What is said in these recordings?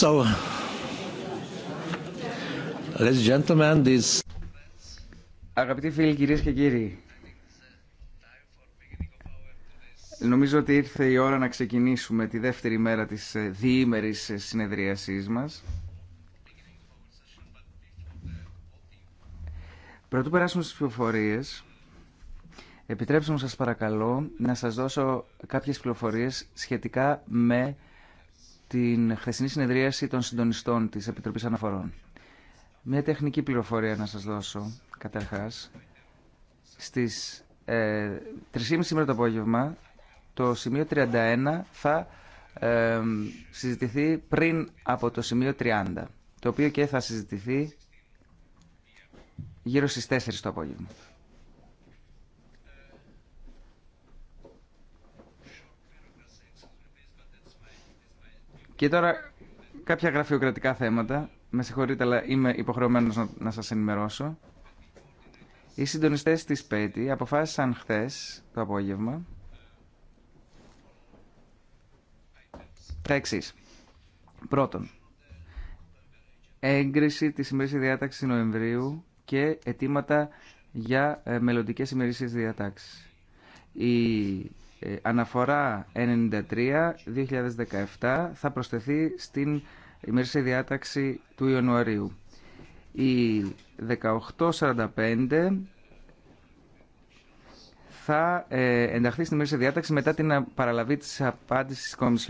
So, Αγαπητοί φίλοι, κυρίες και κύριοι, νομίζω ότι ήρθε η ώρα να ξεκινήσουμε τη δεύτερη μέρα της ε, διήμερης ε, συνεδρίασής μας. Πρωτού περάσουμε στις πληροφορίες, επιτρέψτε μου σας παρακαλώ να σας δώσω κάποιες πληροφορίες σχετικά με την χθεσινή συνεδρίαση των συντονιστών της Επιτροπής Αναφορών. Μια τεχνική πληροφορία να σας δώσω, καταρχάς. Στις ε, 3.30 σήμερα το απόγευμα, το σημείο 31 θα ε, συζητηθεί πριν από το σημείο 30, το οποίο και θα συζητηθεί γύρω στις 4 το απόγευμα. Και τώρα κάποια γραφειοκρατικά θέματα. Με συγχωρείτε, αλλά είμαι υποχρεωμένος να, να σας ενημερώσω. Οι συντονιστές της ΠΕΤΗ αποφάσισαν χθες το απόγευμα τα εξή. Πρώτον, έγκριση της ημερήσια διάταξη Νοεμβρίου και αιτήματα για ε, μελλοντικέ ημερήσιε διατάξης. Ε, αναφορά 93-2017 θα προσθεθεί στην ημερήσια διάταξη του Ιανουαρίου. Η 1845 θα ε, ενταχθεί στην ημερήσια διάταξη μετά την παραλαβή της απάντησης της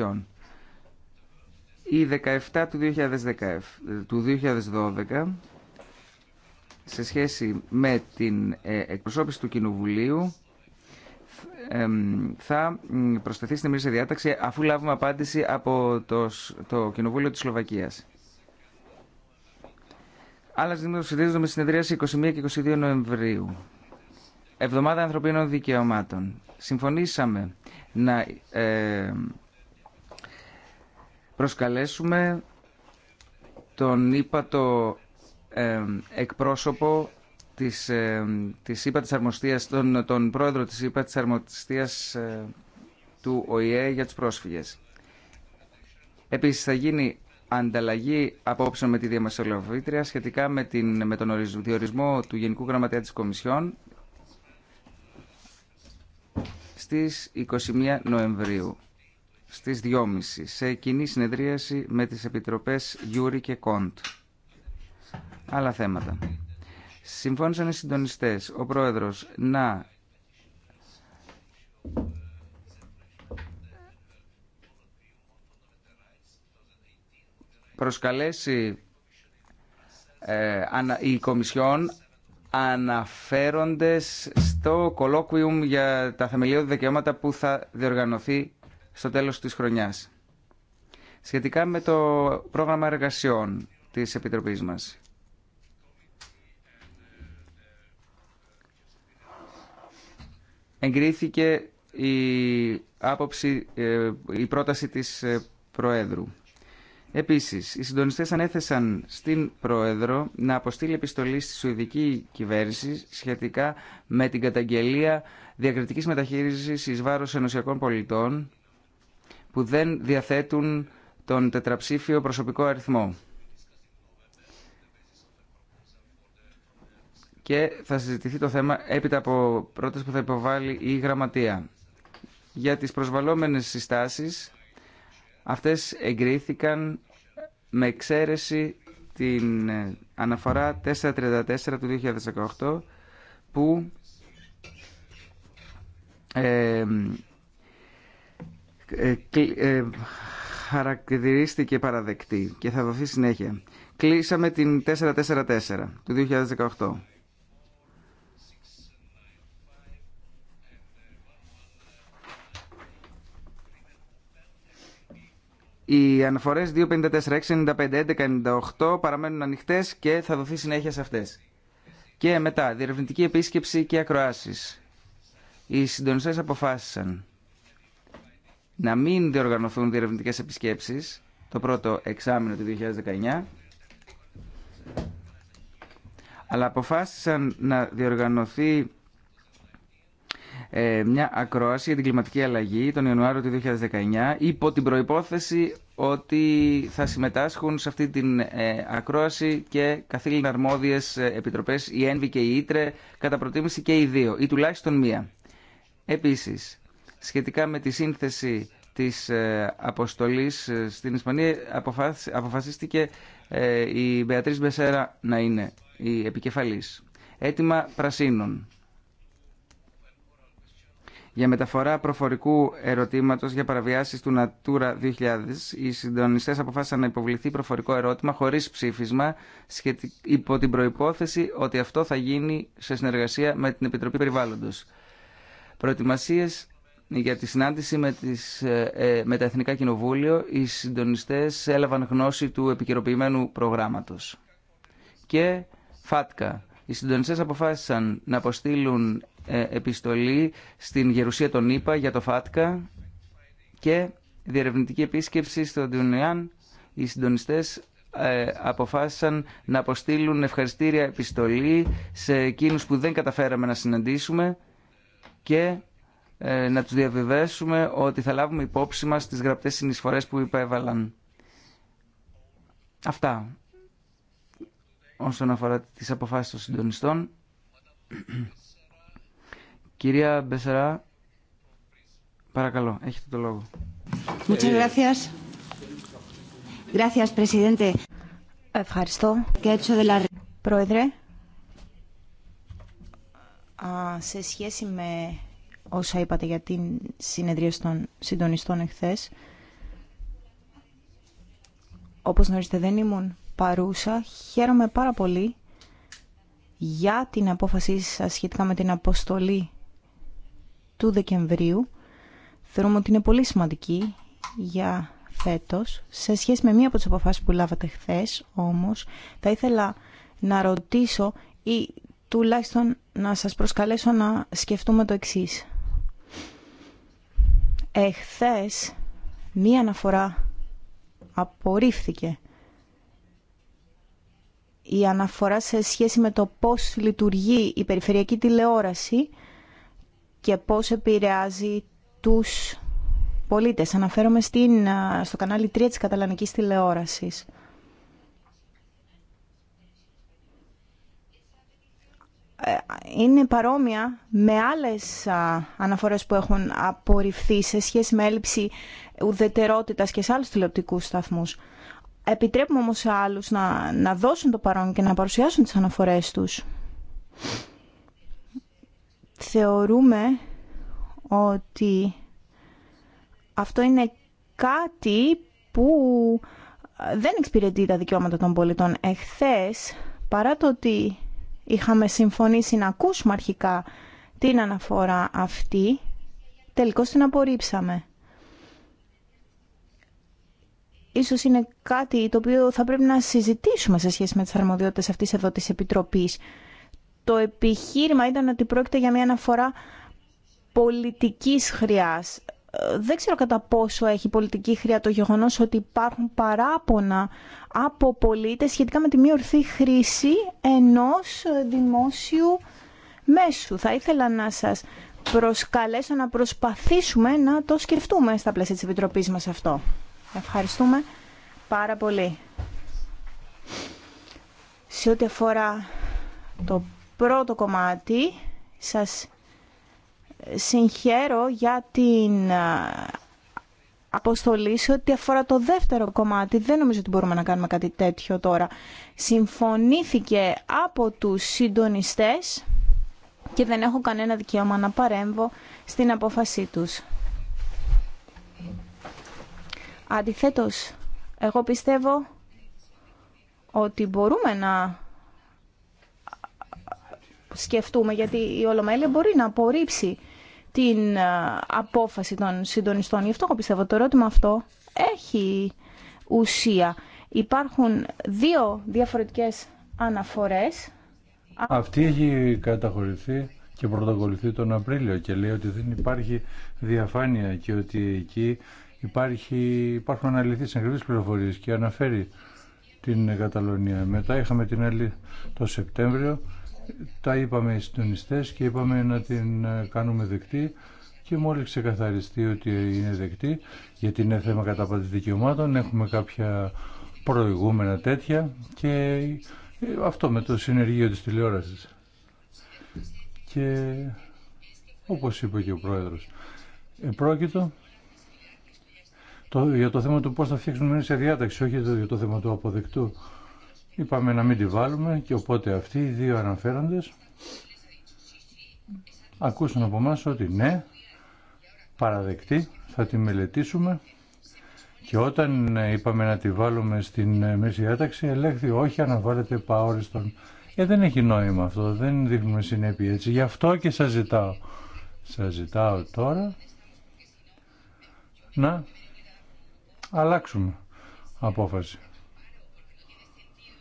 Η 17 του, 2010, του 2012 σε σχέση με την ε, εκπροσώπηση του Κοινοβουλίου θα προσθεθεί στην ημερήσια διάταξη αφού λάβουμε απάντηση από το, το Κοινοβούλιο της Σλοβακίας. Άλλα ζητήματα συνδέονται με συνεδρίαση 21 και 22 Νοεμβρίου. Εβδομάδα Ανθρωπίνων Δικαιωμάτων. Συμφωνήσαμε να ε, προσκαλέσουμε τον ύπατο ε, εκπρόσωπο της, ε, της ΥΠΑ της Αρμοστίας, τον, τον πρόεδρο της ΥΠΑ της Αρμοστίας ε, του ΟΗΕ για τους πρόσφυγες. Επίσης θα γίνει ανταλλαγή απόψεων με τη Διαμεσολαβήτρια σχετικά με, την, με τον διορισμό του Γενικού Γραμματέα της Κομισιόν στις 21 Νοεμβρίου στις 2.30 σε κοινή συνεδρίαση με τις Επιτροπές Γιούρι και Κοντ. Άλλα θέματα. Συμφώνησαν οι συντονιστές, ο πρόεδρος, να προσκαλέσει ε, η Κομισιόν αναφέροντες στο κολόκουιουμ για τα θεμελιώδη δικαιώματα που θα διοργανωθεί στο τέλος της χρονιάς. Σχετικά με το πρόγραμμα εργασιών της Επιτροπής μας. εγκρίθηκε η άποψη, ε, η πρόταση της ε, Προέδρου. Επίσης, οι συντονιστές ανέθεσαν στην Πρόεδρο να αποστείλει επιστολή στη Σουηδική κυβέρνηση σχετικά με την καταγγελία διακριτικής μεταχείρισης εις βάρος ενωσιακών πολιτών που δεν διαθέτουν τον τετραψήφιο προσωπικό αριθμό. και θα συζητηθεί το θέμα έπειτα από πρώτες που θα υποβάλει η Γραμματεία. Για τις προσβαλόμενες συστάσεις, αυτές εγκρίθηκαν με εξαίρεση την ε, αναφορά 434 του 2018 που ε, ε, ε, χαρακτηρίστηκε παραδεκτή και θα δοθεί συνέχεια. Κλείσαμε την 444 του 2018. Οι αναφορές 254, 695, 1198 παραμένουν ανοιχτές και θα δοθεί συνέχεια σε αυτές. Και μετά, διερευνητική επίσκεψη και ακροασει. Οι συντονιστέ αποφάσισαν να μην διοργανωθούν διερευνητικέ επισκέψεις το πρώτο εξάμεινο του 2019 αλλά αποφάσισαν να διοργανωθεί ε, μια ακρόαση για την κλιματική αλλαγή τον Ιανουάριο του 2019 υπό την προϋπόθεση ότι θα συμμετάσχουν σε αυτή την ε, ακρόαση και καθήλυνα αρμόδιες ε, επιτροπές, η ΕΝΒΙ και η ΙΤΡΕ, κατά προτίμηση και οι δύο, ή τουλάχιστον μία. Επίσης, σχετικά με τη σύνθεση της αποστολής στην Ισπανία αποφασίστηκε η Μπεατρίς Μπεσέρα να είναι η επικεφαλής. Έτοιμα πρασίνων. Για μεταφορά προφορικού ερωτήματος για παραβιάσει του Natura 2000, οι συντονιστέ αποφάσισαν να υποβληθεί προφορικό ερώτημα χωρίς ψήφισμα υπό την προϋπόθεση ότι αυτό θα γίνει σε συνεργασία με την Επιτροπή Περιβάλλοντος. Προετοιμασίε για τη συνάντηση με, τις, ε, ε, με τα Εθνικά Κοινοβούλιο, οι συντονιστές έλαβαν γνώση του επικαιροποιημένου προγράμματος. Και ΦΑΤΚΑ. Οι συντονιστές αποφάσισαν να αποστείλουν ε, επιστολή στην Γερουσία των ΗΠΑ για το ΦΑΤΚΑ και διερευνητική επίσκεψη στον Τιουνιάν. Οι συντονιστές ε, αποφάσισαν να αποστείλουν ευχαριστήρια επιστολή σε εκείνους που δεν καταφέραμε να συναντήσουμε και ε, να τους διαβεβαίσουμε ότι θα λάβουμε υπόψη μας τις γραπτές συνεισφορές που υπέβαλαν. Αυτά όσον αφορά τις αποφάσεις των συντονιστών. Κυρία Μπεσερά, παρακαλώ, έχετε το λόγο. Muchas gracias. Gracias, presidente. Ευχαριστώ. Και Πρόεδρε, σε σχέση με όσα είπατε για την συνεδρία των συντονιστών εχθές, όπως γνωρίζετε δεν ήμουν παρούσα. Χαίρομαι πάρα πολύ για την απόφασή σας σχετικά με την αποστολή του Δεκεμβρίου θεωρούμε ότι είναι πολύ σημαντική για φέτος. Σε σχέση με μία από τις αποφάσεις που λάβατε χθες όμως θα ήθελα να ρωτήσω ή τουλάχιστον να σας προσκαλέσω να σκεφτούμε το εξής. Εχθές μία αναφορά απορρίφθηκε. Η αναφορά σε σχέση με το πώς λειτουργεί η περιφερειακή τηλεόραση και πώς επηρεάζει τους πολίτες. Αναφέρομαι στην, στο κανάλι 3 της καταλανικής τηλεόρασης. Ε, είναι παρόμοια με άλλες αναφορές που έχουν απορριφθεί σε σχέση με έλλειψη ουδετερότητας και σε άλλους τηλεοπτικούς σταθμούς. Επιτρέπουμε όμως σε άλλους να, να δώσουν το παρόν και να παρουσιάσουν τις αναφορές τους θεωρούμε ότι αυτό είναι κάτι που ε, δεν εξυπηρετεί τα δικαιώματα των πολιτών. Εχθές, παρά το ότι είχαμε συμφωνήσει να ακούσουμε αρχικά την αναφορά αυτή, τελικώς την απορρίψαμε. Ίσως είναι κάτι το οποίο θα πρέπει να συζητήσουμε σε σχέση με τις αρμοδιότητες αυτής εδώ της Επιτροπής το επιχείρημα ήταν ότι πρόκειται για μια αναφορά πολιτικής χρειάς. Ε, δεν ξέρω κατά πόσο έχει πολιτική χρειά το γεγονός ότι υπάρχουν παράπονα από πολίτες σχετικά με τη μη ορθή χρήση ενός ε, δημόσιου μέσου. Θα ήθελα να σας προσκαλέσω να προσπαθήσουμε να το σκεφτούμε στα πλαίσια της Επιτροπής μας αυτό. Ευχαριστούμε πάρα πολύ. Σε ό,τι αφορά το πρώτο κομμάτι. Σας συγχαίρω για την αποστολή σε ό,τι αφορά το δεύτερο κομμάτι. Δεν νομίζω ότι μπορούμε να κάνουμε κάτι τέτοιο τώρα. Συμφωνήθηκε από τους συντονιστές και δεν έχω κανένα δικαίωμα να παρέμβω στην απόφασή τους. Αντιθέτως, εγώ πιστεύω ότι μπορούμε να σκεφτούμε, γιατί η Ολομέλεια μπορεί να απορρίψει την ε, απόφαση των συντονιστών. Γι' αυτό πιστεύω το ερώτημα αυτό έχει ουσία. Υπάρχουν δύο διαφορετικές αναφορές. Αυτή έχει καταχωρηθεί και πρωτοκολληθεί τον Απρίλιο και λέει ότι δεν υπάρχει διαφάνεια και ότι εκεί υπάρχει, υπάρχουν αναλυθείς συγκεκριμένες πληροφορίες και αναφέρει την Καταλωνία. Μετά είχαμε την άλλη το Σεπτέμβριο τα είπαμε οι συντονιστές και είπαμε να την ε, κάνουμε δεκτή και μόλις ξεκαθαριστεί ότι είναι δεκτή, γιατί είναι θέμα καταπάτης δικαιωμάτων, έχουμε κάποια προηγούμενα τέτοια και ε, αυτό με το συνεργείο της τηλεόρασης. Και όπως είπε και ο Πρόεδρος, πρόκειτο το, για το θέμα του πώς θα φτιάξουμε σε διάταξη, όχι για το θέμα του αποδεκτού. Είπαμε να μην τη βάλουμε και οπότε αυτοί οι δύο αναφέροντες ακούσαν από εμά ότι ναι, παραδεκτή, θα τη μελετήσουμε και όταν είπαμε να τη βάλουμε στην μέση διάταξη ελέγχθη όχι αναβάλλεται παόριστον. Ε, δεν έχει νόημα αυτό, δεν δείχνουμε συνέπεια έτσι. Γι' αυτό και σας ζητάω. Σας ζητάω τώρα να αλλάξουμε απόφαση.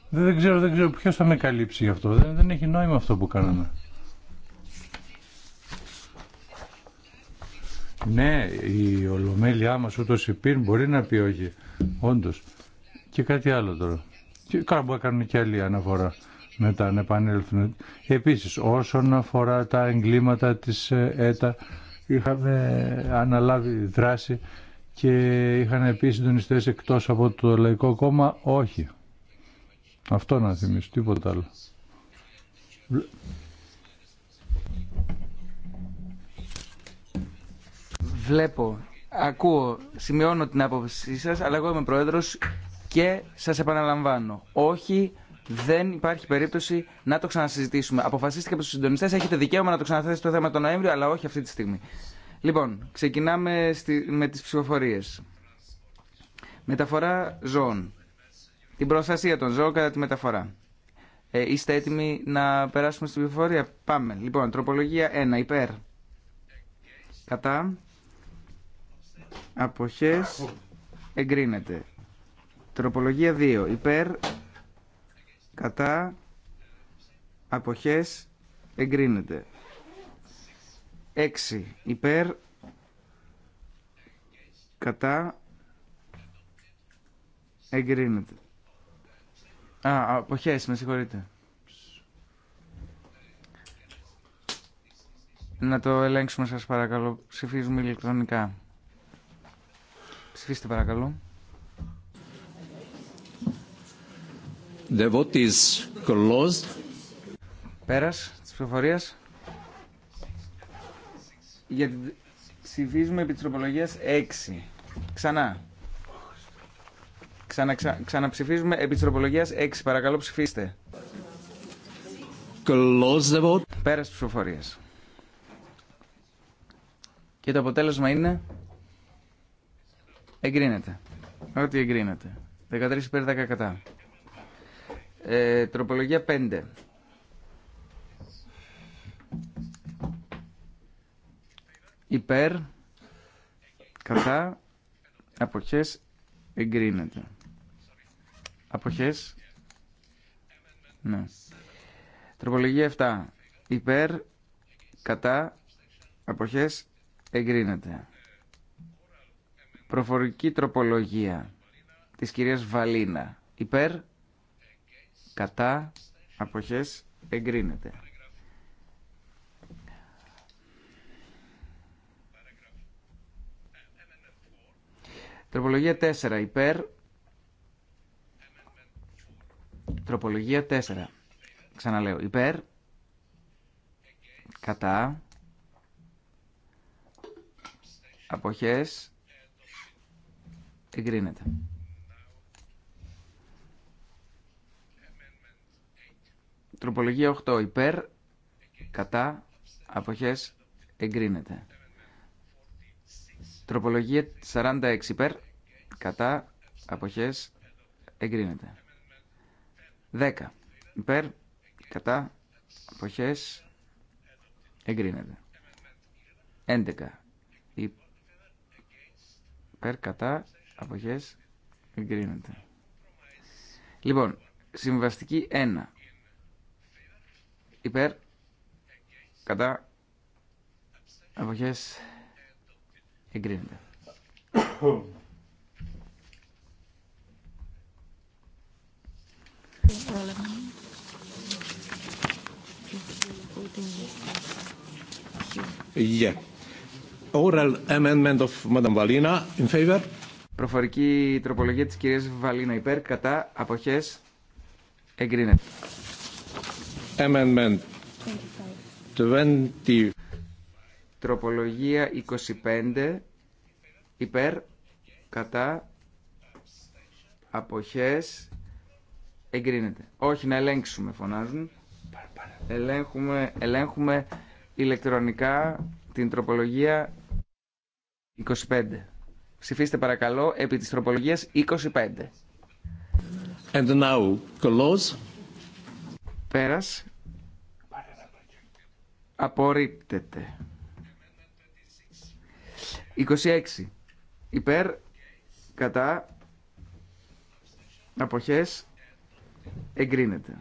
Δεν, ξέρω, δεν ξέρω ποιος θα με καλύψει γι' αυτό. Δεν, δεν έχει νόημα αυτό που κάναμε. Ναι, η ολομέλειά μας ούτως υπήρ μπορεί να πει όχι. Όντως. Και κάτι άλλο τώρα. Και κάπου να κάνουν και άλλη αναφορά μετά να επανέλθουν. Επίσης, όσον αφορά τα εγκλήματα της ε, ΕΤΑ, είχαμε αναλάβει δράση και είχαν επίσης συντονιστέ εκτός από το Λαϊκό Κόμμα, όχι. Αυτό να θυμίσω, τίποτα άλλο. Βλέπω, ακούω, σημειώνω την άποψή σας, αλλά εγώ είμαι πρόεδρος και σας επαναλαμβάνω. Όχι, δεν υπάρχει περίπτωση να το ξανασυζητήσουμε. Αποφασίστηκε από τους συντονιστές, έχετε δικαίωμα να το ξαναθέσετε το θέμα τον Νοέμβριο, αλλά όχι αυτή τη στιγμή. Λοιπόν, ξεκινάμε με τις ψηφοφορίες. Μεταφορά ζώων την προστασία των ζώων κατά τη μεταφορά. Ε, είστε έτοιμοι να περάσουμε στην πληροφορία. Πάμε. Λοιπόν, τροπολογία 1. Υπέρ. Κατά. Αποχές. Εγκρίνεται. Τροπολογία 2. Υπέρ. Κατά. Αποχές. Εγκρίνεται. 6. Υπέρ. Κατά. Εγκρίνεται. Α, αποχές, με συγχωρείτε. Να το ελέγξουμε σας παρακαλώ. Ψηφίζουμε ηλεκτρονικά. Ψηφίστε παρακαλώ. The vote is closed. Πέρας της ψηφοφορίας. Γιατί ψηφίζουμε επί της 6. Ξανά. Ξανα, ξα, ξαναψηφίζουμε επί της 6. Παρακαλώ ψηφίστε. Close the vote. ψηφοφορίας. Και το αποτέλεσμα είναι... Εγκρίνεται. Ό,τι εγκρίνεται. 13 υπέρ 10 κατά. Ε, τροπολογία 5. Υπέρ, κατά, αποχές, εγκρίνεται. Αποχές. Ναι. Τροπολογία 7. Υπέρ, κατά, αποχές, εγκρίνεται. Προφορική τροπολογία της κυρίας Βαλίνα. Υπέρ, κατά, αποχές, εγκρίνεται. Τροπολογία 4. Υπέρ, Τροπολογία 4. Ξαναλέω. Υπέρ. Κατά. Αποχές. Εγκρίνεται. Τροπολογία 8. Υπέρ. Κατά. Αποχές. Εγκρίνεται. Τροπολογία 46. Υπέρ. Κατά. Αποχές. Εγκρίνεται. 10 υπέρ κατά αποχές εγκρίνεται 11 υπέρ κατά αποχές εγκρίνεται λοιπόν συμβαστική 1 υπέρ κατά αποχές εγκρίνεται Yeah. Oral amendment of Madam Valina in favor. Προφορική τροπολογία της κυρίας Βαλίνα υπέρ, κατά, αποχές, εγκρίνεται. Amendment 20. Τροπολογία 25 υπέρ, κατά, αποχές, Εγκρίνεται. Όχι, να ελέγξουμε, φωνάζουν. Ελέγχουμε, ελέγχουμε ηλεκτρονικά την τροπολογία 25. Ψηφίστε παρακαλώ επί της τροπολογίας 25. And now, close. Πέρας. Απορρίπτεται. 26. Υπέρ, κατά, αποχές, Εγκρίνεται.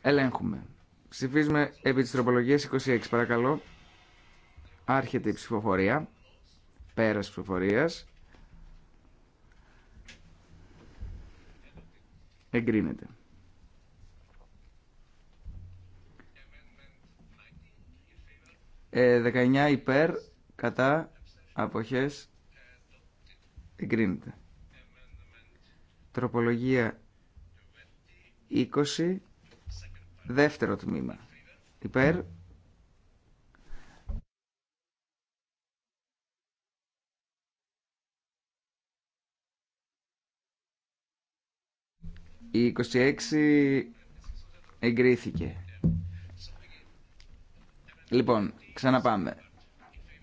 Ελέγχουμε. Ψηφίζουμε επί της τροπολογίας 26 παρακαλώ. Άρχεται η ψηφοφορία. Πέρας ψηφοφορίας. Εγκρίνεται. 19 ε, υπέρ, κατά, αποχές, εγκρίνεται. Τροπολογία 20 δεύτερο τμήμα υπέρ η 26 εγκρίθηκε λοιπόν ξαναπάμε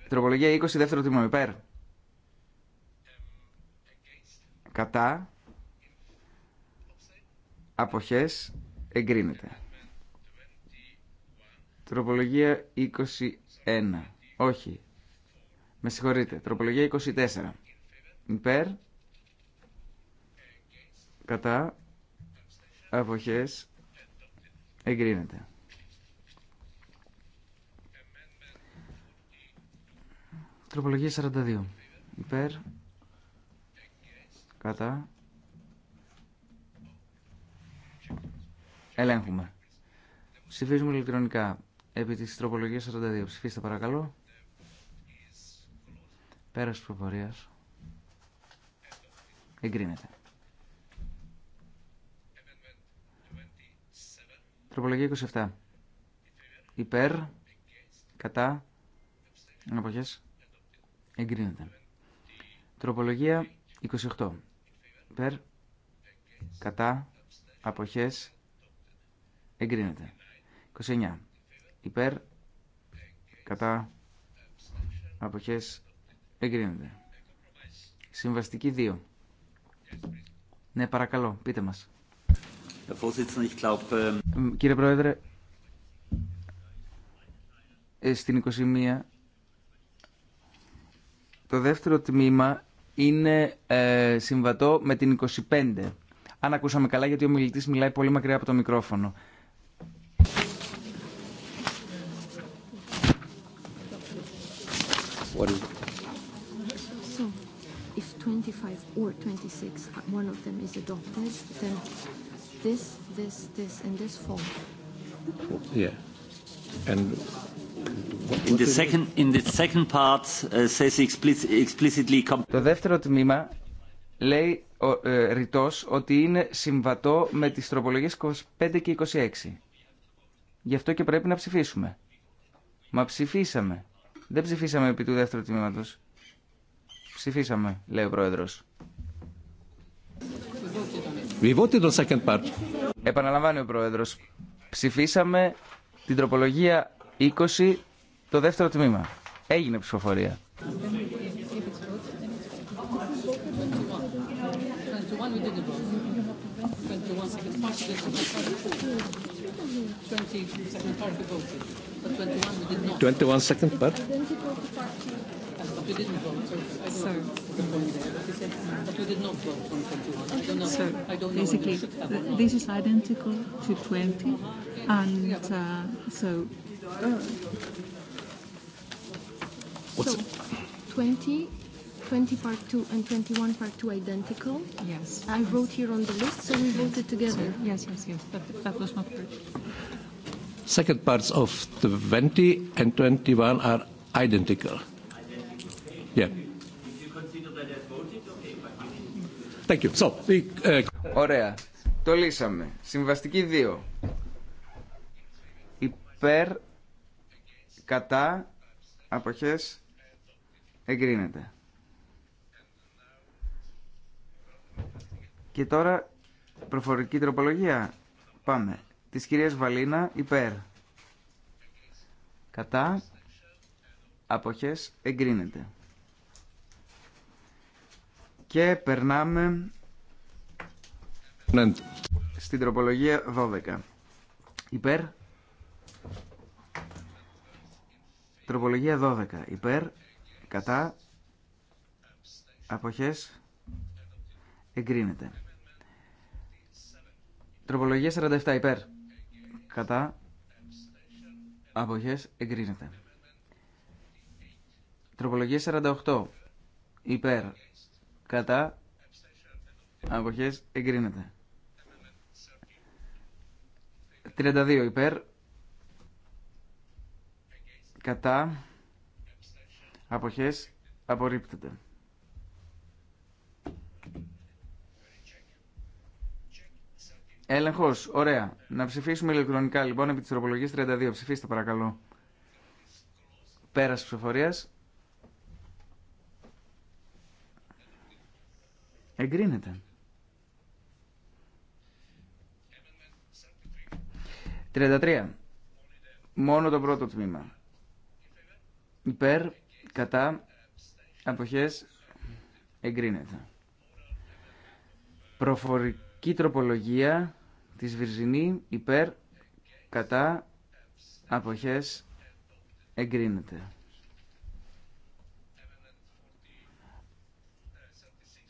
τροπολογία 20 δεύτερο τμήμα υπέρ κατά αποχές εγκρίνεται. Τροπολογία 21. Όχι. Με συγχωρείτε. Τροπολογία 24. Υπέρ. Κατά. Αποχές. Εγκρίνεται. Τροπολογία 42. Υπέρ. Κατά. Ελέγχουμε. Ψηφίζουμε ηλεκτρονικά. Επί της τροπολογίας 42. Ψηφίστε παρακαλώ. Πέρας της Εγκρίνεται. Τροπολογία 27. Υπέρ. Κατά. Αποχές. Εγκρίνεται. Τροπολογία 28. Υπέρ. Κατά. Αποχές. Εγκρίνεται. 29. Υπέρ. Κατά. Αποχές. Εγκρίνεται. Συμβαστική 2. Ναι, παρακαλώ, πείτε μας. Ähm, κύριε Πρόεδρε, ε, στην 21 το δεύτερο τμήμα είναι ε, συμβατό με την 25. Αν ακούσαμε καλά, γιατί ο μιλητής μιλάει πολύ μακριά από το μικρόφωνο. What is it? So, if 25 or 26, one of them is adopted, then this, this, this, and this fall. Yeah. And in the second, in the second part says explicitly. Το δεύτερο τμήμα λέει ο, ε, ρητός ότι είναι συμβατό με τις τροπολογίες 25 και 26. Γι' αυτό και πρέπει να ψηφίσουμε. Μα ψηφίσαμε. Δεν ψηφίσαμε επί του δεύτερου τμήματος. Ψηφίσαμε, λέει ο πρόεδρο. Επαναλαμβάνει ο πρόεδρο. Ψηφίσαμε την τροπολογία 20, το δεύτερο τμήμα. Έγινε ψηφοφορία. 21 second, part. So basically, this is identical to 20. And uh, so... What's 20 20 part 2 and 21 part 2 identical. Yes. I wrote here on the list, so we voted together. Yes, yes, yes. That, that was not correct second parts of the 20 and 21 are identical. Yeah. Thank you. So, we... uh... Ωραία. Το λύσαμε. Συμβαστική 2. Υπέρ, κατά, αποχές, εγκρίνεται. Και τώρα προφορική τροπολογία. Πάμε της κυρίας Βαλίνα υπέρ. Κατά αποχές εγκρίνεται. Και περνάμε στην τροπολογία 12. Υπέρ. Τροπολογία 12. Υπέρ. Κατά. Αποχές. Εγκρίνεται. Τροπολογία 47. Υπέρ κατά αποχές εγκρίνεται. Τροπολογία 48 υπέρ κατά αποχές εγκρίνεται. 32 υπέρ κατά αποχές απορρίπτεται. Έλεγχος, ωραία. Να ψηφίσουμε ηλεκτρονικά λοιπόν επί τη τροπολογία 32. Ψηφίστε παρακαλώ. Πέρας ψηφοφορία. Εγκρίνεται. 33. Μόνο το πρώτο τμήμα. Υπέρ, κατά, αποχές, εγκρίνεται. Προφορική προφορική τροπολογία της Βυρζινή υπέρ κατά αποχές εγκρίνεται.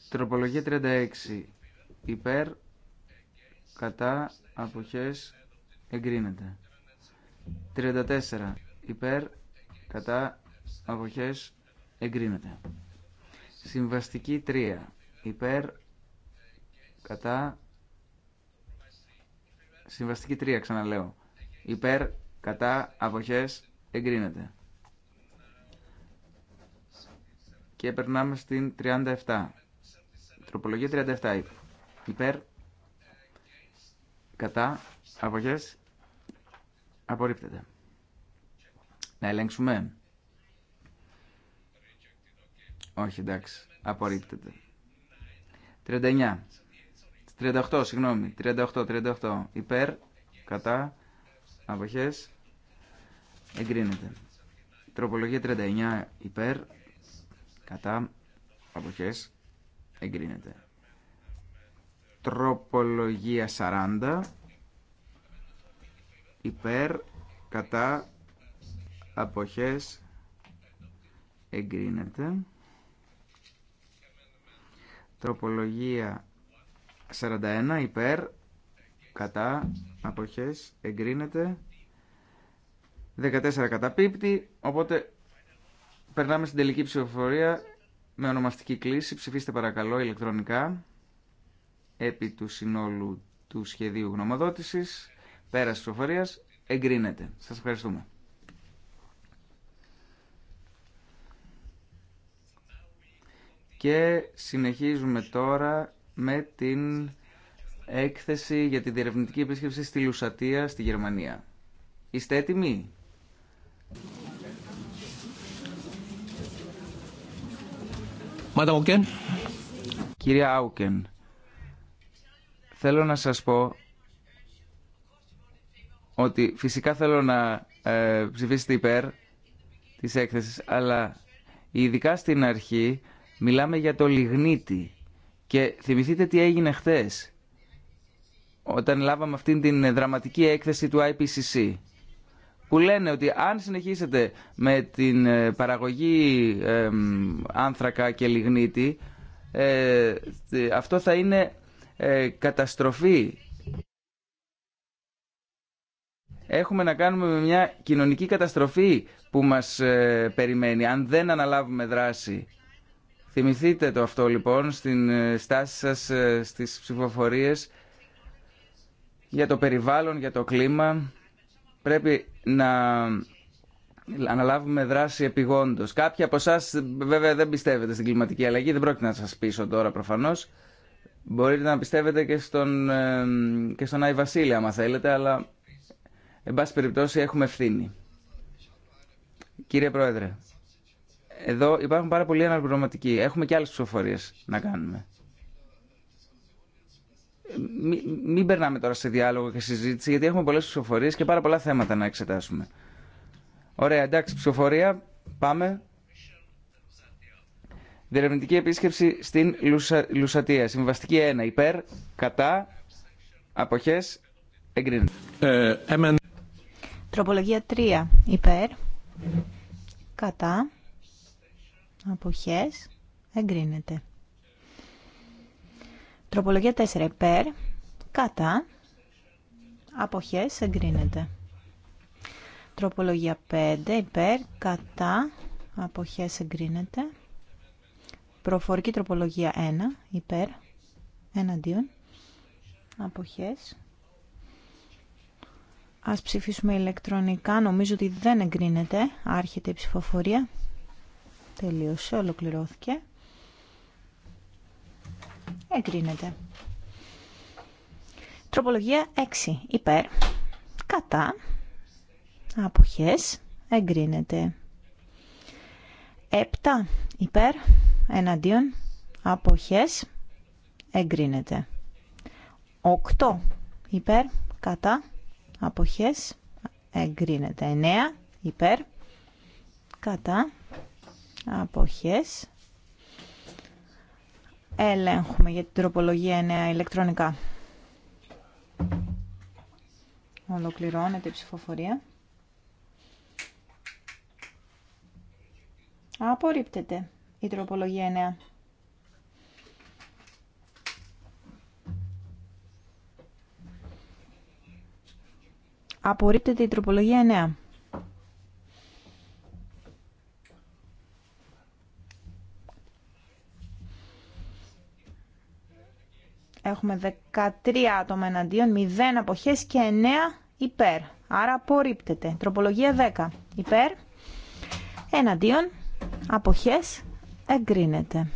Τροπολογία 36 υπέρ κατά αποχές εγκρίνεται. 34 υπέρ κατά αποχές εγκρίνεται. Συμβαστική 3 υπέρ κατά Συμβαστική τρία, ξαναλέω. Υπέρ, κατά, αποχές, εγκρίνεται. Και περνάμε στην 37. Τροπολογία 37. Υπέρ, κατά, αποχές, απορρίπτεται. Να ελέγξουμε. Όχι, εντάξει, απορρίπτεται. 39. 38, συγγνώμη. 38, 38. Υπέρ, κατά, αποχέ. εγκρίνεται. Τροπολογία 39, υπέρ, κατά, αποχέ. εγκρίνεται. Τροπολογία 40, υπέρ, κατά, αποχέ. εγκρίνεται. Τροπολογία 41 υπέρ κατά αποχές εγκρίνεται 14 πίπτη. οπότε περνάμε στην τελική ψηφοφορία με ονομαστική κλίση ψηφίστε παρακαλώ ηλεκτρονικά επί του συνόλου του σχεδίου γνωμοδότησης πέρας της ψηφοφορίας εγκρίνεται σας ευχαριστούμε και συνεχίζουμε τώρα με την έκθεση για τη διερευνητική επίσκεψη στη Λουσατία, στη Γερμανία. Είστε έτοιμοι? Auken. Κυρία Άουκεν, θέλω να σας πω ότι φυσικά θέλω να ε, ψηφίσετε υπέρ της έκθεσης, αλλά ειδικά στην αρχή μιλάμε για το λιγνίτι και θυμηθείτε τι έγινε χθες, όταν λάβαμε αυτήν την δραματική έκθεση του IPCC, που λένε ότι αν συνεχίσετε με την ε, παραγωγή άνθρακα και λιγνίτη, ε, αυτό θα είναι ε, καταστροφή. Έχουμε να κάνουμε με μια κοινωνική καταστροφή που μας περιμένει, αν δεν αναλάβουμε δράση. Θυμηθείτε το αυτό λοιπόν στην ε, στάση σας ε, στις ψηφοφορίες για το περιβάλλον, για το κλίμα. Πρέπει να αναλάβουμε δράση επιγόντως. Κάποιοι από εσά βέβαια δεν πιστεύετε στην κλιματική αλλαγή, δεν πρόκειται να σας πείσω τώρα προφανώς. Μπορείτε να πιστεύετε και στον, ε, και στον Άι Βασίλη άμα θέλετε, αλλά εν πάση περιπτώσει έχουμε ευθύνη. Κύριε Πρόεδρε, εδώ υπάρχουν πάρα πολλοί αναπληρωματικοί. Έχουμε και άλλες ψηφοφορίε να κάνουμε. Μην, μην περνάμε τώρα σε διάλογο και συζήτηση, γιατί έχουμε πολλές ψηφοφορίε και πάρα πολλά θέματα να εξετάσουμε. Ωραία, εντάξει, ψηφοφορία. Πάμε. Διερευνητική επίσκεψη στην Λουσα, Λουσατία. Συμβαστική 1. Υπέρ, κατά, αποχές, εγκρίνεται. Ε, Τροπολογία 3. Υπέρ, κατά, αποχές εγκρίνεται. Τροπολογία 4 υπέρ, κατά, αποχές εγκρίνεται. Τροπολογία 5 υπέρ, κατά, αποχές εγκρίνεται. Προφορική τροπολογία 1 υπέρ, εναντίον, αποχές. Ας ψηφίσουμε ηλεκτρονικά, νομίζω ότι δεν εγκρίνεται, άρχεται η ψηφοφορία. Τελείωσε, ολοκληρώθηκε. Εγκρίνεται. Τροπολογία 6. Υπέρ. Κατά. Αποχές. Εγκρίνεται. 7. Υπέρ. Εναντίον. Αποχές. Εγκρίνεται. 8. Υπέρ. Κατά. Αποχές. Εγκρίνεται. 9. Υπέρ. Κατά αποχές. Ελέγχουμε για την τροπολογία νέα ηλεκτρονικά. Ολοκληρώνεται η ψηφοφορία. Απορρίπτεται η τροπολογία νέα. Απορρίπτεται η τροπολογία 9. Έχουμε 13 άτομα εναντίον, 0 αποχές και 9 υπέρ. Άρα απορρίπτεται. Τροπολογία 10 υπέρ, εναντίον, αποχές, εγκρίνεται.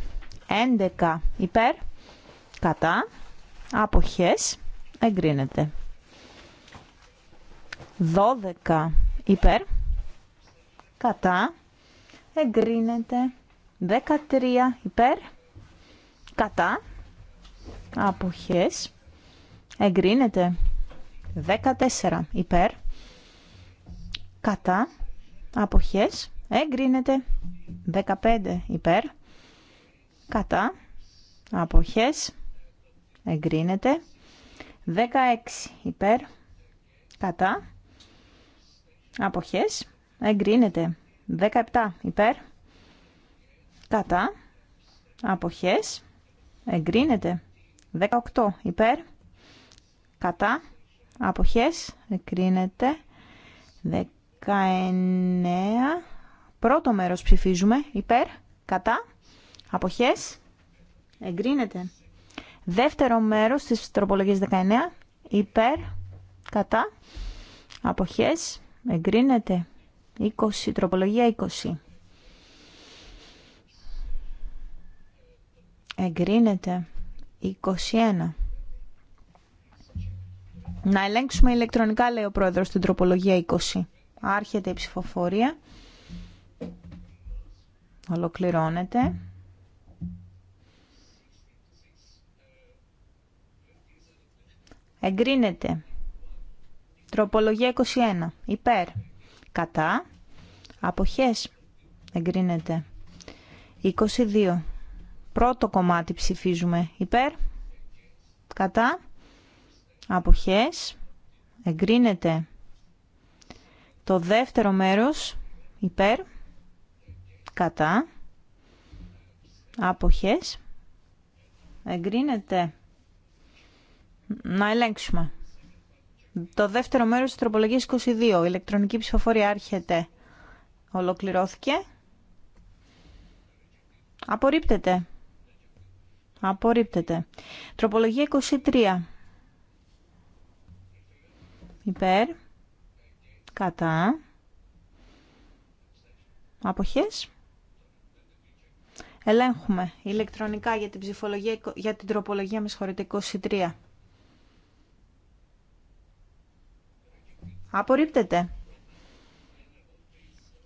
11 υπέρ, κατά, αποχές, εγκρίνεται. 12 υπέρ, κατά, εγκρίνεται. 13 υπέρ, κατά, αποχές εγκρίνεται 14 υπέρ κατά αποχές εγκρίνεται 15 υπέρ κατά αποχές εγκρίνεται 16 υπέρ κατά αποχές εγκρίνεται 17 υπέρ κατά αποχές εγκρίνεται 18 υπέρ, κατά, αποχές, εκρίνεται. 19, πρώτο μέρος ψηφίζουμε, υπέρ, κατά, αποχές, εγκρίνεται. Δεύτερο μέρος της τροπολογίας 19, υπέρ, κατά, αποχές, εγκρίνεται. 20, τροπολογία 20. Εγκρίνεται. 21. Να ελέγξουμε ηλεκτρονικά, λέει ο πρόεδρος, την τροπολογία 20. Άρχεται η ψηφοφορία. Ολοκληρώνεται. Εγκρίνεται. Τροπολογία 21. Υπέρ. Κατά. Αποχές. Εγκρίνεται. 22. Πρώτο κομμάτι ψηφίζουμε υπέρ, κατά, αποχές, εγκρίνεται. Το δεύτερο μέρος υπέρ, κατά, αποχές, εγκρίνεται. Να ελέγξουμε. Το δεύτερο μέρος της τροπολογίας 22, ηλεκτρονική ψηφοφορία άρχεται. Ολοκληρώθηκε. Απορρίπτεται. Απορρίπτεται. Τροπολογία 23. Υπέρ. Κατά. Αποχές. Ελέγχουμε ηλεκτρονικά για την, ψηφολογία, για την τροπολογία, με συγχωρείτε, 23. Απορρίπτεται.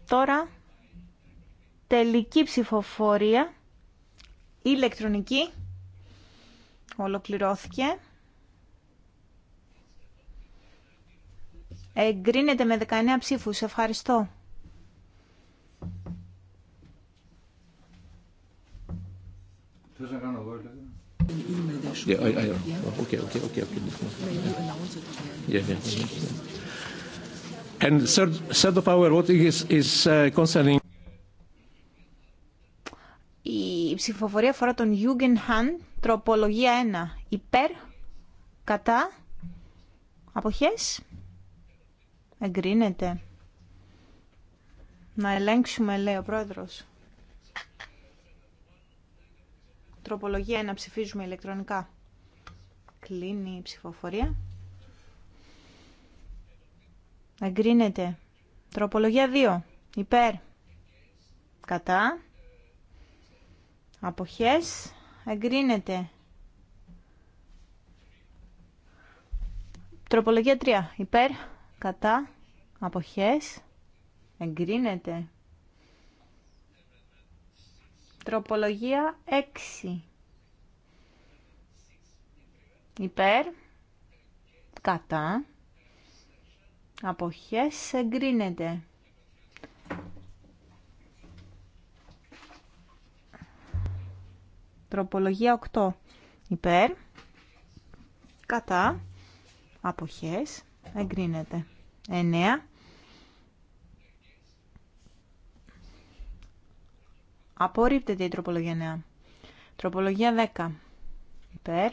Τώρα, τελική ψηφοφορία, ηλεκτρονική, Ολοκληρώθηκε. Εγκρίνεται με 19 ψήφους. Ευχαριστώ. Θες να κάνω εγώ, Yeah, I, okay, okay, okay, And third, third of our voting is, is concerning ψηφοφορία αφορά τον Ιούγεν. Χαν, τροπολογία 1. Υπέρ, κατά, αποχές, εγκρίνεται. Να ελέγξουμε, λέει ο πρόεδρος. Τροπολογία 1, ψηφίζουμε ηλεκτρονικά. Κλείνει η ψηφοφορία. Εγκρίνεται. Τροπολογία 2. Υπέρ. Κατά αποχές εγκρίνεται. Τροπολογία 3. Υπέρ, κατά, αποχές, εγκρίνεται. Τροπολογία 6. Υπέρ, κατά, αποχές, εγκρίνεται. Τροπολογία 8. Υπέρ. Κατά. Αποχές. Εγκρίνεται. 9. Απορρίπτεται η τροπολογία 9. Τροπολογία 10. Υπέρ.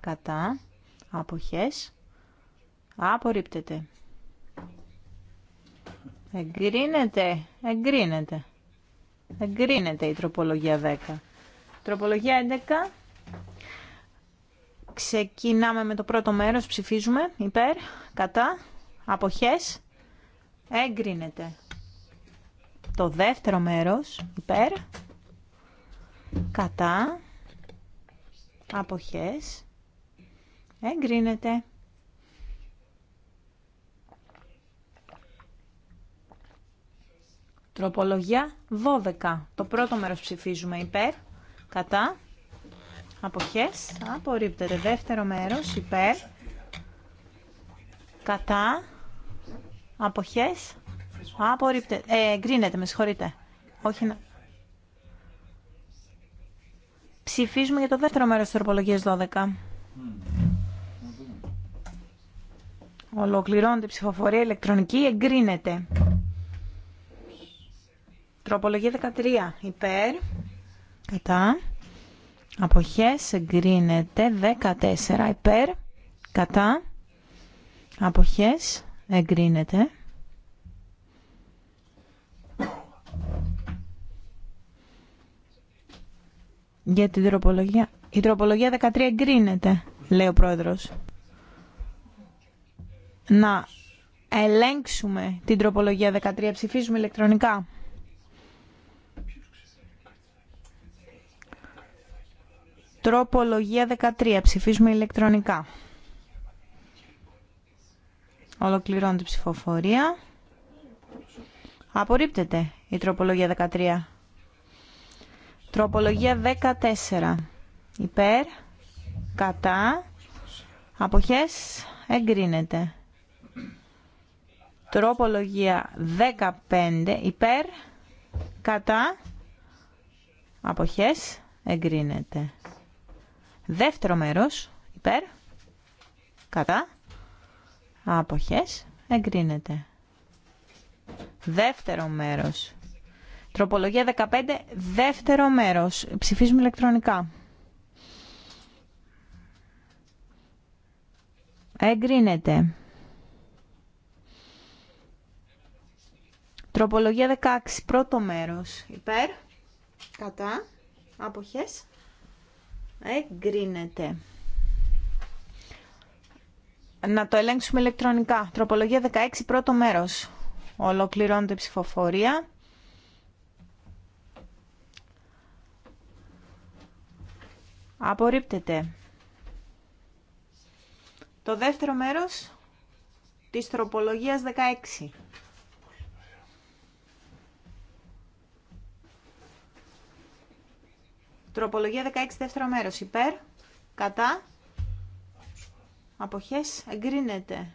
Κατά. Αποχές. Απορρίπτεται. Εγκρίνεται. Εγκρίνεται. Εγκρίνεται η τροπολογία 10. Τροπολογία 11. Ξεκινάμε με το πρώτο μέρος, ψηφίζουμε υπέρ, κατά, αποχές, έγκρινεται. Το δεύτερο μέρος, υπέρ, κατά, αποχές, εγκρίνεται. Τροπολογία 12. Το πρώτο μέρος ψηφίζουμε υπέρ, Κατά. Αποχές. Απορρίπτεται. Δεύτερο μέρος. Υπέρ. Κατά. Αποχές. Απορρίπτεται. Ε, εγκρίνεται. Με συγχωρείτε. Όχι να... Ψηφίζουμε για το δεύτερο μέρος της τροπολογίας 12. Ολοκληρώνεται η ψηφοφορία ηλεκτρονική, εγκρίνεται. Τροπολογία 13. Υπέρ κατά αποχές εγκρίνεται 14 υπέρ κατά αποχές εγκρίνεται για την τροπολογία η τροπολογία 13 εγκρίνεται λέει ο πρόεδρος να ελέγξουμε την τροπολογία 13 ψηφίζουμε ηλεκτρονικά Τροπολογία 13. Ψηφίζουμε ηλεκτρονικά. Ολοκληρώνεται την ψηφοφορία. Απορρίπτεται η τροπολογία 13. Τροπολογία 14. Υπέρ, κατά, αποχές, εγκρίνεται. Τροπολογία 15. Υπέρ, κατά, αποχές, εγκρίνεται. Δεύτερο μέρος, υπέρ, κατά, αποχές, εγκρίνεται. Δεύτερο μέρος. Τροπολογία 15, δεύτερο μέρος. Ψηφίζουμε ηλεκτρονικά. Εγκρίνεται. Τροπολογία 16, πρώτο μέρος. Υπέρ, κατά, αποχές, Εγκρίνεται. Να το ελέγξουμε ηλεκτρονικά. Τροπολογία 16, πρώτο μέρος. Ολοκληρώνεται η ψηφοφορία. Απορρίπτεται. Το δεύτερο μέρος της τροπολογίας 16. Τροπολογία 16 δεύτερο μέρος. Υπέρ, κατά, αποχές, εγκρίνεται.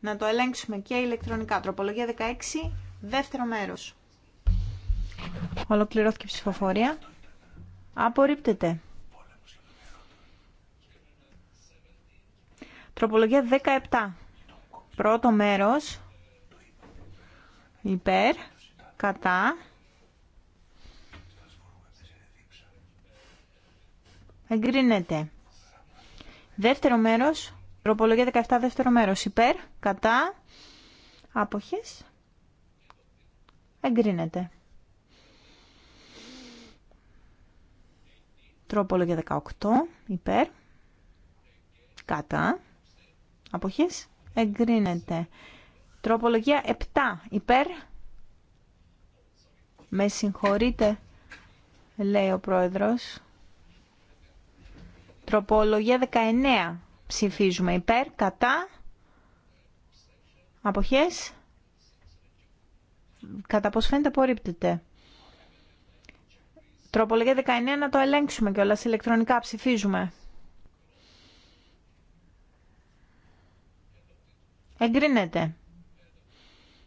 Να το ελέγξουμε και ηλεκτρονικά. Τροπολογία 16 δεύτερο μέρος. Ολοκληρώθηκε η ψηφοφορία. Απορρίπτεται. Τροπολογία 17. Πρώτο μέρος. Υπέρ. Κατά. εγκρίνεται. Δεύτερο μέρος, τροπολογία 17 δεύτερο μέρος, υπέρ, κατά, άποχες, εγκρίνεται. Τροπολογία 18, υπέρ, κατά, άποχες, εγκρίνεται. Τροπολογία 7, υπέρ, με συγχωρείτε, λέει ο πρόεδρος. Τροπολογία 19. Ψηφίζουμε υπέρ, κατά, αποχές. Κατά πώς φαίνεται απορρίπτεται. Τροπολογία 19 να το ελέγξουμε όλα ηλεκτρονικά ψηφίζουμε. Εγκρίνεται.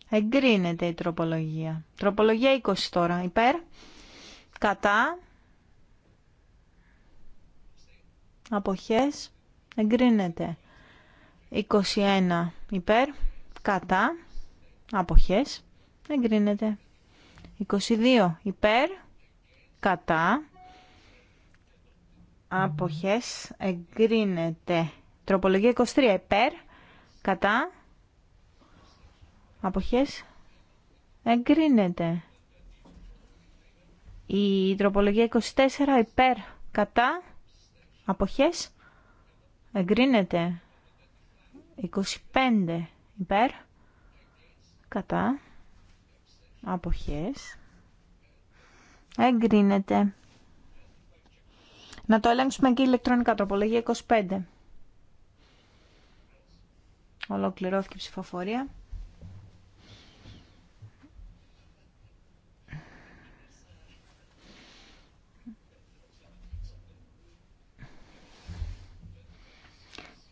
Εγκρίνεται η τροπολογία. Τροπολογία 20 τώρα. Υπέρ. Κατά. αποχές εγκρίνεται 21 υπέρ κατά αποχές εγκρίνεται 22 υπέρ κατά αποχές εγκρίνεται τροπολογία 23 υπέρ κατά αποχές εγκρίνεται η τροπολογία 24 υπέρ κατά αποχές εγκρίνεται 25 υπέρ κατά αποχές εγκρίνεται να το ελέγξουμε και ηλεκτρονικά τροπολογία 25 ολοκληρώθηκε η ψηφοφορία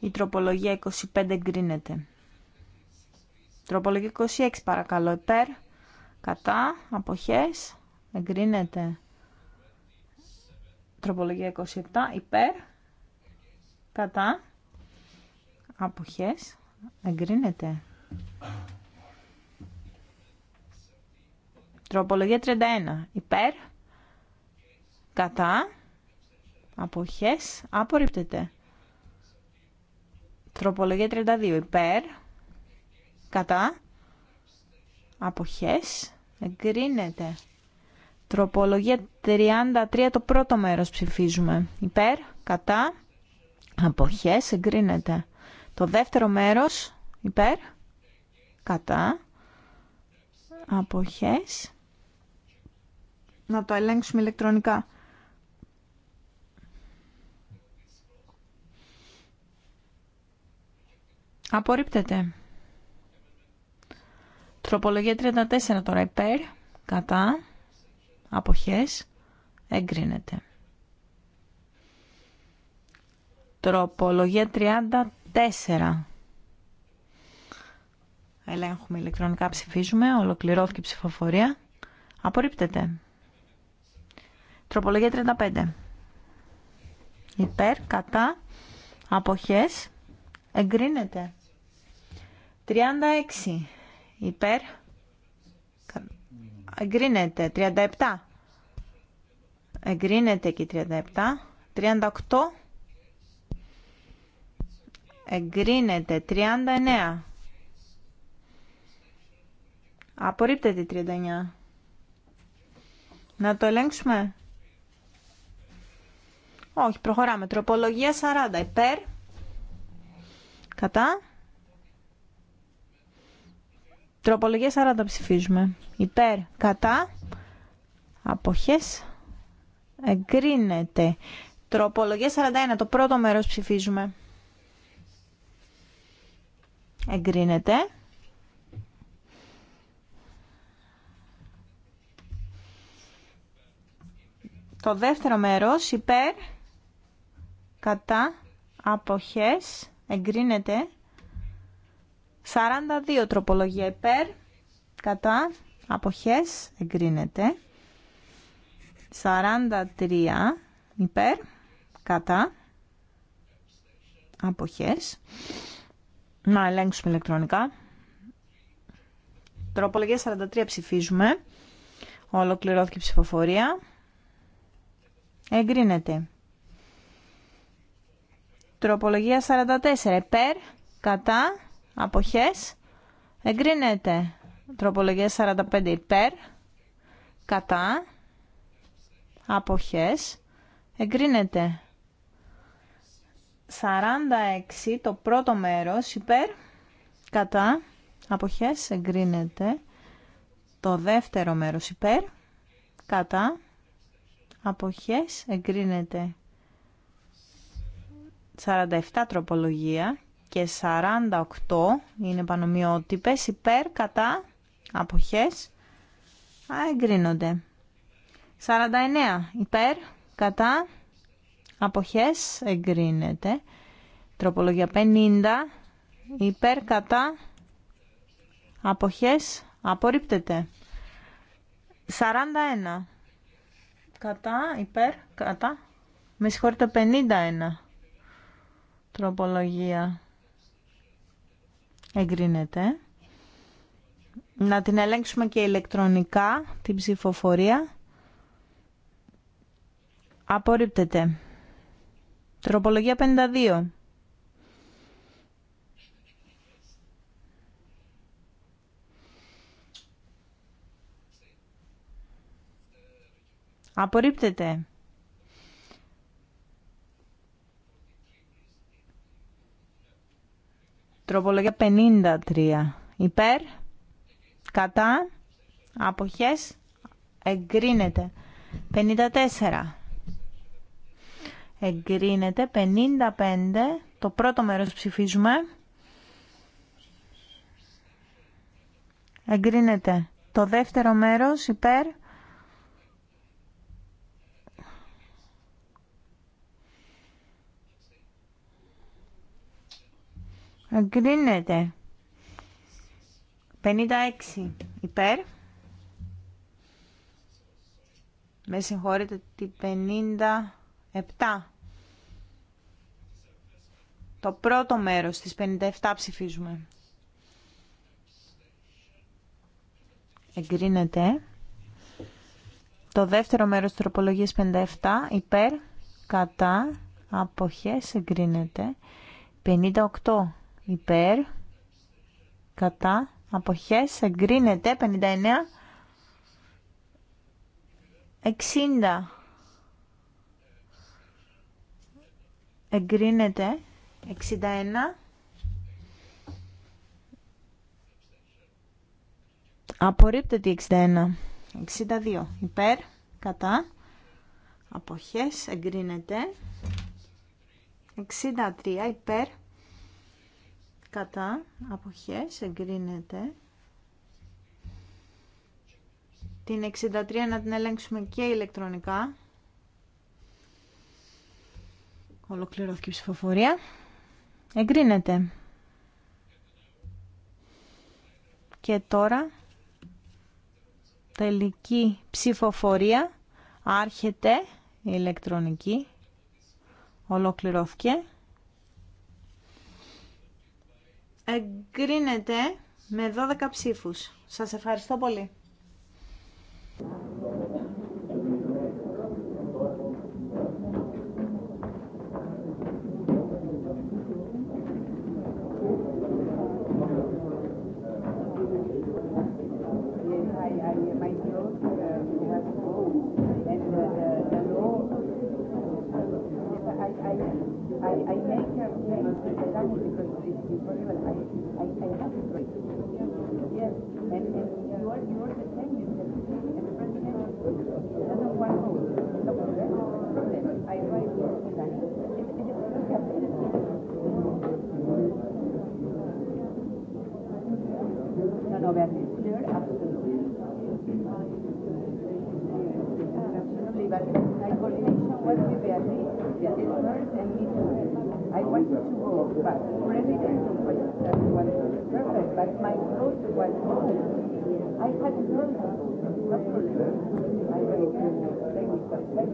Η τροπολογία 25 εγκρίνεται. Τροπολογία 26 παρακαλώ. Υπέρ, κατά, αποχές, εγκρίνεται. Τροπολογία 27 υπέρ, κατά, αποχές, εγκρίνεται. Τροπολογία 31 υπέρ, κατά, αποχές, απορρίπτεται. Τροπολογία 32 υπέρ, κατά, αποχές, εγκρίνεται. Τροπολογία 33 το πρώτο μέρος ψηφίζουμε. Υπέρ, κατά, αποχές, εγκρίνεται. Το δεύτερο μέρος, υπέρ, κατά, αποχές. Να το ελέγξουμε ηλεκτρονικά. Απορρίπτεται. Τροπολογία 34 τώρα υπέρ, κατά, αποχές, εγκρίνεται. Τροπολογία 34. Ελέγχουμε ηλεκτρονικά, ψηφίζουμε, ολοκληρώθηκε η ψηφοφορία. Απορρίπτεται. Τροπολογία 35. Υπέρ, κατά, αποχές, Εγκρίνεται. 36 υπέρ. Εγκρίνεται. 37. Εγκρίνεται και 37. 38. Εγκρίνεται. 39. Απορρίπτεται 39. Να το ελέγξουμε. Όχι, προχωράμε. Τροπολογία 40. Υπέρ. Κατά. Τροπολογία 40 ψηφίζουμε. Υπέρ. Κατά. Αποχές. Εγκρίνεται. Τροπολογία 41. Το πρώτο μέρος ψηφίζουμε. Εγκρίνεται. Το δεύτερο μέρος υπέρ, κατά, αποχές, εγκρίνεται 42 τροπολογία υπέρ κατά αποχές εγκρίνεται 43 υπέρ κατά αποχές να ελέγξουμε ηλεκτρονικά τροπολογία 43 ψηφίζουμε ολοκληρώθηκε η ψηφοφορία εγκρίνεται Τροπολογία 44. Υπέρ, κατά, αποχές, εγκρίνεται. Τροπολογία 45. Υπέρ, κατά, αποχές, εγκρίνεται. 46. Το πρώτο μέρος. Υπέρ, κατά, αποχές, εγκρίνεται. Το δεύτερο μέρος. Υπέρ, κατά, αποχές, εγκρίνεται. 47 τροπολογία και 48 είναι πανομοιότυπες υπέρ κατά αποχές εγκρίνονται 49 υπέρ κατά αποχές εγκρίνεται τροπολογία 50 υπέρ κατά αποχές απορρίπτεται 41 κατά υπέρ κατά με συγχωρείτε 51 τροπολογία εγκρίνεται. Να την ελέγξουμε και ηλεκτρονικά, την ψηφοφορία. Απορρίπτεται. Τροπολογία 52. Απορρίπτεται. Τροπολογία 53. Υπέρ, κατά, αποχές, εγκρίνεται. 54. Εγκρίνεται. 55. Το πρώτο μέρος ψηφίζουμε. Εγκρίνεται. Το δεύτερο μέρος υπέρ, Εγκρίνεται. 56 υπέρ. Με συγχωρείτε τη 57. Το πρώτο μέρος της 57 ψηφίζουμε. Εγκρίνεται. Το δεύτερο μέρος της τροπολογίας 57 υπέρ, κατά, αποχές εγκρίνεται. 58 υπέρ, κατά, αποχές, εγκρίνεται, 59, 60, εγκρίνεται, 61, Απορρίπτεται η 61. 62. Υπέρ, κατά, αποχές, εγκρίνεται. 63. Υπέρ, κατά αποχές εγκρίνεται την 63 να την ελέγξουμε και ηλεκτρονικά ολοκληρώθηκε η ψηφοφορία εγκρίνεται και τώρα τελική ψηφοφορία άρχεται η ηλεκτρονική ολοκληρώθηκε εγκρίνεται με 12 ψήφους. Σας ευχαριστώ πολύ. I, I make a to because it's I, I, have to Yes, and, and you are, you are the same. and the president I write to run It, No, absolutely. but my coordination was with I want to go, but president was perfect, but my clothes was I had no problem. I very and very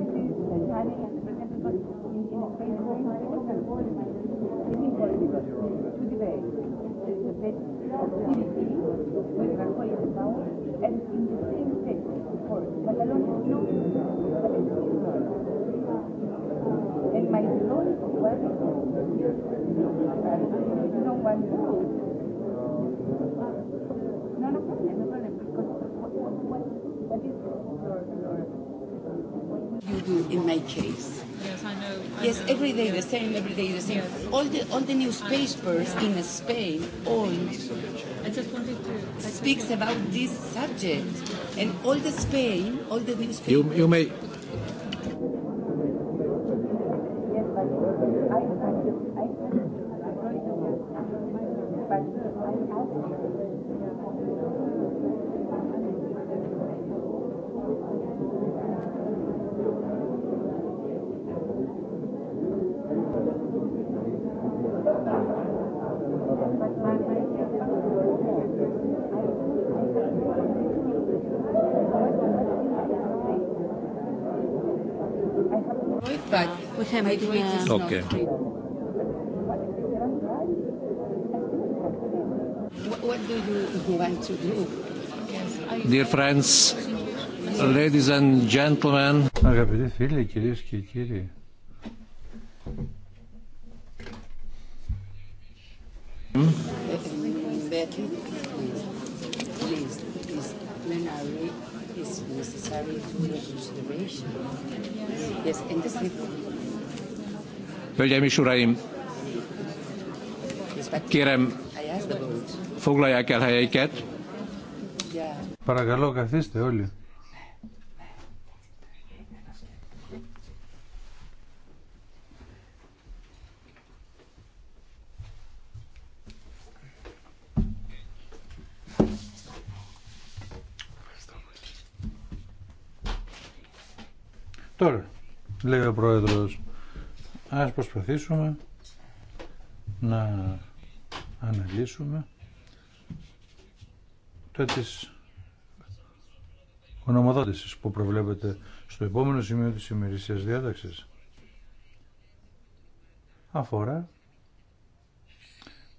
to the the my You do in my case. Yes, I know. Yes, every day the same, every day the same. All the all the newspapers in Spain, all I just wanted to speaks about this subject, and all the Spain, all the newspapers. You you may Okay. What do you want to do? Dear friends, ladies and gentlemen. Yes, and this Hölgyeim és Uraim, kérem, foglalják el helyeiket. Παρακαλώ, καθίστε όλοι. Τώρα, λέει ο Πρόεδρος, Ας προσπαθήσουμε να αναλύσουμε το της ονομοδότησης που προβλέπεται στο επόμενο σημείο της ημερησίας διάταξης. Αφορά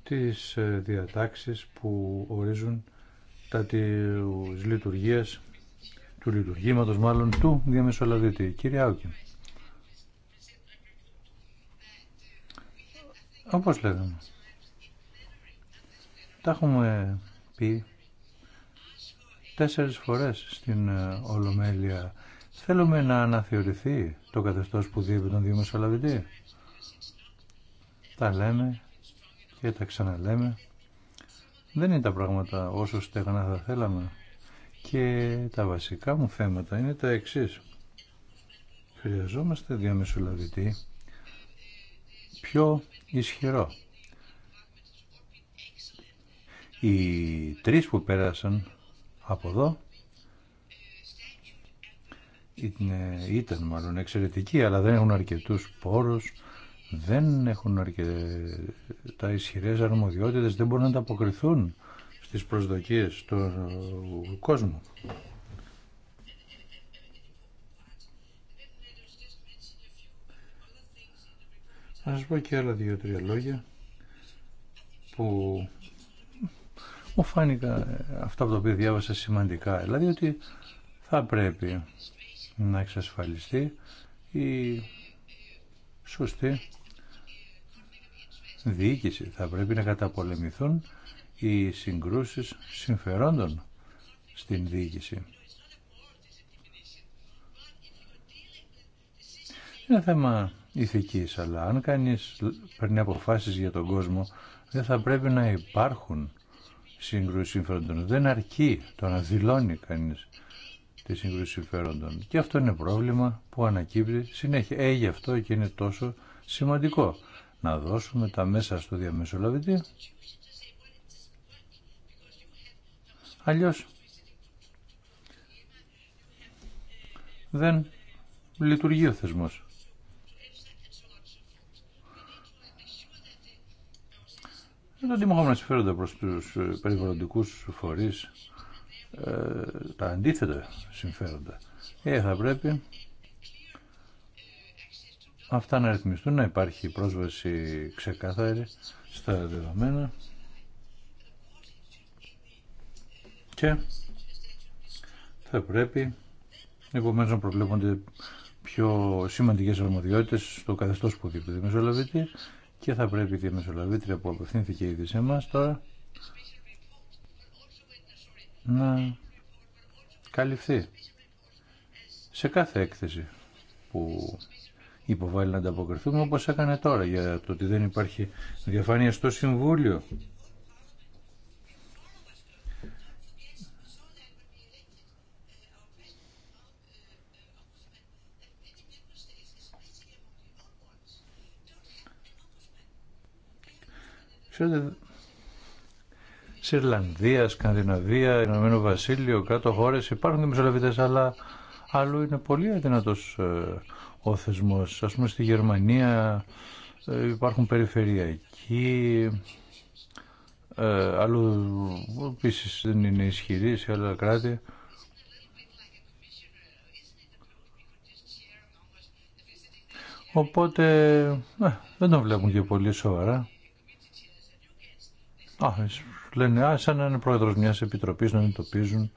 τις ε, διατάξεις που ορίζουν τα της λειτουργίας, του λειτουργήματος μάλλον του διαμεσολαβητή. Κύριε Άουκη. Όπως λέγαμε. Τα έχουμε πει τέσσερις φορές στην ε, Ολομέλεια. Θέλουμε να αναθεωρηθεί το καθεστώς που δίνει τον Διομεσολαβητή. Τα λέμε και τα ξαναλέμε. Δεν είναι τα πράγματα όσο στεγνά θα θέλαμε. Και τα βασικά μου θέματα είναι τα εξής. Χρειαζόμαστε διαμεσολαβητή πιο ισχυρό. Οι τρεις που πέρασαν από εδώ ήταν μάλλον εξαιρετικοί, αλλά δεν έχουν αρκετούς πόρους, δεν έχουν αρκετά ισχυρές αρμοδιότητες, δεν μπορούν να ανταποκριθούν στις προσδοκίες του κόσμου. Θα σας πω και άλλα δύο-τρία λόγια που μου φάνηκαν αυτά από τα οποία διάβασα σημαντικά. Δηλαδή ότι θα πρέπει να εξασφαλιστεί η σωστή διοίκηση. Θα πρέπει να καταπολεμηθούν οι συγκρούσεις συμφερόντων στην διοίκηση. Είναι θέμα ηθικής, αλλά αν κανείς παίρνει αποφάσεις για τον κόσμο, δεν θα πρέπει να υπάρχουν σύγκρουση συμφέροντων. Δεν αρκεί το να δηλώνει κανείς τη σύγκρουση συμφέροντων. Και αυτό είναι πρόβλημα που ανακύπτει συνέχεια. Ε, γι' αυτό και είναι τόσο σημαντικό να δώσουμε τα μέσα στο διαμεσολαβητή. Αλλιώς δεν λειτουργεί ο θεσμός. είναι το δημογόμενο συμφέρονται προς τους ε, περιβαλλοντικούς φορείς, ε, τα αντίθετα συμφέροντα. Ε, θα πρέπει αυτά να ρυθμιστούν, να υπάρχει πρόσβαση ξεκάθαρη στα δεδομένα και θα πρέπει επομένως να προβλέπονται πιο σημαντικές αρμοδιότητες στο καθεστώς που διέπει και θα πρέπει και η Μεσολαβήτρια που απευθύνθηκε ήδη σε εμάς τώρα να καλυφθεί σε κάθε έκθεση που υποβάλλει να ανταποκριθούμε όπως έκανε τώρα για το ότι δεν υπάρχει διαφάνεια στο Συμβούλιο Ξέρετε, Συρλανδία, Σκανδιναβία, Ηνωμένο Βασίλειο, κάτω χώρε υπάρχουν μεσολαβήτε, αλλά άλλο είναι πολύ αδυνατό ε, ο θεσμό. Α πούμε στη Γερμανία ε, υπάρχουν περιφερειακοί. Ε, αλλού επίση δεν είναι ισχυρή σε άλλα κράτη. Οπότε ε, δεν τον βλέπουν και πολύ σοβαρά λένε, α, σαν να είναι πρόεδρος μιας επιτροπής να εντοπίζουν.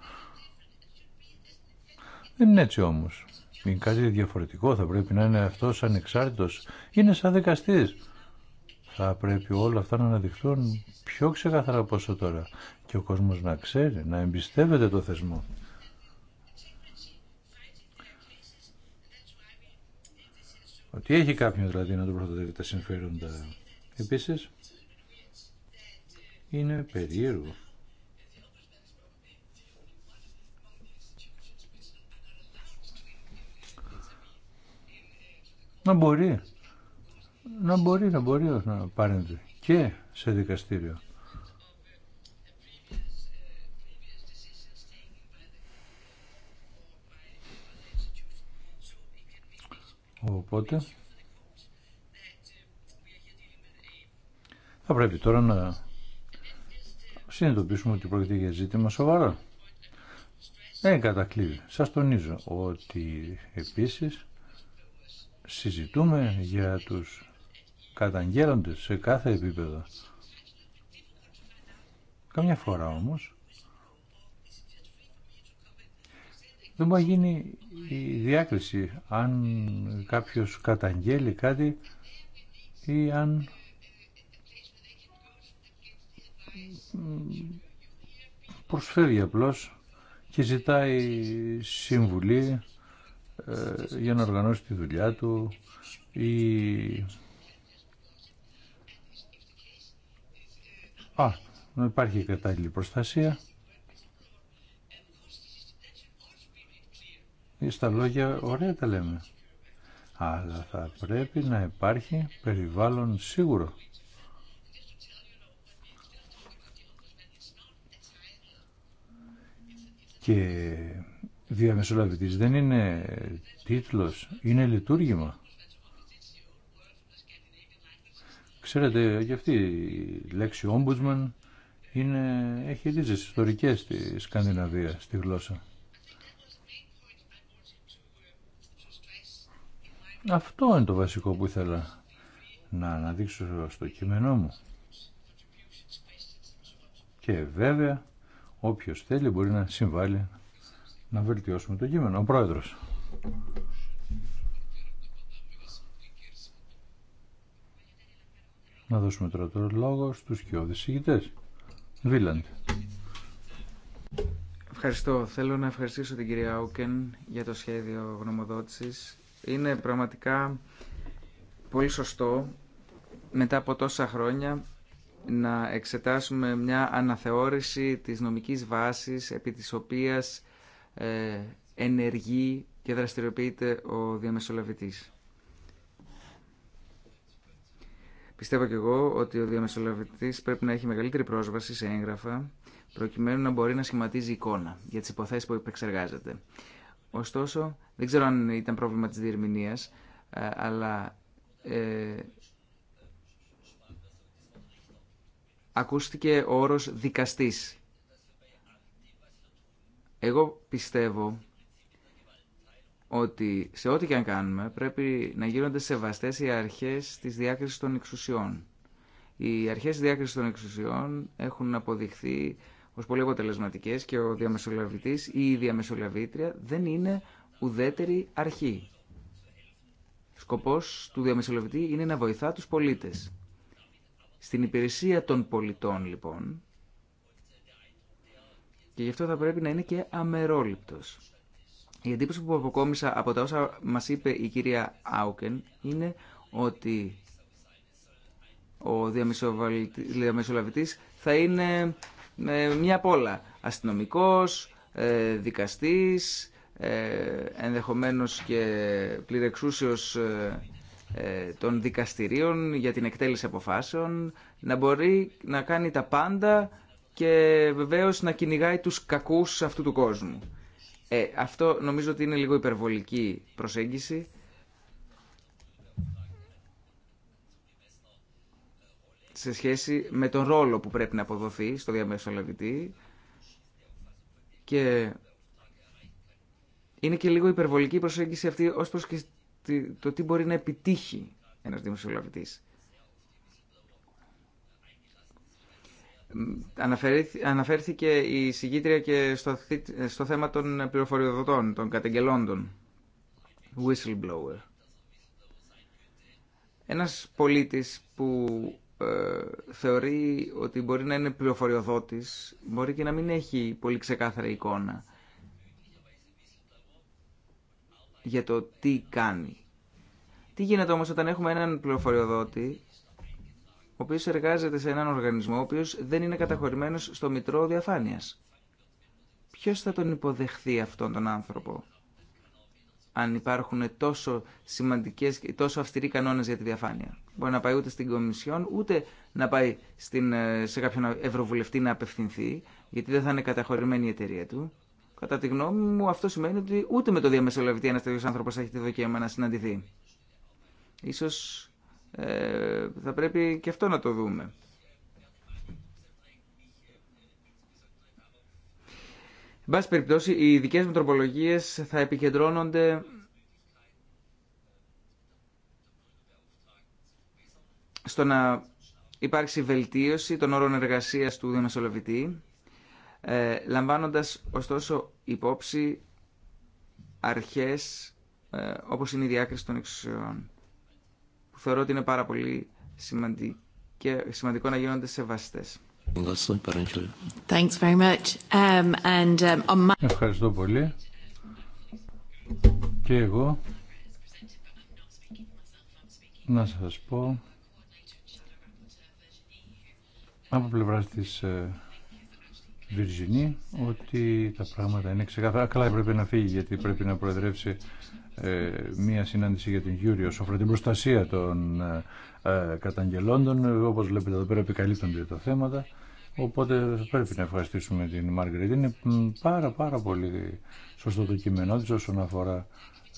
Δεν είναι έτσι όμως. Είναι κάτι διαφορετικό, θα πρέπει να είναι αυτός ανεξάρτητος. Είναι σαν δικαστής. Θα πρέπει όλα αυτά να αναδειχθούν πιο ξεκάθαρα από όσο τώρα. Και ο κόσμος να ξέρει, να εμπιστεύεται το θεσμό. Ότι έχει κάποιον δηλαδή να του προστατεύει τα συμφέροντα. Επίσης, είναι περίεργο. Να μπορεί, να μπορεί, να μπορεί να πάρει και σε δικαστήριο. Οπότε θα πρέπει τώρα να συνειδητοποιήσουμε ότι πρόκειται για ζήτημα σοβαρό. Δεν κατακλείδη. Σας τονίζω ότι επίσης συζητούμε για τους καταγγέλλοντες σε κάθε επίπεδο. Καμιά φορά όμως δεν μπορεί να γίνει η διάκριση αν κάποιος καταγγέλει κάτι ή αν προσφέρει απλώς και ζητάει συμβουλή ε, για να οργανώσει τη δουλειά του ή... Α, να υπάρχει κατάλληλη προστασία. Ε, στα λόγια ωραία τα λέμε. Αλλά θα πρέπει να υπάρχει περιβάλλον σίγουρο. και διαμεσολαβητής δεν είναι τίτλος, είναι λειτουργήμα. Ξέρετε, και αυτή η λέξη ombudsman είναι, έχει ρίζες ιστορικές στη Σκανδιναβία, στη γλώσσα. Αυτό είναι το βασικό που ήθελα να αναδείξω στο κείμενό μου. Και βέβαια Όποιος θέλει μπορεί να συμβάλλει να βελτιώσουμε το κείμενο. Ο Πρόεδρος. Να δώσουμε τώρα το λόγο στους κοιόδης συγητές. Βίλαντ. Ευχαριστώ. Θέλω να ευχαριστήσω την κυρία Άουκεν για το σχέδιο γνωμοδότησης. Είναι πραγματικά πολύ σωστό μετά από τόσα χρόνια να εξετάσουμε μια αναθεώρηση της νομικής βάσης επί της οποίας ε, ενεργεί και δραστηριοποιείται ο διαμεσολαβητής. Πιστεύω και εγώ ότι ο διαμεσολαβητής πρέπει να έχει μεγαλύτερη πρόσβαση σε έγγραφα προκειμένου να μπορεί να σχηματίζει εικόνα για τις υποθέσεις που επεξεργάζεται. Ωστόσο, δεν ξέρω αν ήταν πρόβλημα της διερμηνίας, ε, αλλά ε, ακούστηκε ο όρος δικαστής. Εγώ πιστεύω ότι σε ό,τι και αν κάνουμε πρέπει να γίνονται σεβαστές οι αρχές της διάκρισης των εξουσιών. Οι αρχές διάκρισης των εξουσιών έχουν αποδειχθεί ως πολύ αποτελεσματικέ και ο διαμεσολαβητής ή η διαμεσολαβήτρια δεν είναι ουδέτερη αρχή. Σκοπός του διαμεσολαβητή είναι να βοηθά τους πολίτες. Στην υπηρεσία των πολιτών λοιπόν και γι' αυτό θα πρέπει να είναι και αμερόληπτος. Η εντύπωση που αποκόμισα από τα όσα μας είπε η κυρία Άουκεν είναι ότι ο διαμεσολαβητής θα είναι ε, μια πόλα. Αστυνομικός, ε, δικαστής, ε, ενδεχομένως και πληρεξούσιος ε, των δικαστηρίων για την εκτέλεση αποφάσεων, να μπορεί να κάνει τα πάντα και βεβαίως να κυνηγάει τους κακούς αυτού του κόσμου. Ε, αυτό νομίζω ότι είναι λίγο υπερβολική προσέγγιση. σε σχέση με τον ρόλο που πρέπει να αποδοθεί στο διαμεσολαβητή και είναι και λίγο υπερβολική προσέγγιση αυτή ως προς το τι μπορεί να επιτύχει ένας δημοσιογραφητής. Αναφέρθηκε η συγκήτρια και στο, θέμα των πληροφοριοδοτών, των κατεγγελόντων. whistleblower. Ένας πολίτης που ε, θεωρεί ότι μπορεί να είναι πληροφοριοδότης, μπορεί και να μην έχει πολύ ξεκάθαρη εικόνα για το τι κάνει. Τι γίνεται όμως όταν έχουμε έναν πληροφοριοδότη ο οποίος εργάζεται σε έναν οργανισμό ο οποίο δεν είναι καταχωρημένο στο Μητρό Διαφάνειας. Ποιο θα τον υποδεχθεί αυτόν τον άνθρωπο αν υπάρχουν τόσο σημαντικές και τόσο αυστηροί κανόνε για τη διαφάνεια. Μπορεί να πάει ούτε στην Κομισιόν, ούτε να πάει στην, ε, σε κάποιον Ευρωβουλευτή να απευθυνθεί, γιατί δεν θα είναι καταχωρημένη η εταιρεία του. Κατά τη γνώμη μου αυτό σημαίνει ότι ούτε με το διαμεσολαβητή ένα τέτοιο άνθρωπος έχει τη δικαίωμα να συναντηθεί. Ίσως ε, θα πρέπει και αυτό να το δούμε. Εν πάση περιπτώσει, οι ειδικέ μου τροπολογίε θα επικεντρώνονται στο να υπάρξει βελτίωση των όρων εργασία του διαμεσολαβητή ε, λαμβάνοντας ωστόσο υπόψη αρχές ε, όπως είναι η διάκριση των εξουσιών που θεωρώ ότι είναι πάρα πολύ σημαντικό να γίνονται σεβαστές. Thanks um, um, Ευχαριστώ πολύ. Και εγώ να σας πω από πλευράς της ε, Βιρζινή ότι τα πράγματα είναι ξεκάθαρα. Καλά έπρεπε να φύγει γιατί πρέπει να προεδρεύσει ε, μία συνάντηση για την Γιούριο Σόφρα, την προστασία των ε, ε, καταγγελόντων. Όπως βλέπετε εδώ πέρα επικαλύπτονται τα θέματα. Οπότε πρέπει να ευχαριστήσουμε την Μάργκριτ. Είναι πάρα πάρα πολύ σωστό το κείμενό της όσον αφορά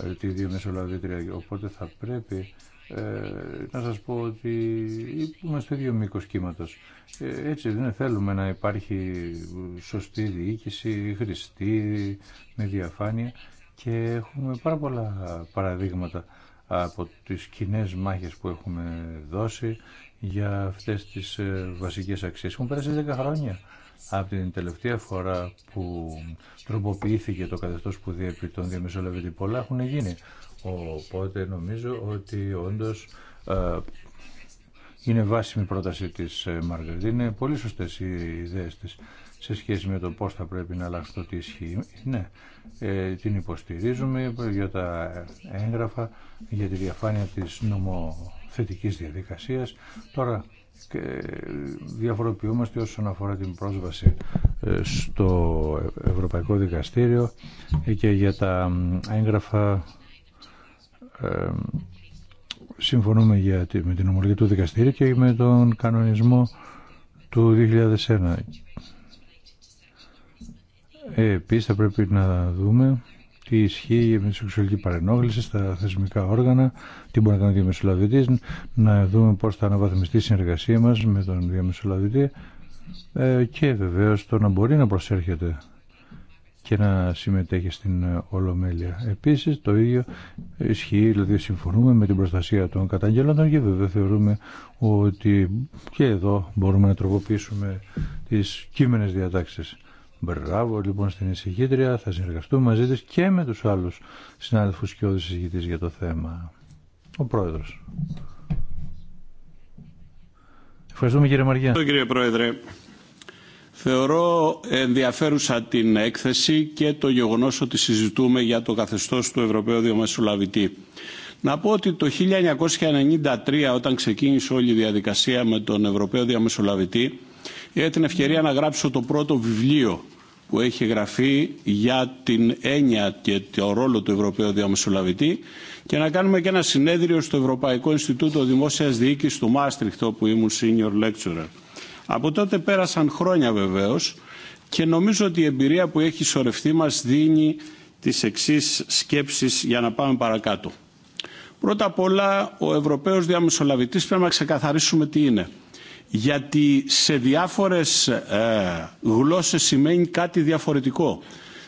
ε, τη δύο μεσολαβήτρια. Οπότε θα πρέπει ε, να σας πω ότι είμαστε δύο μήκος κύματος. Ε, έτσι δεν θέλουμε να υπάρχει σωστή διοίκηση, χρηστή, με διαφάνεια και έχουμε πάρα πολλά παραδείγματα από τις κοινέ μάχες που έχουμε δώσει για αυτές τις ε, βασικές αξίες. Έχουν πέρασει 10 χρόνια από την τελευταία φορά που τροποποιήθηκε το καθεστώς που διέπει τον διαμεσολαβητή. Πολλά έχουν γίνει. Οπότε νομίζω ότι όντως ε, είναι βάσιμη η πρόταση της ε, Μαργαρίτ. πολύ σωστές οι ιδέες της σε σχέση με το πώς θα πρέπει να αλλάξει το τι ισχύει. Ναι, ε, την υποστηρίζουμε για τα έγγραφα, για τη διαφάνεια της νομοθετικής διαδικασίας. Τώρα και διαφοροποιούμαστε όσον αφορά την πρόσβαση στο Ευρωπαϊκό Δικαστήριο και για τα έγγραφα ε, συμφωνούμε για, με την ομολογία του δικαστήριου και με τον κανονισμό του 2001. Ε, επίσης θα πρέπει να δούμε τι ισχύει με τη σεξουαλική παρενόχληση στα θεσμικά όργανα, τι μπορεί να κάνει ο διαμεσολαβητής, να δούμε πώς θα αναβαθμιστεί η συνεργασία μας με τον διαμεσολαβητή ε, και βεβαίως το να μπορεί να προσέρχεται και να συμμετέχει στην ε, Ολομέλεια. Επίσης το ίδιο ισχύει, δηλαδή συμφωνούμε με την προστασία των καταγγελόντων και βέβαια θεωρούμε ότι και εδώ μπορούμε να τροποποιήσουμε τις κείμενες διατάξεις. Μπράβο λοιπόν στην εισηγήτρια, θα συνεργαστούμε μαζί της και με τους άλλους συνάδελφους και όδους εισηγητής για το θέμα. Ο Πρόεδρος. Ευχαριστούμε κύριε Μαριά. Κύριε Πρόεδρε, Θεωρώ ενδιαφέρουσα την έκθεση και το γεγονός ότι συζητούμε για το καθεστώς του Ευρωπαίου Διαμεσολαβητή. Να πω ότι το 1993 όταν ξεκίνησε όλη η διαδικασία με τον Ευρωπαίο Διαμεσολαβητή είχα την ευκαιρία να γράψω το πρώτο βιβλίο που έχει γραφεί για την έννοια και το ρόλο του Ευρωπαίου Διαμεσολαβητή και να κάνουμε και ένα συνέδριο στο Ευρωπαϊκό Ινστιτούτο Δημόσιας Διοίκησης του Μάστριχτο που ήμουν senior lecturer. Από τότε πέρασαν χρόνια βεβαίως και νομίζω ότι η εμπειρία που έχει σωρευτεί μας δίνει τις εξής σκέψεις για να πάμε παρακάτω. Πρώτα απ' όλα ο Ευρωπαίος Διαμεσολαβητής πρέπει να ξεκαθαρίσουμε τι είναι. Γιατί σε διάφορες ε, γλώσσες σημαίνει κάτι διαφορετικό.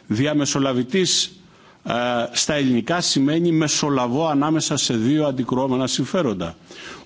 Διαμεσολαβητής ε, στα ελληνικά σημαίνει μεσολαβό ανάμεσα σε δύο αντικρουόμενα συμφέροντα.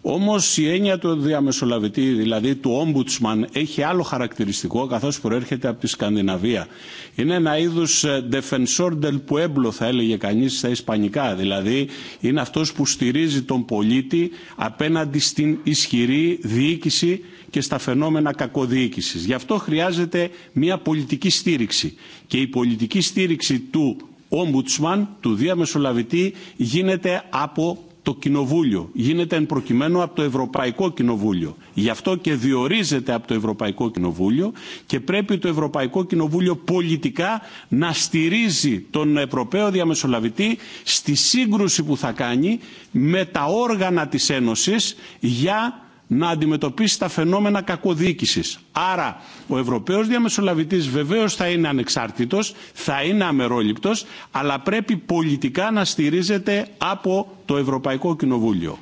Όμως η έννοια του διαμεσολαβητή, δηλαδή του ombudsman, έχει άλλο χαρακτηριστικό καθώς προέρχεται από τη Σκανδιναβία. Είναι ένα είδους ε, defensor del pueblo θα έλεγε κανείς στα ισπανικά, δηλαδή είναι αυτός που στηρίζει τον πολίτη απέναντι στην ισχυρή διοίκηση και στα φαινόμενα κακοδιοίκησης. Γι' αυτό χρειάζεται μια πολιτική στήριξη και η πολιτική στήριξη του ομπουτσμάν του διαμεσολαβητή γίνεται από το Κοινοβούλιο. Γίνεται εν προκειμένου από το Ευρωπαϊκό Κοινοβούλιο. Γι' αυτό και διορίζεται από το Ευρωπαϊκό Κοινοβούλιο και πρέπει το Ευρωπαϊκό Κοινοβούλιο πολιτικά να στηρίζει τον Ευρωπαίο Διαμεσολαβητή στη σύγκρουση που θα κάνει με τα όργανα της Ένωσης για να αντιμετωπίσει τα φαινόμενα κακοδιοίκησης. Άρα ο Ευρωπαίος Διαμεσολαβητής βεβαίως θα είναι ανεξάρτητος, θα είναι αμερόληπτος, αλλά πρέπει πολιτικά να στηρίζεται από το Ευρωπαϊκό Κοινοβούλιο.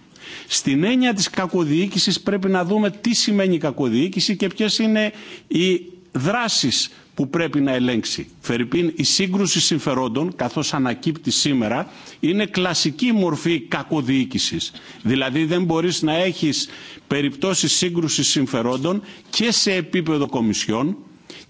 Στην έννοια της κακοδιοίκησης πρέπει να δούμε τι σημαίνει κακοδιοίκηση και ποιες είναι οι δράσεις που πρέπει να ελέγξει. Φερρυπίν, η σύγκρουση συμφερόντων, καθώς ανακύπτει σήμερα, είναι κλασική μορφή κακοδιοίκησης. Δηλαδή δεν μπορείς να έχεις περιπτώσεις σύγκρουσης συμφερόντων και σε επίπεδο κομισιών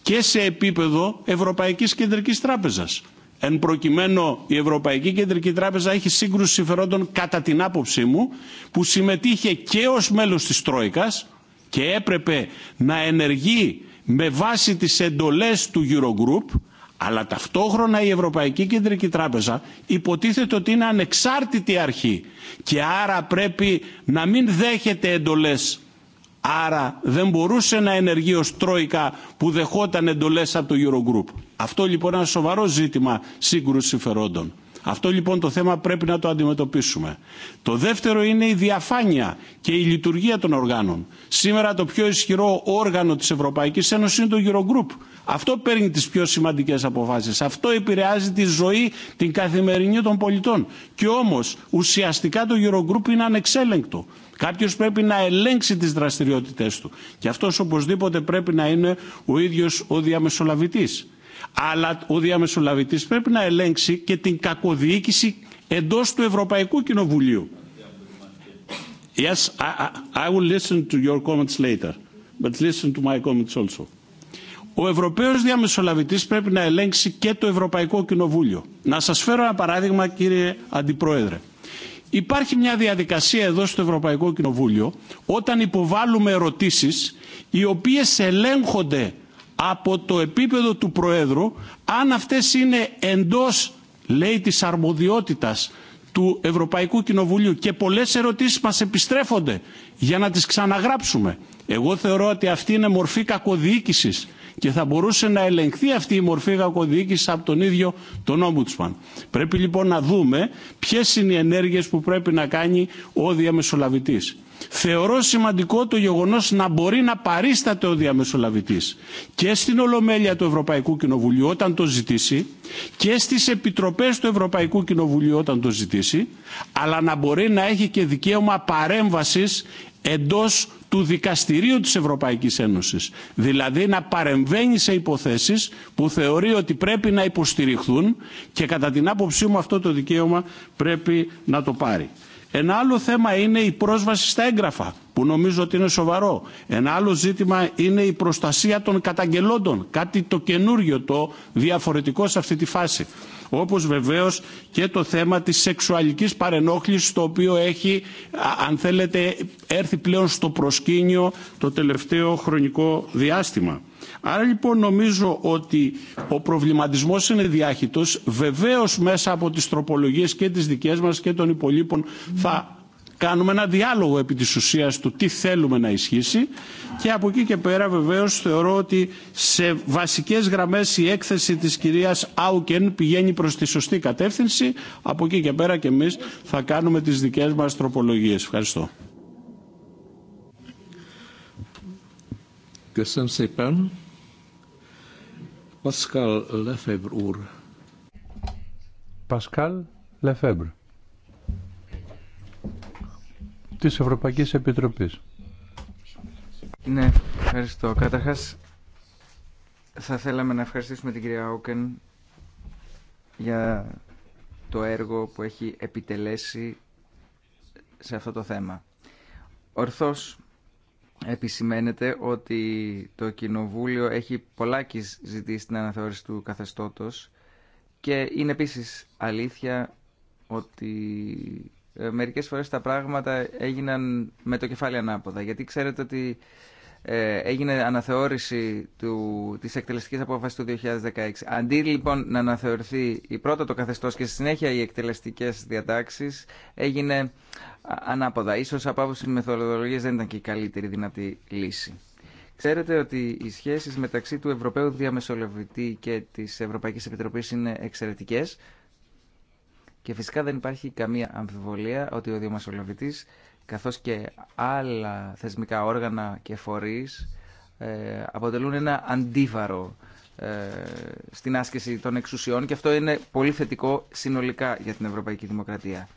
και σε επίπεδο Ευρωπαϊκής Κεντρικής Τράπεζας. Εν προκειμένου η Ευρωπαϊκή Κεντρική Τράπεζα έχει σύγκρουση συμφερόντων κατά την άποψή μου που συμμετείχε και ως μέλος της Τρόικας και έπρεπε να ενεργεί με βάση τις εντολές του Eurogroup αλλά ταυτόχρονα η Ευρωπαϊκή Κεντρική Τράπεζα υποτίθεται ότι είναι ανεξάρτητη αρχή και άρα πρέπει να μην δέχεται εντολές. Άρα δεν μπορούσε να ενεργεί ως Τρόικα που δεχόταν εντολές από το Eurogroup. Αυτό λοιπόν είναι ένα σοβαρό ζήτημα σύγκρουση συμφερόντων. Αυτό λοιπόν το θέμα πρέπει να το αντιμετωπίσουμε. Το δεύτερο είναι η διαφάνεια και η λειτουργία των οργάνων. Σήμερα το πιο ισχυρό όργανο της Ευρωπαϊκής Ένωσης είναι το Eurogroup. Αυτό παίρνει τις πιο σημαντικές αποφάσεις. Αυτό επηρεάζει τη ζωή την καθημερινή των πολιτών. Και όμως ουσιαστικά το Eurogroup είναι ανεξέλεγκτο. Κάποιο πρέπει να ελέγξει τι δραστηριότητέ του. Και αυτό οπωσδήποτε πρέπει να είναι ο ίδιο ο διαμεσολαβητή αλλά ο διαμεσολαβητής πρέπει να ελέγξει και την κακοδιοίκηση εντός του Ευρωπαϊκού Κοινοβουλίου. Yes, I, I will listen to your comments later, but listen to my comments also. Ο Ευρωπαίος Διαμεσολαβητής πρέπει να ελέγξει και το Ευρωπαϊκό Κοινοβούλιο. Να σας φέρω ένα παράδειγμα κύριε Αντιπρόεδρε. Υπάρχει μια διαδικασία εδώ στο Ευρωπαϊκό Κοινοβούλιο όταν υποβάλλουμε ερωτήσεις οι οποίες ελέγχονται από το επίπεδο του Προέδρου αν αυτές είναι εντός λέει της αρμοδιότητας του Ευρωπαϊκού Κοινοβουλίου και πολλές ερωτήσεις μας επιστρέφονται για να τις ξαναγράψουμε. Εγώ θεωρώ ότι αυτή είναι μορφή κακοδιοίκησης και θα μπορούσε να ελεγχθεί αυτή η μορφή κακοδιοίκηση από τον ίδιο τον Ombudsman. Πρέπει λοιπόν να δούμε ποιες είναι οι ενέργειες που πρέπει να κάνει ο διαμεσολαβητής θεωρώ σημαντικό το γεγονός να μπορεί να παρίσταται ο διαμεσολαβητής και στην Ολομέλεια του Ευρωπαϊκού Κοινοβουλίου όταν το ζητήσει και στις επιτροπές του Ευρωπαϊκού Κοινοβουλίου όταν το ζητήσει αλλά να μπορεί να έχει και δικαίωμα παρέμβασης εντός του δικαστηρίου της Ευρωπαϊκής Ένωσης. Δηλαδή να παρεμβαίνει σε υποθέσεις που θεωρεί ότι πρέπει να υποστηριχθούν και κατά την άποψή μου αυτό το δικαίωμα πρέπει να το πάρει. Ένα άλλο θέμα είναι η πρόσβαση στα έγγραφα, που νομίζω ότι είναι σοβαρό. Ένα άλλο ζήτημα είναι η προστασία των καταγγελόντων, κάτι το καινούριο, το διαφορετικό σε αυτή τη φάση. Όπως βεβαίως και το θέμα της σεξουαλικής παρενόχλησης, το οποίο έχει, αν θέλετε, έρθει πλέον στο προσκήνιο το τελευταίο χρονικό διάστημα. Άρα λοιπόν νομίζω ότι ο προβληματισμός είναι διάχυτος. Βεβαίως μέσα από τις τροπολογίες και τις δικές μας και των υπολείπων θα κάνουμε ένα διάλογο επί της ουσίας του τι θέλουμε να ισχύσει και από εκεί και πέρα βεβαίως θεωρώ ότι σε βασικές γραμμές η έκθεση της κυρίας Άουκεν πηγαίνει προς τη σωστή κατεύθυνση. Από εκεί και πέρα και εμείς θα κάνουμε τις δικές μας τροπολογίες. Ευχαριστώ. Πασκάλ Λεφέμπρ Πασκάλ Λεφέμπρ της Ευρωπαϊκής Επιτροπής. Ναι, ευχαριστώ. Καταρχάς θα θέλαμε να ευχαριστήσουμε την κυρία Όκεν για το έργο που έχει επιτελέσει σε αυτό το θέμα. Ορθώς επισημαίνεται ότι το Κοινοβούλιο έχει πολλάκι ζητήσει την αναθεώρηση του καθεστώτος και είναι επίσης αλήθεια ότι ε, μερικές φορές τα πράγματα έγιναν με το κεφάλι ανάποδα. Γιατί ξέρετε ότι ε, έγινε αναθεώρηση του, της εκτελεστικής απόφασης του 2016. Αντί λοιπόν να αναθεωρηθεί η πρώτα το καθεστώς και στη συνέχεια οι εκτελεστικές διατάξεις, έγινε ανάποδα. Ίσως από άποψη μεθοδολογία δεν ήταν και η καλύτερη δυνατή λύση. Ξέρετε ότι οι σχέσεις μεταξύ του Ευρωπαίου Διαμεσολαβητή και της Ευρωπαϊκής Επιτροπής είναι εξαιρετικέ και φυσικά δεν υπάρχει καμία αμφιβολία ότι ο Διαμεσολαβητής καθώς και άλλα θεσμικά όργανα και φορείς ε, αποτελούν ένα αντίβαρο ε, στην άσκηση των εξουσιών και αυτό είναι πολύ θετικό συνολικά για την Ευρωπαϊκή Δημοκρατία.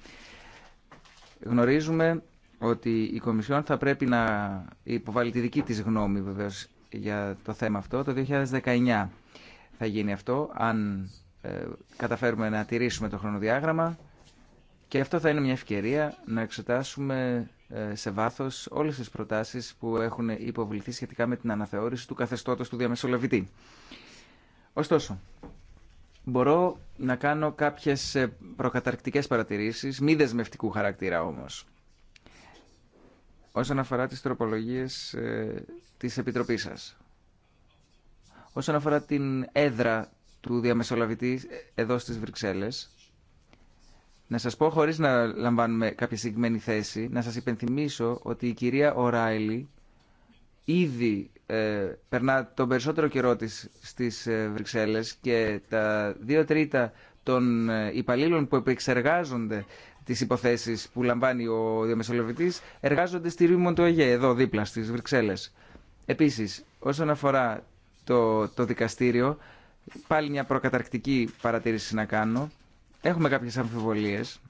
Γνωρίζουμε ότι η Κομισιόν θα πρέπει να υποβάλει τη δική της γνώμη βεβαίως για το θέμα αυτό. Το 2019 θα γίνει αυτό, αν ε, καταφέρουμε να τηρήσουμε το χρονοδιάγραμμα και αυτό θα είναι μια ευκαιρία να εξετάσουμε ε, σε βάθος όλες τις προτάσεις που έχουν υποβληθεί σχετικά με την αναθεώρηση του καθεστώτος του διαμεσολαβητή. Ωστόσο, Μπορώ να κάνω κάποιες ε, προκαταρκτικές παρατηρήσεις, μη δεσμευτικού χαρακτήρα όμως. Όσον αφορά τις τροπολογίες ε, της Επιτροπής σας. Όσον αφορά την έδρα του διαμεσολαβητή ε, εδώ στις Βρυξέλλες, να σας πω χωρίς να λαμβάνουμε κάποια συγκεκριμένη θέση, να σας υπενθυμίσω ότι η κυρία Οράιλι, ήδη ε, περνά τον περισσότερο καιρό της στις ε, Βρυξέλλες και τα δύο τρίτα των ε, υπαλλήλων που επεξεργάζονται τις υποθέσεις που λαμβάνει ο διαμεσολαβητή εργάζονται στη Ρήμοντο του εδώ δίπλα στι Βρυξέλλες. Επίσης, όσον αφορά το, το δικαστήριο, πάλι μια προκαταρκτική παρατήρηση να κάνω. Έχουμε κάποιες αμφιβολίες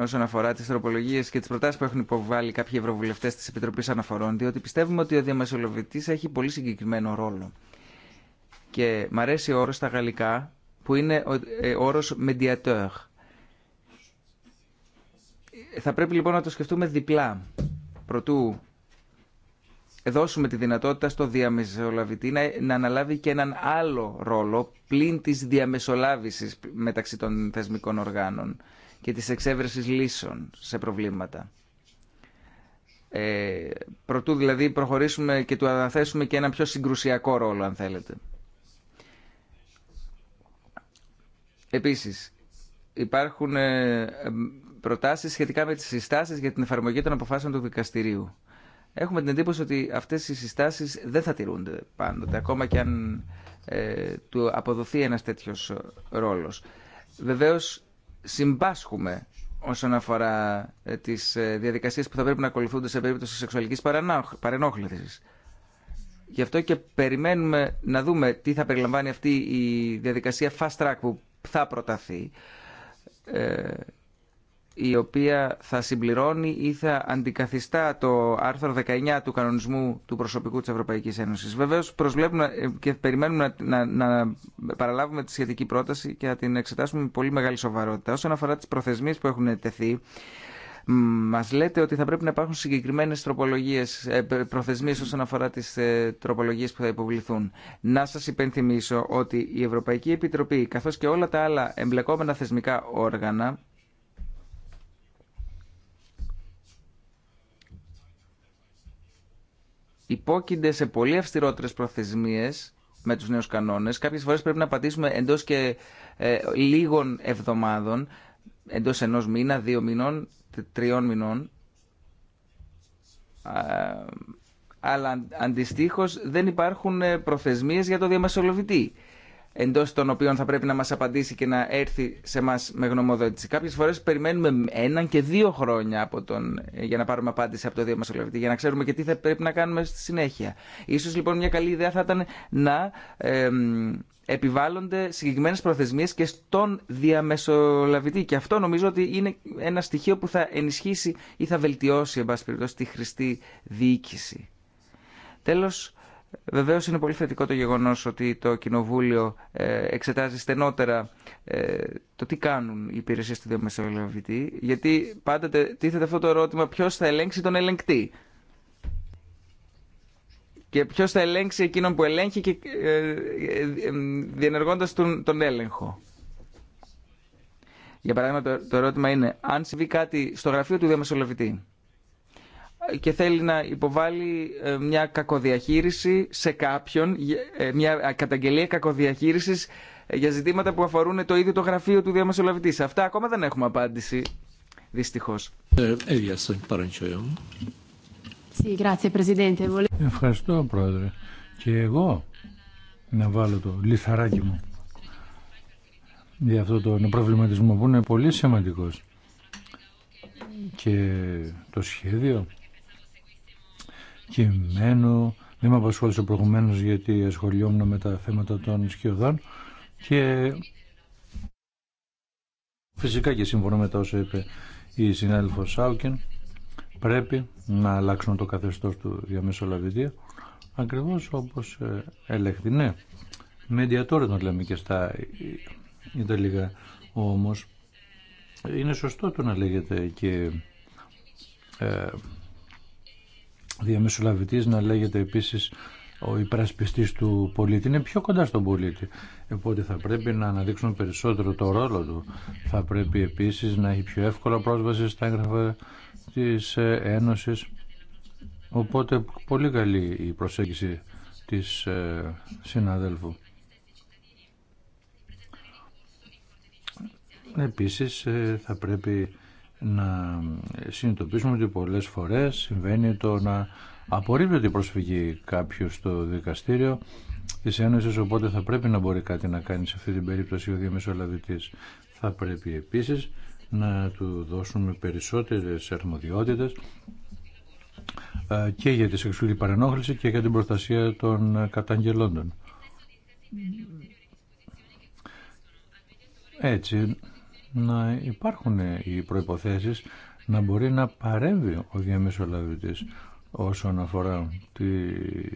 όσον αφορά τι τροπολογίε και τι προτάσει που έχουν υποβάλει κάποιοι ευρωβουλευτέ τη Επιτροπή Αναφορών, διότι πιστεύουμε ότι ο διαμεσολαβητή έχει πολύ συγκεκριμένο ρόλο. Και μ' αρέσει ο όρο στα γαλλικά που είναι ο ε, όρο mediateur. Θα πρέπει λοιπόν να το σκεφτούμε διπλά. Προτού δώσουμε τη δυνατότητα στο διαμεσολαβητή να, να αναλάβει και έναν άλλο ρόλο πλην της διαμεσολάβησης μεταξύ των θεσμικών οργάνων και της εξέβρεσης λύσεων σε προβλήματα. Ε, προτού δηλαδή προχωρήσουμε και του αναθέσουμε και ένα πιο συγκρουσιακό ρόλο αν θέλετε. Επίσης, υπάρχουν ε, προτάσεις σχετικά με τις συστάσεις για την εφαρμογή των αποφάσεων του δικαστηρίου. Έχουμε την εντύπωση ότι αυτές οι συστάσεις δεν θα τηρούνται πάντοτε, ακόμα και αν ε, του αποδοθεί ένας τέτοιος ρόλος. Βεβαίως, συμπάσχουμε όσον αφορά ε, τις ε, διαδικασίες που θα πρέπει να ακολουθούνται σε περίπτωση σεξουαλικής παρενόχλησης. Γι' αυτό και περιμένουμε να δούμε τι θα περιλαμβάνει αυτή η διαδικασία fast track που θα προταθεί ε, η οποία θα συμπληρώνει ή θα αντικαθιστά το άρθρο 19 του κανονισμού του προσωπικού της Ευρωπαϊκής Ένωσης. Βεβαίως προσβλέπουμε ε, και περιμένουμε να, να, να παραλάβουμε τη σχετική πρόταση και να την εξετάσουμε με πολύ μεγάλη σοβαρότητα. Όσον αφορά τις προθεσμίες που έχουν τεθεί, Μα λέτε ότι θα πρέπει να υπάρχουν συγκεκριμένε ε, προθεσμίε όσον αφορά τι ε, τροπολογίε που θα υποβληθούν. Να σα υπενθυμίσω ότι η Ευρωπαϊκή Επιτροπή, καθώ και όλα τα άλλα εμπλεκόμενα θεσμικά όργανα, υπόκεινται σε πολύ αυστηρότερες προθεσμίες με τους νέους κανόνες. Κάποιες φορές πρέπει να πατήσουμε εντός και ε, λίγων εβδομάδων, εντό ενός μήνα, δύο μηνών, τριών μηνών. αλλά αντιστοίχω δεν υπάρχουν ε, προθεσμίες για το διαμεσολογητή εντός των οποίων θα πρέπει να μας απαντήσει και να έρθει σε μας με γνωμοδότηση. Κάποιες φορές περιμένουμε έναν και δύο χρόνια από τον, ε, για να πάρουμε απάντηση από το διαμεσολαβητή, για να ξέρουμε και τι θα πρέπει να κάνουμε στη συνέχεια. Ίσως λοιπόν μια καλή ιδέα θα ήταν να ε, επιβάλλονται συγκεκριμένε προθεσμίε και στον διαμεσολαβητή. Και αυτό νομίζω ότι είναι ένα στοιχείο που θα ενισχύσει ή θα βελτιώσει, εν πάση περιπτώσει, τη χρηστή διοίκηση. Τέλος, Βεβαίως είναι πολύ θετικό το γεγονός ότι το Κοινοβούλιο ε, εξετάζει στενότερα ε, το τι κάνουν οι υπηρεσίε του διαμεσολαβητή, γιατί πάντα τίθεται αυτό το ερώτημα ποιος θα ελέγξει τον ελεγκτή. Και ποιο θα ελέγξει εκείνον που ελέγχει και ε, διενεργώντας τον, τον έλεγχο. Για παράδειγμα το, το ερώτημα είναι αν συμβεί κάτι στο γραφείο του διαμεσολαβητή και θέλει να υποβάλει ε, μια κακοδιαχείριση σε κάποιον, ε, μια καταγγελία κακοδιαχείρισης ε, για ζητήματα που αφορούν το ίδιο το γραφείο του διαμεσολαβητή. Σε αυτά ακόμα δεν έχουμε απάντηση, δυστυχώς. Ευχαριστώ, Πρόεδρε. Και εγώ να βάλω το λιθαράκι μου για αυτό τον προβληματισμό που είναι πολύ σημαντικός. Και το σχέδιο μένω. Δεν με απασχόλησε προηγουμένω γιατί ασχολιόμουν με τα θέματα των σκιωδών και φυσικά και σύμφωνα με τα όσα είπε η συνάδελφος Σάουκεν πρέπει να αλλάξουν το καθεστώς του διαμεσολαβητή ακριβώς όπως ε, ελεγχθεί. Ναι, με τον λέμε και στα ε, Ιταλικά όμως είναι σωστό το να λέγεται και ε, διαμεσολαβητής να λέγεται επίσης ο υπερασπιστής του πολίτη είναι πιο κοντά στον πολίτη. Οπότε θα πρέπει να αναδείξουν περισσότερο το ρόλο του. Θα πρέπει επίσης να έχει πιο εύκολα πρόσβαση στα έγγραφα της Ένωσης. Οπότε πολύ καλή η προσέγγιση της ε, συναδέλφου. Επίσης ε, θα πρέπει να συνειδητοποιήσουμε ότι πολλές φορές συμβαίνει το να απορρίπτει η προσφυγή κάποιου στο δικαστήριο της Ένωσης, οπότε θα πρέπει να μπορεί κάτι να κάνει σε αυτή την περίπτωση ο διαμεσολαβητής. Θα πρέπει επίσης να του δώσουμε περισσότερες αρμοδιότητες ε, και για τη σεξουαλική παρενόχληση και για την προστασία των καταγγελόντων. Έτσι, να υπάρχουν οι προϋποθέσεις να μπορεί να παρέμβει ο διαμεσολαβητής όσον αφορά τη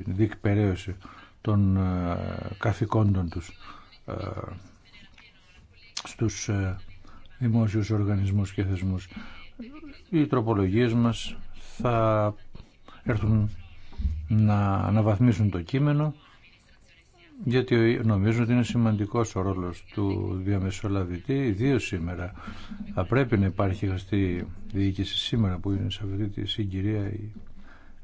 διεκπαιρέωση των ε, καθηκόντων τους ε, στους ε, δημόσιους οργανισμούς και θεσμούς. Οι τροπολογίες μας θα έρθουν να αναβαθμίσουν το κείμενο γιατί νομίζω ότι είναι σημαντικός ο ρόλος του διαμεσολαβητή, ιδίω σήμερα. Θα πρέπει να υπάρχει χαστή διοίκηση σήμερα που είναι σε αυτή τη συγκυρία η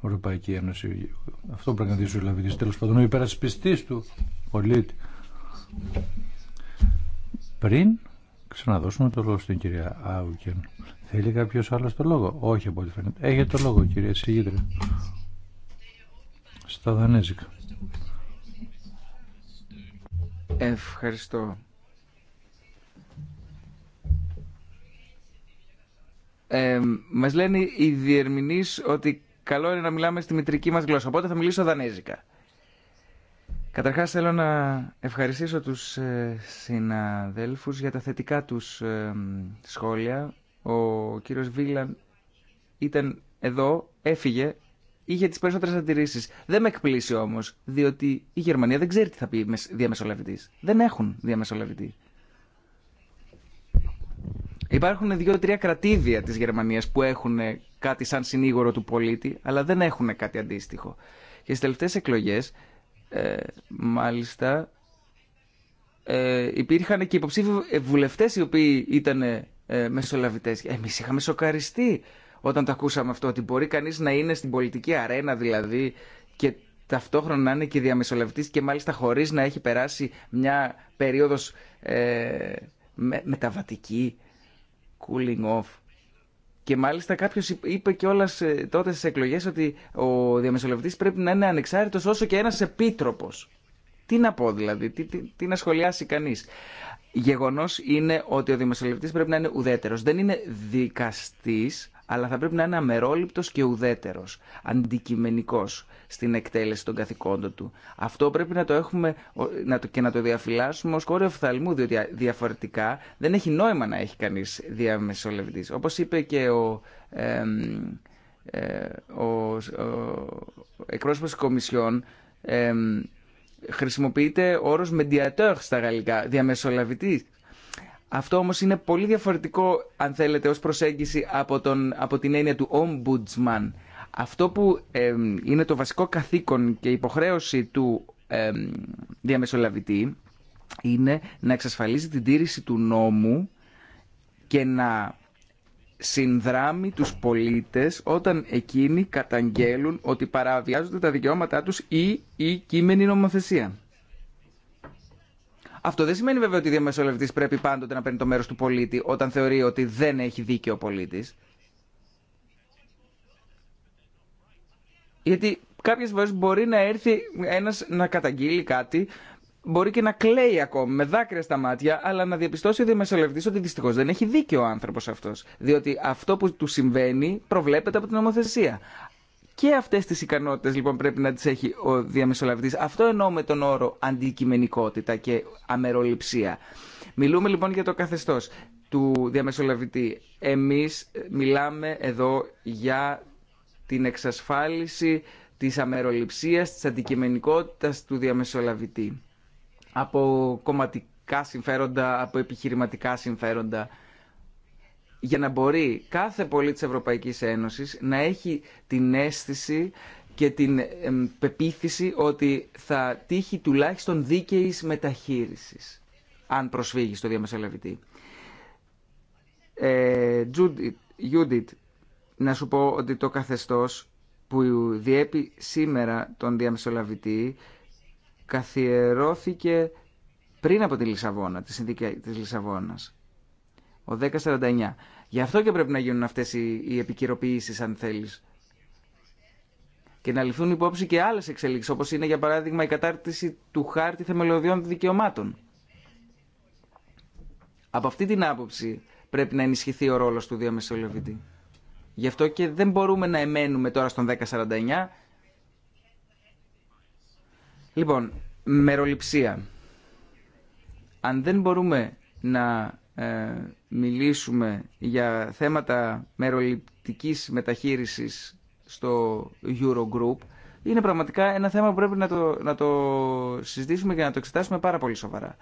Ευρωπαϊκή Ένωση. Αυτό πρέπει να δει ο λαβητής τέλος πάντων, ο υπερασπιστής του πολίτη. Πριν ξαναδώσουμε το λόγο στην κυρία Άουκεν. Θέλει κάποιος άλλο το λόγο. Όχι από ό,τι φαίνεται. το λόγο κυρία Σιγήτρια. Στα Δανέζικα. Ευχαριστώ. Ε, μας λένε οι διερμηνείς ότι καλό είναι να μιλάμε στη μητρική μας γλώσσα, οπότε θα μιλήσω δανέζικα. Καταρχάς θέλω να ευχαριστήσω τους ε, συναδέλφους για τα θετικά τους ε, σχόλια. Ο κύριος Βίλαν ήταν εδώ, έφυγε, είχε τι περισσότερε αντιρρήσει. Δεν με εκπλήσει όμω, διότι η Γερμανία δεν ξέρει τι θα πει διαμεσολαβητή. Δεν έχουν διαμεσολαβητή. Υπάρχουν δύο-τρία κρατήδια της Γερμανίας που έχουν ε, κάτι σαν συνήγορο του πολίτη, αλλά δεν έχουν κάτι αντίστοιχο. Και στι τελευταίε εκλογές, ε, μάλιστα, ε, υπήρχαν και υποψήφοι ε, βουλευτέ οι οποίοι ήταν ε, μεσολαβητές. Εμείς είχαμε σοκαριστεί όταν το ακούσαμε αυτό, ότι μπορεί κανείς να είναι στην πολιτική αρένα δηλαδή και ταυτόχρονα να είναι και διαμεσολαβητής και μάλιστα χωρίς να έχει περάσει μια περίοδος ε, μεταβατική, cooling off. Και μάλιστα κάποιος είπε και όλας ε, τότε στις εκλογές ότι ο διαμεσολαβητής πρέπει να είναι ανεξάρτητος όσο και ένας επίτροπος. Τι να πω δηλαδή, τι, τι, να σχολιάσει κανείς. Γεγονός είναι ότι ο διαμεσολαβητής πρέπει να είναι ουδέτερος. Δεν είναι δικαστής, αλλά θα πρέπει να είναι αμερόληπτος και ουδέτερος, αντικειμενικός στην εκτέλεση των καθηκόντων του. Αυτό πρέπει να το έχουμε να το, και να το διαφυλάσσουμε ως κόρη οφθαλμού, διότι διαφορετικά δεν έχει νόημα να έχει κανείς διαμεσολευτής. Όπως είπε και ο, ε, ε, ο, ο, εκπρόσωπος Κομισιόν, χρησιμοποιείται όρος mediateur στα γαλλικά, διαμεσολαβητής. Αυτό όμως είναι πολύ διαφορετικό, αν θέλετε, ως προσέγγιση από, τον, από την έννοια του Ombudsman. Αυτό που είναι το βασικό καθήκον και υποχρέωση του διαμεσολαβητή είναι να εξασφαλίζει την τήρηση του νόμου και να συνδράμει τους πολίτες όταν εκείνοι καταγγέλουν ότι παραβιάζονται τα δικαιώματά τους ή η κείμενη νομοθεσία. Αυτό δεν σημαίνει βέβαια ότι ο διαμεσολαβητή πρέπει πάντοτε να παίρνει το μέρο του πολίτη όταν θεωρεί ότι δεν έχει δίκαιο ο πολίτη. Γιατί κάποιε φορέ μπορεί να έρθει ένα να καταγγείλει κάτι, μπορεί και να κλαίει ακόμη με δάκρυα στα μάτια, αλλά να διαπιστώσει ο διαμεσολαβητή ότι δυστυχώ δεν έχει δίκαιο ο άνθρωπο αυτό. Διότι αυτό που του συμβαίνει προβλέπεται από την νομοθεσία. Και αυτές τις ικανότητες λοιπόν πρέπει να τις έχει ο διαμεσολαβητής. Αυτό εννοώ με τον όρο αντικειμενικότητα και αμεροληψία. Μιλούμε λοιπόν για το καθεστώς του διαμεσολαβητή. Εμείς μιλάμε εδώ για την εξασφάλιση της αμεροληψίας, τη αντικειμενικότητα του διαμεσολαβητή. Από κομματικά συμφέροντα, από επιχειρηματικά συμφέροντα για να μπορεί κάθε πολίτης Ευρωπαϊκής Ένωσης να έχει την αίσθηση και την πεποίθηση ότι θα τύχει τουλάχιστον δίκαιης μεταχείρισης αν προσφύγει στο διαμεσολαβητή. Ε, να σου πω ότι το καθεστώς που διέπει σήμερα τον διαμεσολαβητή καθιερώθηκε πριν από τη Λισαβόνα, τη συνδίκη της Λισαβόνας. Ο 1049. Γι' αυτό και πρέπει να γίνουν αυτές οι, οι αν θέλεις. Και να ληφθούν υπόψη και άλλες εξελίξεις, όπως είναι για παράδειγμα η κατάρτιση του χάρτη θεμελιωδιών δικαιωμάτων. Από αυτή την άποψη πρέπει να ενισχυθεί ο ρόλος του διαμεσολαβητή. Γι' αυτό και δεν μπορούμε να εμένουμε τώρα στον 1049. Λοιπόν, μεροληψία. Αν δεν μπορούμε να ε, μιλήσουμε για θέματα μεροληπτικής μεταχείρισης στο Eurogroup είναι πραγματικά ένα θέμα που πρέπει να το, να το συζητήσουμε και να το εξετάσουμε πάρα πολύ σοβαρά.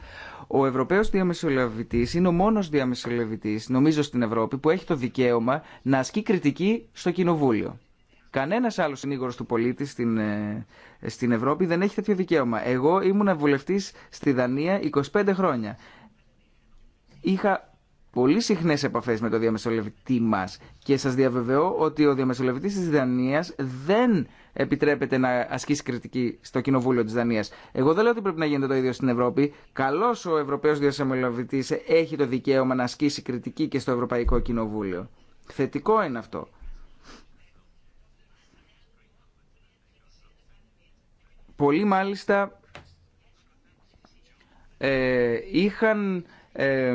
Ο Ευρωπαίος Διαμεσολαβητής είναι ο μόνος διαμεσολαβητής, νομίζω στην Ευρώπη, που έχει το δικαίωμα να ασκεί κριτική στο Κοινοβούλιο. Κανένας άλλος συνήγορος του πολίτη στην, ε, στην Ευρώπη δεν έχει τέτοιο δικαίωμα. Εγώ ήμουν βουλευτή στη Δανία 25 χρόνια. Είχα πολύ συχνές επαφές με το διαμεσολευτή μας και σας διαβεβαιώ ότι ο διαμεσολευτή της Δανία δεν επιτρέπεται να ασκήσει κριτική στο Κοινοβούλιο της Δανία. Εγώ δεν λέω ότι πρέπει να γίνεται το ίδιο στην Ευρώπη. Καλώ ο Ευρωπαίος διαμεσολευτής έχει το δικαίωμα να ασκήσει κριτική και στο Ευρωπαϊκό Κοινοβούλιο. Θετικό είναι αυτό. Πολλοί μάλιστα ε, είχαν ε,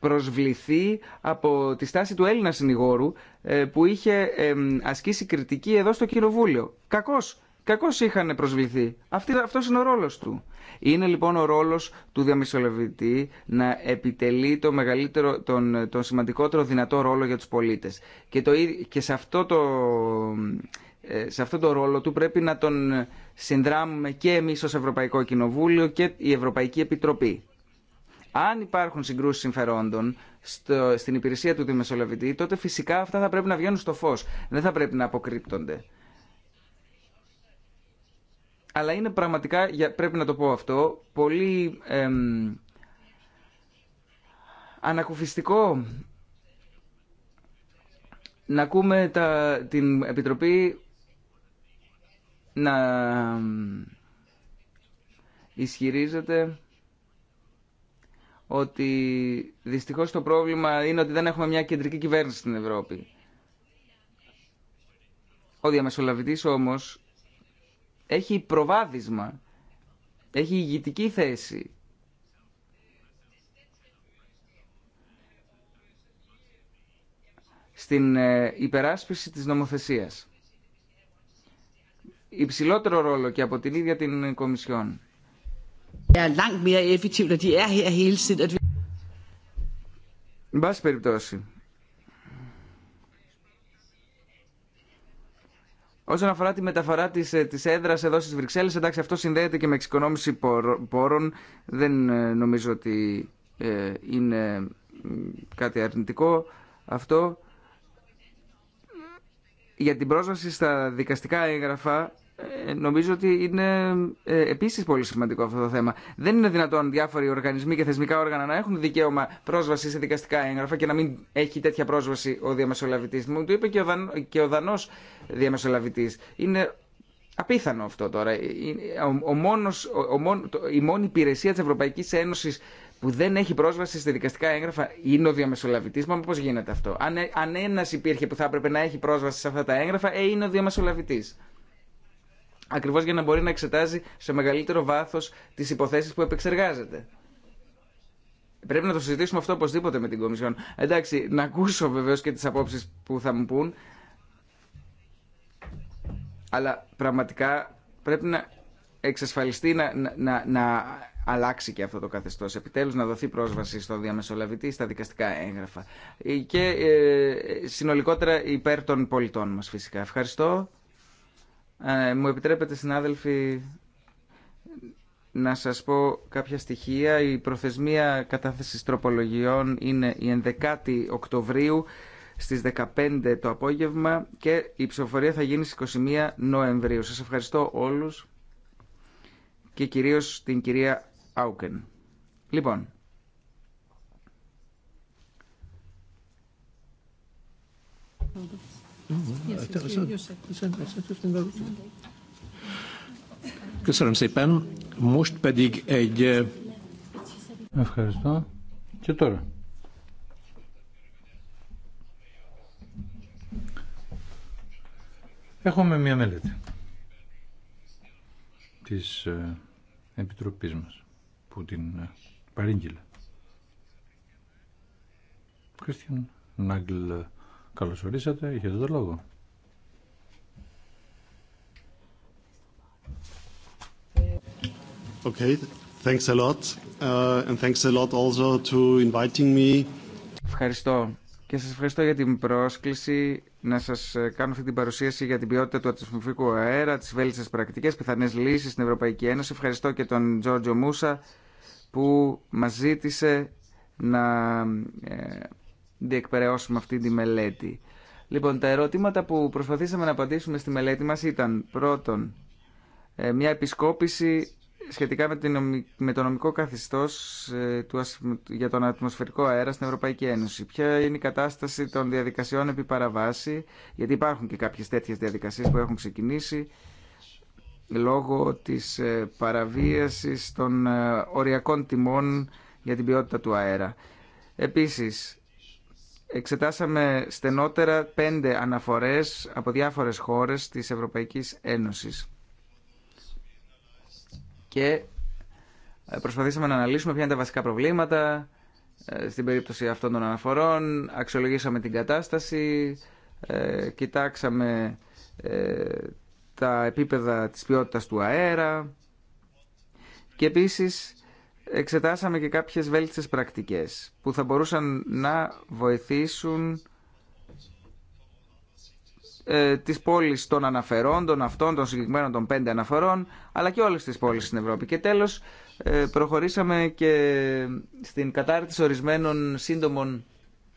προσβληθεί από τη στάση του Έλληνα συνηγόρου ε, που είχε ασκήσει κριτική εδώ στο Κοινοβούλιο. Κακός, Κακώ είχαν προσβληθεί. Αυτός είναι ο ρόλος του. Είναι λοιπόν ο ρόλος του διαμεσολαβητή να επιτελεί το μεγαλύτερο, τον, τον σημαντικότερο δυνατό ρόλο για τους πολίτες. Και, και σε αυτό το ε, σε αυτόν τον ρόλο του πρέπει να τον συνδράμουμε και εμείς ως Ευρωπαϊκό Κοινοβούλιο και η Ευρωπαϊκή Επιτροπή. Αν υπάρχουν συγκρούσει συμφερόντων στο, στην υπηρεσία του δημοσιολαβητή, τότε φυσικά αυτά θα πρέπει να βγαίνουν στο φω. Δεν θα πρέπει να αποκρύπτονται. Αλλά είναι πραγματικά, πρέπει να το πω αυτό, πολύ εμ, ανακουφιστικό να ακούμε τα, την Επιτροπή να ισχυρίζεται ότι δυστυχώς το πρόβλημα είναι ότι δεν έχουμε μια κεντρική κυβέρνηση στην Ευρώπη. Ο διαμεσολαβητή όμως έχει προβάδισμα, έχει ηγητική θέση. στην ε, υπεράσπιση της νομοθεσίας. Υψηλότερο ρόλο και από την ίδια την Κομισιόν. Εν περιπτώσει, Όσον αφορά τη μεταφορά τη της ε, έδρα εδώ στι Βρυξέλλε, εντάξει, αυτό συνδέεται και με εξοικονόμηση πόρων. Δεν ε, νομίζω ότι ε, είναι κάτι αρνητικό αυτό. Για την πρόσβαση στα δικαστικά έγγραφα ε, νομίζω ότι είναι ε, επίση πολύ σημαντικό αυτό το θέμα. Δεν είναι δυνατόν διάφοροι οργανισμοί και θεσμικά όργανα να έχουν δικαίωμα πρόσβαση σε δικαστικά έγγραφα και να μην έχει τέτοια πρόσβαση ο διαμεσολαβητή Μου το είπε και ο, Δαν, και ο Δανός διαμεσολαβητής. Είναι απίθανο αυτό τώρα. Ο, μόνος, ο, μόνο, η μόνη υπηρεσία τη Ευρωπαϊκή Ένωση που δεν έχει πρόσβαση σε δικαστικά έγγραφα είναι ο διαμεσολαβητή. Μα πώ γίνεται αυτό. Αν, αν ένα υπήρχε που θα έπρεπε να έχει πρόσβαση σε αυτά τα έγγραφα, ε, είναι ο διαμεσολαβητή ακριβώς για να μπορεί να εξετάζει σε μεγαλύτερο βάθος τις υποθέσεις που επεξεργάζεται. Πρέπει να το συζητήσουμε αυτό οπωσδήποτε με την Κομισιόν. Εντάξει, να ακούσω βεβαίως και τις απόψεις που θα μου πούν, αλλά πραγματικά πρέπει να εξασφαλιστεί να, να, να αλλάξει και αυτό το καθεστώς. Επιτέλους να δοθεί πρόσβαση στο διαμεσολαβητή, στα δικαστικά έγγραφα. Ε, και ε, συνολικότερα υπέρ των πολιτών μας φυσικά. Ευχαριστώ. Ε, μου επιτρέπετε συνάδελφοι να σας πω κάποια στοιχεία. Η προθεσμία κατάθεσης τροπολογιών είναι η 11η Οκτωβρίου στις 15 το απόγευμα και η ψηφοφορία θα γίνει στις 21 Νοεμβρίου. Σας ευχαριστώ όλους και κυρίως την κυρία Άουκεν. Λοιπόν, Ευχαριστώ. Και τώρα. Έχουμε μία μελέτη της ε, Επιτροπής μας που την ε, παρήγγειλε. Κρίστιαν Νάγκλ Καλώς ορίσατε, το λόγο. Okay, thanks a lot. Uh, and thanks a lot also to inviting me. Ευχαριστώ και σας ευχαριστώ για την πρόσκληση να σας ε, κάνω αυτή την παρουσίαση για την ποιότητα του ατμοσφαιρικού αέρα, τις βέλτιστες πρακτικές, πιθανές λύσεις στην Ευρωπαϊκή Ένωση. Ευχαριστώ και τον Τζόρτζο Μούσα που μας ζήτησε να ε, διεκπαιρεώσουμε αυτή τη μελέτη. Λοιπόν, τα ερώτηματα που προσπαθήσαμε να απαντήσουμε στη μελέτη μας ήταν πρώτον ε, μια επισκόπηση σχετικά με το νομικό καθιστώς ε, για τον ατμοσφαιρικό αέρα στην Ευρωπαϊκή Ένωση. Ποια είναι η κατάσταση των διαδικασιών επί παραβάση, γιατί υπάρχουν και κάποιες τέτοιες διαδικασίες που έχουν ξεκινήσει λόγω της ε, παραβίασης των οριακών τιμών για την ποιότητα του αέρα. Επίσης, εξετάσαμε στενότερα πέντε αναφορές από διάφορες χώρες της Ευρωπαϊκής Ένωσης και ε, προσπαθήσαμε να αναλύσουμε ποια είναι τα βασικά προβλήματα ε, στην περίπτωση αυτών των αναφορών, αξιολογήσαμε την κατάσταση, ε, κοιτάξαμε τα επίπεδα της ποιότητας του αέρα και επίσης εξετάσαμε και κάποιες βέλτιστες πρακτικές που θα μπορούσαν να βοηθήσουν ε, τις πόλεις των αναφερόντων, αυτών των συγκεκριμένων των πέντε αναφορών, αλλά και όλες τις πόλεις στην Ευρώπη. Και τέλος, ε, προχωρήσαμε και στην κατάρτιση ορισμένων σύντομων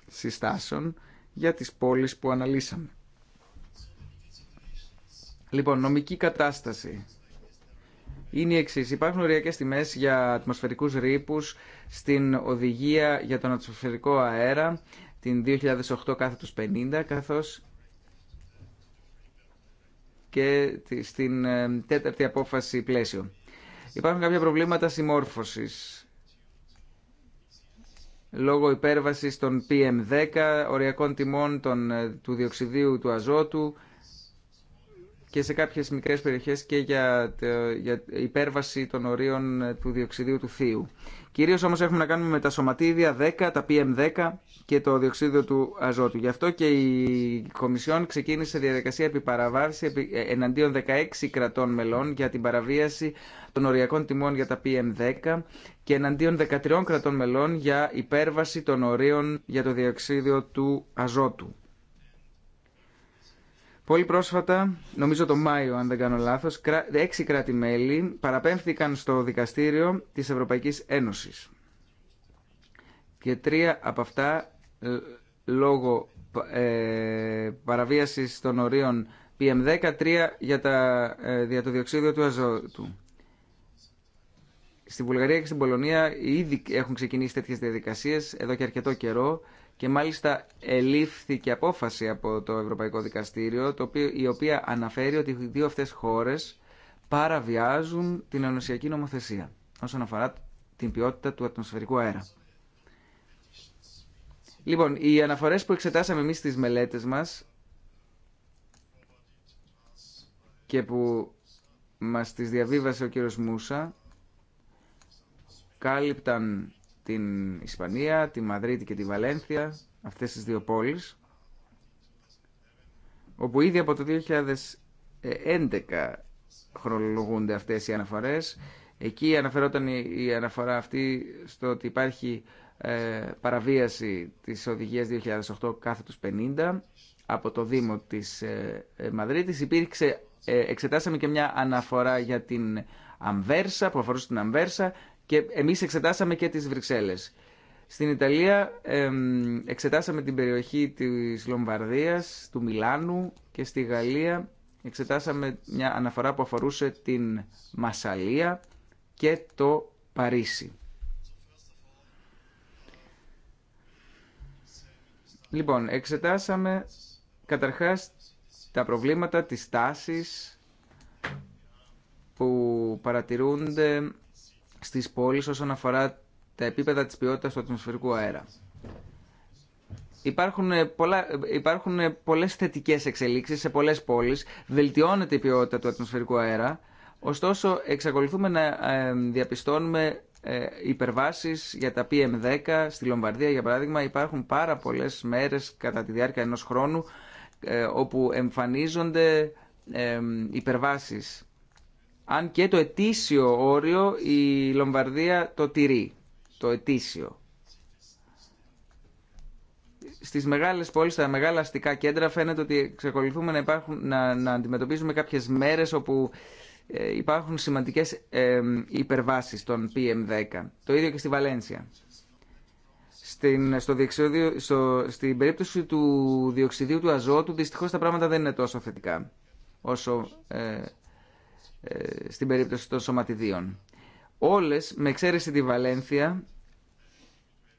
συστάσεων για τις πόλεις που αναλύσαμε. Λοιπόν, νομική κατάσταση είναι η εξή. Υπάρχουν οριακέ τιμέ για ατμοσφαιρικού ρήπου στην οδηγία για τον ατμοσφαιρικό αέρα, την 2008 του 50, καθώ και στην ε, τέταρτη απόφαση πλαίσιο. Υπάρχουν κάποια προβλήματα συμμόρφωσης λόγω υπέρβασης των PM10, οριακών τιμών των, ε, του διοξιδίου του αζότου και σε κάποιες μικρές περιοχές και για, για υπέρβαση των ορίων ε, του διοξιδίου του θείου. Κυρίως όμως έχουμε να κάνουμε με τα σωματίδια 10, τα PM10 και το διοξίδιο του αζότου. Γι' αυτό και η Κομισιόν ξεκίνησε διαδικασία επιπαραβάση ε, εναντίον 16 κρατών μελών για την παραβίαση των οριακών τιμών για τα PM10 και εναντίον 13 κρατών μελών για υπέρβαση των ορίων για το διοξίδιο του αζότου. Πολύ πρόσφατα, νομίζω το Μάιο αν δεν κάνω λάθος, έξι κράτη-μέλη παραπέμφθηκαν στο δικαστήριο της Ευρωπαϊκής Ένωσης. Και τρία από αυτά λόγω ε, παραβίασης των ορίων PM10, τρία για, τα, ε, το διοξίδιο του αζότου. Στη Βουλγαρία και στην Πολωνία ήδη έχουν ξεκινήσει τέτοιες διαδικασίες εδώ και αρκετό καιρό και μάλιστα ελήφθηκε απόφαση από το Ευρωπαϊκό Δικαστήριο το οποίο, η οποία αναφέρει ότι οι δύο αυτές χώρες παραβιάζουν την ενωσιακή νομοθεσία όσον αφορά την ποιότητα του ατμοσφαιρικού αέρα. Λοιπόν, οι αναφορές που εξετάσαμε εμείς στις μελέτες μας και που μας τις διαβίβασε ο κύριος Μούσα κάλυπταν την Ισπανία, τη Μαδρίτη και τη Βαλένθια, αυτές τις δύο πόλεις, όπου ήδη από το 2011 χρονολογούνται αυτές οι αναφορές. Εκεί αναφερόταν η αναφορά αυτή στο ότι υπάρχει ε, παραβίαση της οδηγίας 2008 τους 50 από το Δήμο της ε, ε, Μαδρίτης. Υπήρξε, εξετάσαμε και μια αναφορά για την Αμβέρσα, που αφορούσε την Αμβέρσα και εμείς εξετάσαμε και τις Βρυξέλλες. Στην Ιταλία εξετάσαμε την περιοχή της Λομβαρδίας, του Μιλάνου και στη Γαλλία εξετάσαμε μια αναφορά που αφορούσε την Μασαλία και το Παρίσι. Λοιπόν, εξετάσαμε καταρχάς τα προβλήματα της τάσης που παρατηρούνται στις πόλεις όσον αφορά τα επίπεδα της ποιότητας του ατμοσφαιρικού αέρα. Υπάρχουν, ε, πολλά, ε, υπάρχουν ε, πολλές θετικές εξελίξεις σε πολλές πόλεις, βελτιώνεται η ποιότητα του ατμοσφαιρικού αέρα, ωστόσο εξακολουθούμε να διαπιστώνουμε υπερβάσεις για τα PM10 στη Λομβαρδία για παράδειγμα υπάρχουν πάρα πολλές μέρες κατά τη διάρκεια ενός χρόνου όπου εμφανίζονται υπερβάσεις αν και το ετήσιο όριο η Λομβαρδία το τηρεί, το ετήσιο. Στις μεγάλες πόλεις, στα μεγάλα αστικά κέντρα φαίνεται ότι εξακολουθούμε να, υπάρχουν, να, να αντιμετωπίζουμε κάποιες μέρες όπου ε, υπάρχουν σημαντικές ε, υπερβάσεις των PM10. Το ίδιο και στη Βαλένσια. Στην, στο στο, στην περίπτωση του διοξιδίου του αζότου δυστυχώς τα πράγματα δεν είναι τόσο θετικά όσο ε, ε, στην περίπτωση των σωματιδίων. Όλες, με εξαίρεση τη Βαλένθια,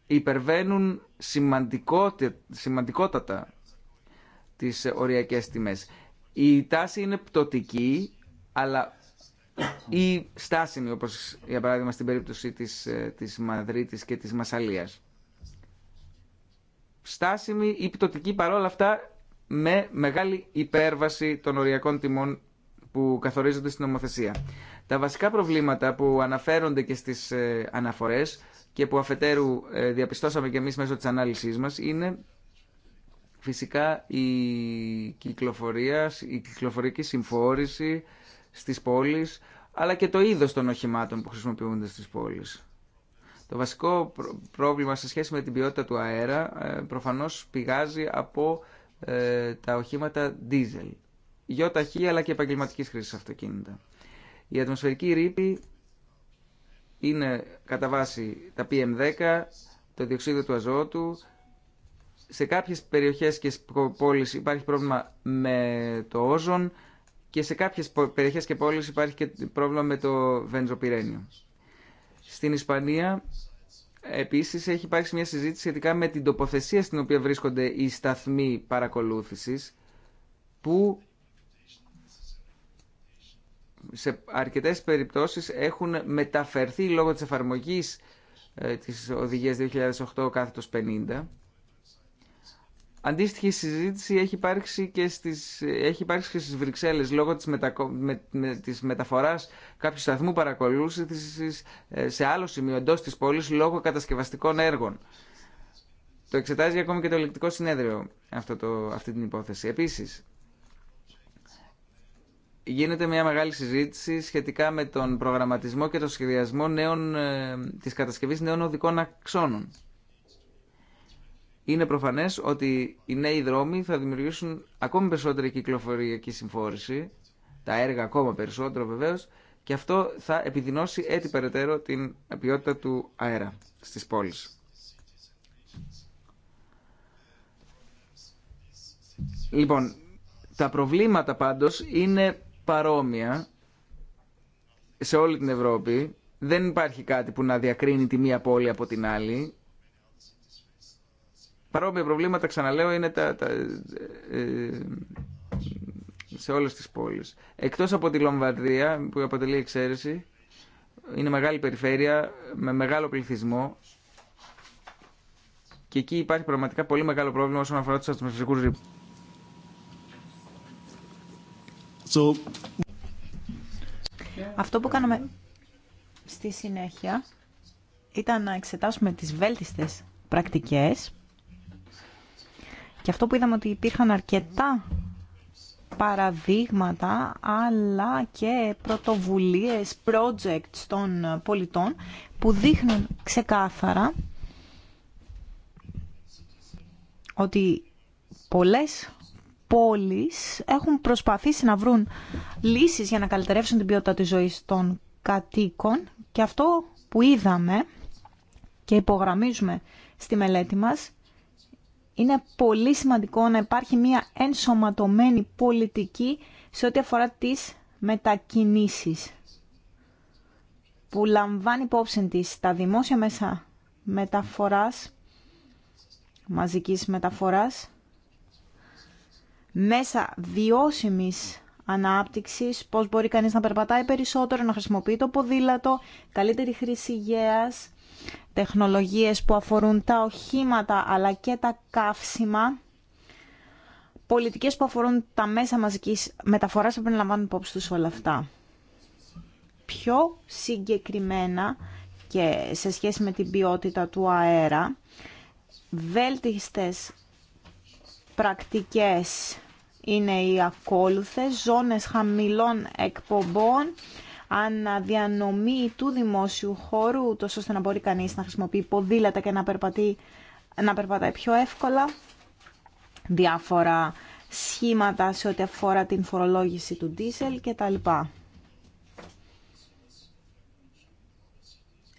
υπερβαίνουν σημαντικότατα τις οριακές τιμές. Η τάση είναι πτωτική, αλλά ή στάσιμη, όπως για παράδειγμα στην περίπτωση της, ε, της Μαδρίτης και της Μασαλίας. Στάσιμη ή πτωτική παρόλα αυτά με μεγάλη υπέρβαση των οριακών τιμών που καθορίζονται στην νομοθεσία. Τα βασικά προβλήματα που αναφέρονται και στις ε, αναφορές και που αφετέρου ε, διαπιστώσαμε και εμείς μέσω της ανάλυσής μας είναι φυσικά η κυκλοφορία, η κυκλοφορική συμφόρηση στις πόλεις, αλλά και το είδος των οχημάτων που χρησιμοποιούνται στις πόλεις. Το βασικό πρόβλημα σε σχέση με την ποιότητα του αέρα ε, προφανώς πηγάζει από τα οχήματα diesel γιοταχή αλλά και επαγγελματική χρήση αυτοκίνητα. Η ατμοσφαιρική ρήπη είναι κατά βάση τα PM10, το διοξείδιο του αζότου. Σε κάποιες περιοχές και πόλεις υπάρχει πρόβλημα με το όζον και σε κάποιες περιοχές και πόλεις υπάρχει και πρόβλημα με το βενζοπυρένιο. Στην Ισπανία επίσης έχει υπάρξει μια συζήτηση σχετικά με την τοποθεσία στην οποία βρίσκονται οι σταθμοί παρακολούθησης που σε αρκετές περιπτώσεις έχουν μεταφερθεί λόγω της εφαρμογής ε, της οδηγίας 2008 κάθετος 50. Αντίστοιχη συζήτηση έχει υπάρξει και στις, έχει υπάρξει στις Βρυξέλλες λόγω της, μετακο, με, της μεταφοράς κάποιου σταθμού παρακολούθησης ε, σε άλλο σημείο εντός της πόλης λόγω κατασκευαστικών έργων. Το εξετάζει ακόμη και το ελεκτικό συνέδριο αυτό το, αυτή την υπόθεση. Επίσης, γίνεται μια μεγάλη συζήτηση σχετικά με τον προγραμματισμό και το σχεδιασμό νέων, ε, της κατασκευής νέων οδικών αξώνων. Είναι προφανές ότι οι νέοι δρόμοι θα δημιουργήσουν ακόμη περισσότερη κυκλοφοριακή συμφόρηση, τα έργα ακόμα περισσότερο βεβαίως, και αυτό θα επιδεινώσει έτσι περαιτέρω την ποιότητα του αέρα στις πόλεις. Λοιπόν, τα προβλήματα πάντως είναι παρόμοια σε όλη την Ευρώπη. Δεν υπάρχει κάτι που να διακρίνει τη μία πόλη από την άλλη. Παρόμοια προβλήματα, ξαναλέω, είναι τα, τα ε, σε όλες τις πόλεις. Εκτός από τη Λομβαρδία, που αποτελεί εξαίρεση, είναι μεγάλη περιφέρεια, με μεγάλο πληθυσμό και εκεί υπάρχει πραγματικά πολύ μεγάλο πρόβλημα όσον αφορά τους ατμοσφαιρικούς ρήπους. Αυτό που κάναμε στη συνέχεια ήταν να εξετάσουμε τις βέλτιστες πρακτικές και αυτό που είδαμε ότι υπήρχαν αρκετά παραδείγματα αλλά και πρωτοβουλίες, projects των πολιτών που δείχνουν ξεκάθαρα ότι πολλές πόλεις έχουν προσπαθήσει να βρουν λύσεις για να καλυτερεύσουν την ποιότητα της ζωής των κατοίκων και αυτό που είδαμε και υπογραμμίζουμε στη μελέτη μας είναι πολύ σημαντικό να υπάρχει μια ενσωματωμένη πολιτική σε ό,τι αφορά τις μετακινήσεις που λαμβάνει υπόψη της τα δημόσια μέσα μεταφοράς, μαζικής μεταφοράς μέσα βιώσιμης ανάπτυξης, πώς μπορεί κανείς να περπατάει περισσότερο, να χρησιμοποιεί το ποδήλατο, καλύτερη χρήση τεχνολογίες που αφορούν τα οχήματα αλλά και τα καύσιμα, πολιτικές που αφορούν τα μέσα μαζικής μεταφοράς, πρέπει να λαμβάνουν υπόψη τους όλα αυτά. Πιο συγκεκριμένα και σε σχέση με την ποιότητα του αέρα, βέλτιστες πρακτικές είναι οι ακόλουθες, ζώνες χαμηλών εκπομπών, αναδιανομή του δημόσιου χώρου, τόσο ώστε να μπορεί κανείς να χρησιμοποιεί ποδήλατα και να, περπατεί, να περπατάει πιο εύκολα, διάφορα σχήματα σε ό,τι αφορά την φορολόγηση του ντίζελ κτλ.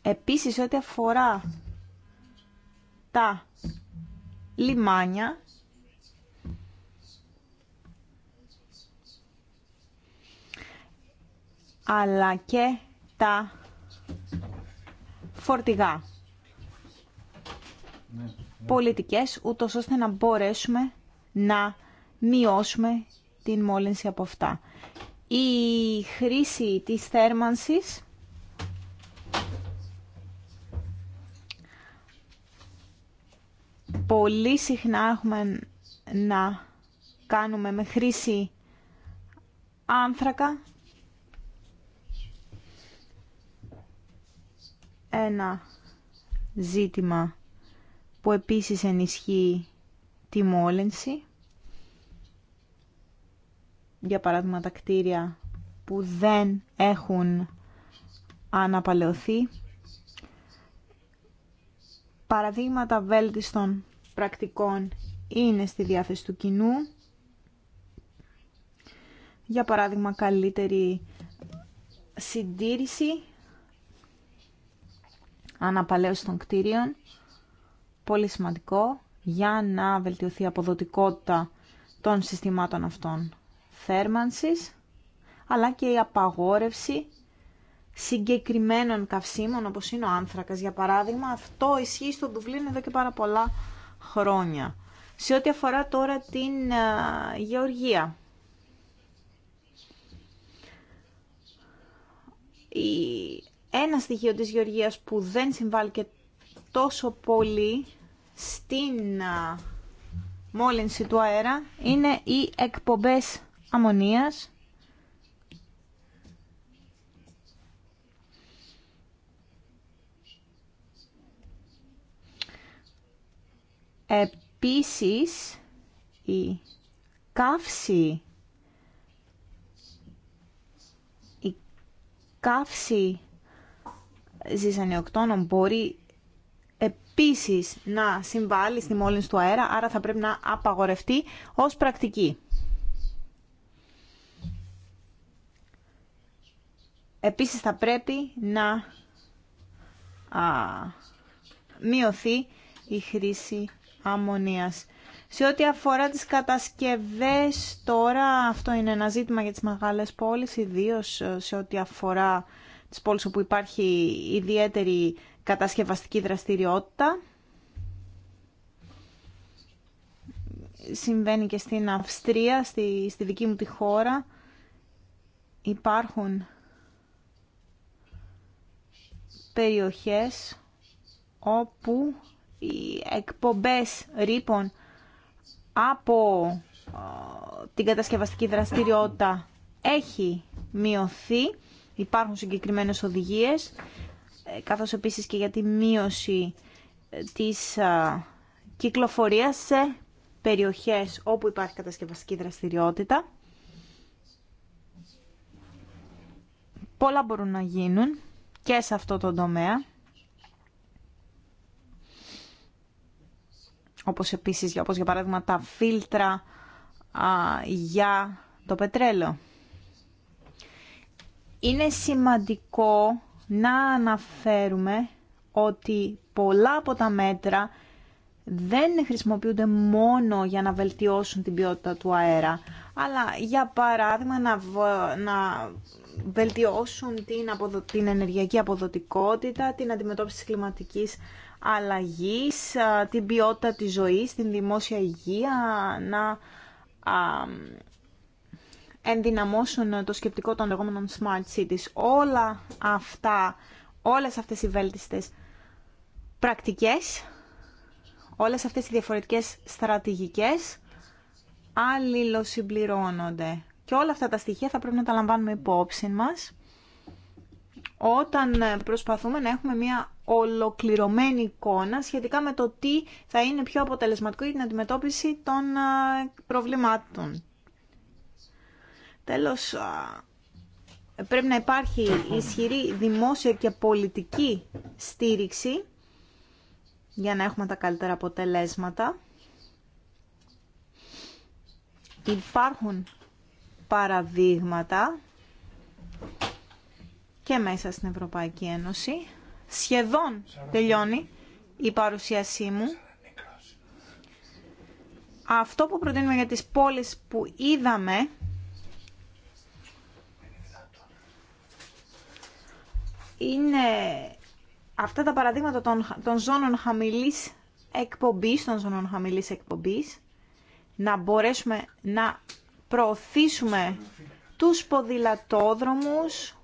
Επίσης, ό,τι αφορά τα λιμάνια, αλλά και τα φορτηγά. Ναι, Πολιτικές, ούτως ώστε να μπορέσουμε να μειώσουμε την μόλυνση από αυτά. Η χρήση της θέρμανσης πολύ συχνά έχουμε να κάνουμε με χρήση άνθρακα Ένα ζήτημα που επίσης ενισχύει τη μόλυνση. Για παράδειγμα τα κτίρια που δεν έχουν αναπαλαιωθεί. Παραδείγματα βέλτιστων πρακτικών είναι στη διάθεση του κοινού. Για παράδειγμα καλύτερη συντήρηση αναπαλαίωση των κτίριων, πολύ σημαντικό, για να βελτιωθεί η αποδοτικότητα των συστημάτων αυτών θέρμανσης, αλλά και η απαγόρευση συγκεκριμένων καυσίμων, όπως είναι ο άνθρακας, για παράδειγμα. Αυτό ισχύει στο Δουβλίνο εδώ και πάρα πολλά χρόνια. Σε ό,τι αφορά τώρα την γεωργία. Η ένα στοιχείο της γεωργίας που δεν συμβάλλει και τόσο πολύ στην μόλυνση του αέρα είναι οι εκπομπές αμμονίας. Επίσης, η καύση, η καύση ζυζανιοκτώνων μπορεί επίσης να συμβάλλει στη μόλυνση του αέρα, άρα θα πρέπει να απαγορευτεί ως πρακτική. Επίσης θα πρέπει να α, μειωθεί η χρήση αμμονίας. Σε ό,τι αφορά τις κατασκευές τώρα, αυτό είναι ένα ζήτημα για τις μεγάλες πόλεις, ιδίως σε ό,τι αφορά της που όπου υπάρχει ιδιαίτερη κατασκευαστική δραστηριότητα. Συμβαίνει και στην Αυστρία, στη, στη δική μου τη χώρα. Υπάρχουν περιοχές όπου οι εκπομπές ρήπων από την κατασκευαστική δραστηριότητα έχει μειωθεί υπάρχουν συγκεκριμένες οδηγίες, ε, καθώς επίσης και για τη μείωση ε, της κυκλοφορίας σε περιοχές όπου υπάρχει κατασκευαστική δραστηριότητα. Πολλά μπορούν να γίνουν και σε αυτό το τομέα. Όπως επίσης, όπως για παράδειγμα τα φίλτρα για το πετρέλαιο. Είναι σημαντικό να αναφέρουμε ότι πολλά από τα μέτρα δεν χρησιμοποιούνται μόνο για να βελτιώσουν την ποιότητα του αέρα, αλλά για παράδειγμα να, να βελτιώσουν την, την ενεργειακή αποδοτικότητα, την αντιμετώπιση της κλιματικής αλλαγής, την ποιότητα της ζωής, την δημόσια υγεία, να ενδυναμώσουν το σκεπτικό των λεγόμενων smart cities. Όλα αυτά, όλες αυτές οι βέλτιστες πρακτικές, όλες αυτές οι διαφορετικές στρατηγικές αλληλοσυμπληρώνονται. Και όλα αυτά τα στοιχεία θα πρέπει να τα λαμβάνουμε υπόψη μας όταν προσπαθούμε να έχουμε μια ολοκληρωμένη εικόνα σχετικά με το τι θα είναι πιο αποτελεσματικό για την αντιμετώπιση των ε, προβλημάτων. Τέλος, πρέπει να υπάρχει ισχυρή δημόσια και πολιτική στήριξη για να έχουμε τα καλύτερα αποτελέσματα. Υπάρχουν παραδείγματα και μέσα στην Ευρωπαϊκή Ένωση. Σχεδόν τελειώνει η παρουσίασή μου. Αυτό που προτείνουμε για τις πόλεις που είδαμε είναι αυτά τα παραδείγματα των, των ζώνων χαμηλής εκπομπής, των ζώνων χαμηλής εκπομπής, να μπορέσουμε να προωθήσουμε τους ποδηλατόδρομους,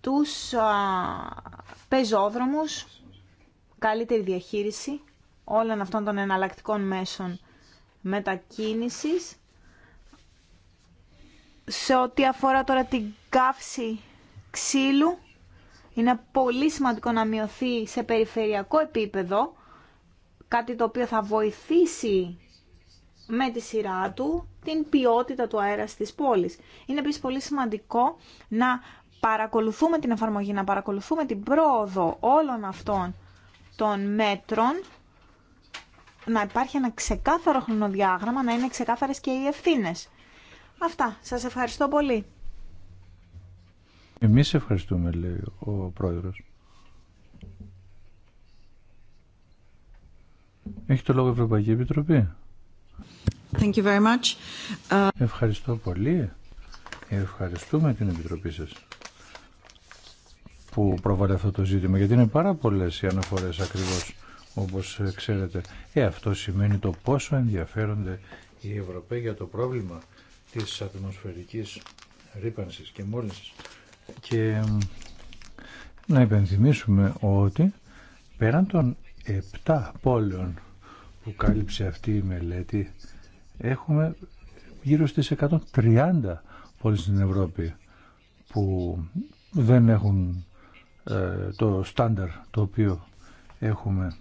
τους α, πεζόδρομους, καλύτερη διαχείριση όλων αυτών των εναλλακτικών μέσων μετακίνησης σε ό,τι αφορά τώρα την καύση ξύλου, είναι πολύ σημαντικό να μειωθεί σε περιφερειακό επίπεδο, κάτι το οποίο θα βοηθήσει με τη σειρά του την ποιότητα του αέρα στις πόλεις Είναι επίσης πολύ σημαντικό να παρακολουθούμε την εφαρμογή, να παρακολουθούμε την πρόοδο όλων αυτών των μέτρων, να υπάρχει ένα ξεκάθαρο χρονοδιάγραμμα, να είναι ξεκάθαρες και οι ευθύνες. Αυτά. Σας ευχαριστώ πολύ. Εμείς ευχαριστούμε, λέει ο πρόεδρος. Έχει το λόγο η Ευρωπαϊκή Επιτροπή. Thank you very much. Uh, ευχαριστώ πολύ. Ευχαριστούμε την Επιτροπή σας που προβάλλει αυτό το ζήτημα γιατί είναι πάρα πολλές οι αναφορές ακριβώς όπως ξέρετε. Ε, αυτό σημαίνει το πόσο ενδιαφέρονται οι Ευρωπαίοι για το πρόβλημα της ατμοσφαιρικής ρήπανσης και μόλυνσης. Και να υπενθυμίσουμε ότι πέραν των 7 πόλεων που κάλυψε αυτή η μελέτη έχουμε γύρω στις 130 πόλεις στην Ευρώπη που δεν έχουν ε, το στάνταρ το οποίο έχουμε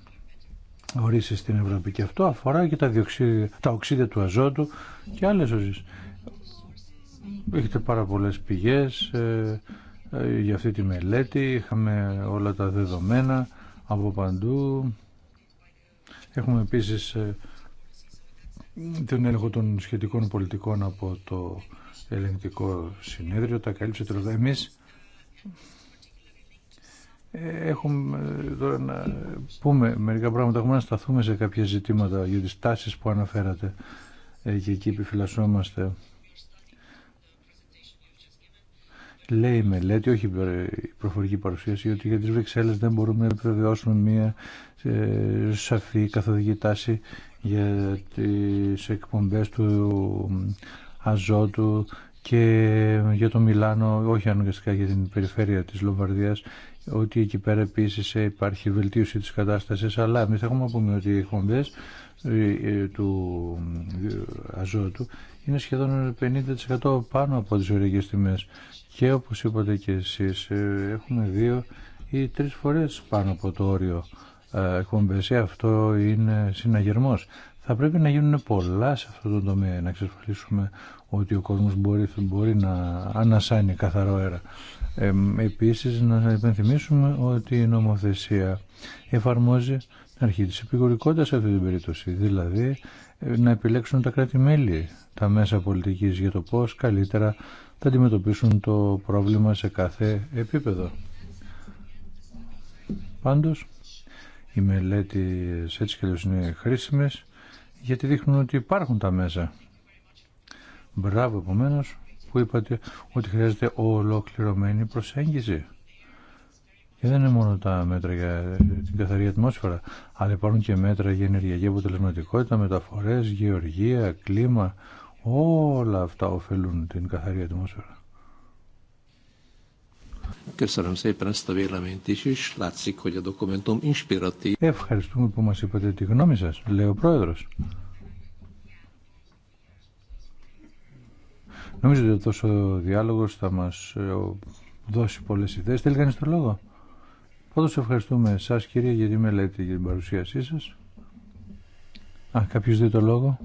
ορίσει στην Ευρώπη και αυτό αφορά και τα, διοξίδια, τα οξύδια του αζότου και άλλες ουσίες Έχετε πάρα πολλές πηγές ε, ε, για αυτή τη μελέτη. Είχαμε όλα τα δεδομένα από παντού. Έχουμε επίσης ε, τον έλεγχο των σχετικών πολιτικών από το ελεγκτικό συνέδριο. Τα καλύψε τελευταία. εμείς. Έχουμε τώρα να πούμε μερικά πράγματα. Έχουμε να σταθούμε σε κάποια ζητήματα για τις τάσεις που αναφέρατε και εκεί επιφυλασσόμαστε. Λέει η μελέτη, όχι η προφορική παρουσίαση, ότι για τις Βρυξέλλες δεν μπορούμε να επιβεβαιώσουμε μια ε, σαφή καθοδική τάση για τις εκπομπές του αζότου και για το Μιλάνο, όχι αναγκαστικά για την περιφέρεια της Λομβαρδίας, ότι εκεί πέρα επίση υπάρχει βελτίωση της κατάστασης, αλλά εμείς έχουμε πούμε ότι οι εκπομπές ε, ε, του αζότου είναι σχεδόν 50% πάνω από τις οριακές τιμές και όπως είπατε και εσείς ε, έχουμε δύο ή τρεις φορές πάνω από το όριο ε, εκπομπές ε, αυτό είναι συναγερμός. Θα πρέπει να γίνουν πολλά σε αυτό το τομέα να εξασφαλίσουμε ότι ο κόσμος μπορεί, μπορεί να ανασάνει καθαρό αέρα. Ε, επίσης να υπενθυμίσουμε ότι η νομοθεσία εφαρμόζει την αρχή της επικουρικότητας σε αυτή την περίπτωση, δηλαδή να επιλέξουν τα κράτη-μέλη τα μέσα πολιτικής για το πώς καλύτερα θα αντιμετωπίσουν το πρόβλημα σε κάθε επίπεδο. Πάντως, οι μελέτες έτσι και είναι χρήσιμες γιατί δείχνουν ότι υπάρχουν τα μέσα. Μπράβο επομένω που είπατε ότι χρειάζεται ολοκληρωμένη προσέγγιση. Και δεν είναι μόνο τα μέτρα για την καθαρή ατμόσφαιρα, αλλά υπάρχουν και μέτρα για ενεργειακή αποτελεσματικότητα, μεταφορές, γεωργία, κλίμα, Όλα αυτά ωφελούν την καθαρή ατμόσφαιρα. Ευχαριστούμε που μας είπατε τη γνώμη σας, λέει ο Πρόεδρος. Νομίζω ότι αυτός ο διάλογος θα μας ε, δώσει πολλές ιδέες. Θέλει κανείς το λόγο. Πάντως ευχαριστούμε εσάς κύριε για τη μελέτη για την παρουσίασή σας. Α, κάποιος δει το λόγο.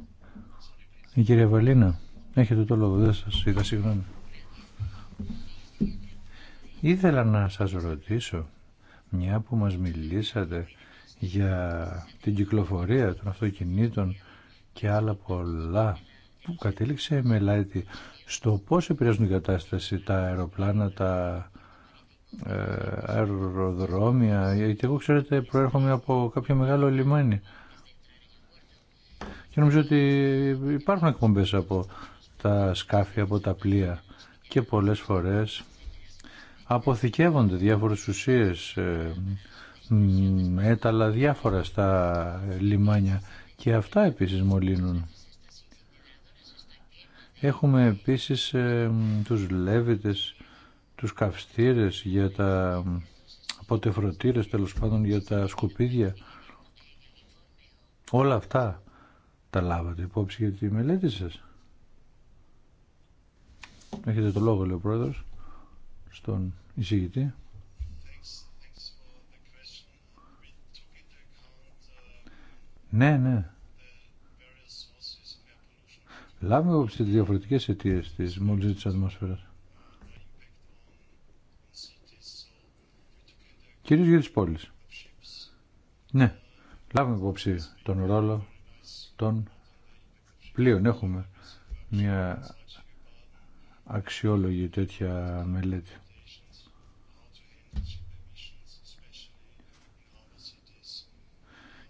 Η κυρία Βαλίνα, έχετε το λόγο, δεν σας είδα, συγγνώμη. Ήθελα να σας ρωτήσω, μια που μας μιλήσατε για την κυκλοφορία των αυτοκινήτων και άλλα πολλά, που κατέληξε η στο πώς επηρεάζουν την κατάσταση τα αεροπλάνα, τα ε, αεροδρόμια, γιατί εγώ ξέρετε προέρχομαι από κάποιο μεγάλο λιμάνι και νομίζω ότι υπάρχουν εκπομπές από τα σκάφη, από τα πλοία και πολλές φορές αποθηκεύονται διάφορες ουσίες, ε, έταλα διάφορα στα λιμάνια και αυτά επίσης μολύνουν. Έχουμε επίσης ε, τους λέβητες, τους καυστήρες για τα αποτεφρωτήρες τέλος πάντων για τα σκουπίδια. Όλα αυτά τα λάβατε υπόψη για τη μελέτη σας. Έχετε το λόγο, λέει ο Πρόεδρος, στον εισηγητή. Ναι, ναι. Λάβουμε υπόψη τις διαφορετικές αιτίες της μόλις της ατμόσφαιρας. Κυρίως για τις πόλεις. Ναι, λάβουμε υπόψη τον ρόλο των πλοίων. Έχουμε μια αξιόλογη τέτοια μελέτη.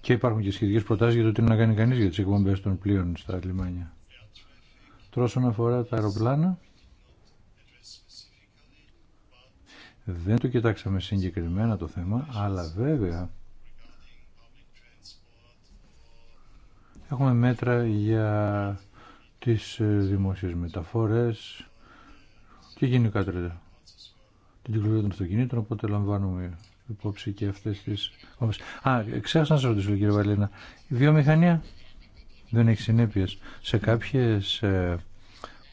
Και υπάρχουν και σχετικές προτάσεις για το τι να κάνει κανείς για τις εκπομπές των πλοίων στα λιμάνια. Τώρα αφορά τα αεροπλάνα, δεν το κοιτάξαμε συγκεκριμένα το θέμα, αλλά βέβαια Έχουμε μέτρα για τις ε, δημόσιες μεταφορές και γενικά τρέτα. Την κυκλοφορία των αυτοκινήτων, οπότε λαμβάνουμε υπόψη και αυτές τις... Α, ξέχασα να σας ρωτήσω κύριε Βαλίνα. η βιομηχανία δεν έχει συνέπειες. Σε κάποιες ε,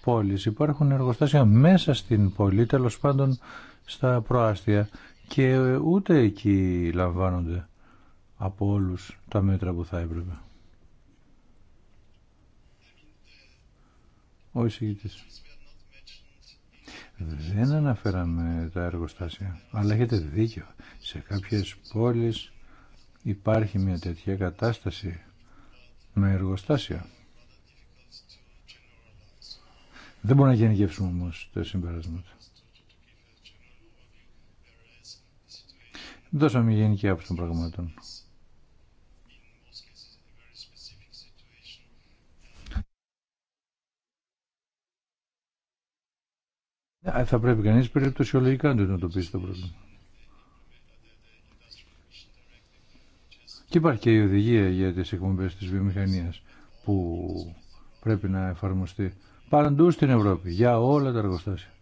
πόλεις υπάρχουν εργοστάσια μέσα στην πόλη, τέλο πάντων στα προάστια και ούτε εκεί λαμβάνονται από όλους τα μέτρα που θα έπρεπε. ο εισηγητής. Δεν αναφέραμε τα εργοστάσια, αλλά έχετε δίκιο. Σε κάποιες πόλεις υπάρχει μια τέτοια κατάσταση με εργοστάσια. Δεν μπορούμε να γενικεύσουμε όμω τα συμπεράσματα. Δώσαμε γενική άποψη των πραγμάτων. Ε, θα πρέπει κανείς περιπτωσιολογικά να το εντοπίσει το πρόβλημα. Και υπάρχει και η οδηγία για τις εκπομπές της βιομηχανίας που πρέπει να εφαρμοστεί παντού στην Ευρώπη, για όλα τα εργοστάσια.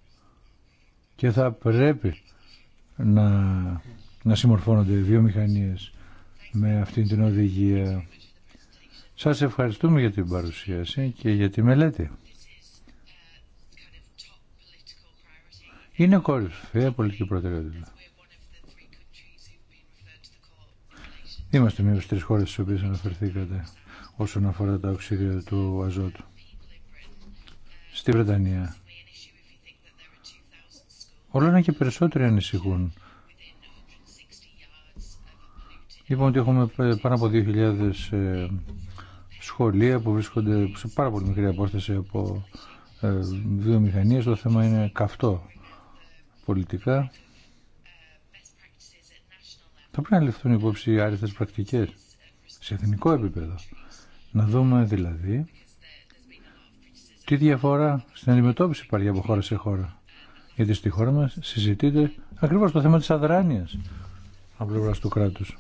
Και θα πρέπει να, να συμμορφώνονται οι βιομηχανίες με αυτήν την οδηγία. Σας ευχαριστούμε για την παρουσίαση και για τη μελέτη. Είναι κορυφαία πολιτική προτεραιότητα. Είμαστε μία από τι τρει χώρε στι οποίε αναφερθήκατε όσον αφορά τα οξύδια του αζότου. Στη Βρετανία. Όλο ένα και περισσότεροι ανησυχούν. Είπαμε ότι έχουμε πάνω από 2.000 ε, σχολεία που βρίσκονται σε πάρα πολύ μικρή απόσταση από ε, βιομηχανίε. Το θέμα είναι καυτό πολιτικά θα πρέπει να ληφθούν υπόψη οι άριστες πρακτικές σε εθνικό επίπεδο. Να δούμε δηλαδή τι διαφορά στην αντιμετώπιση υπάρχει από χώρα σε χώρα. Γιατί στη χώρα μας συζητείται ακριβώς το θέμα της αδράνειας από πλευρά του κράτους.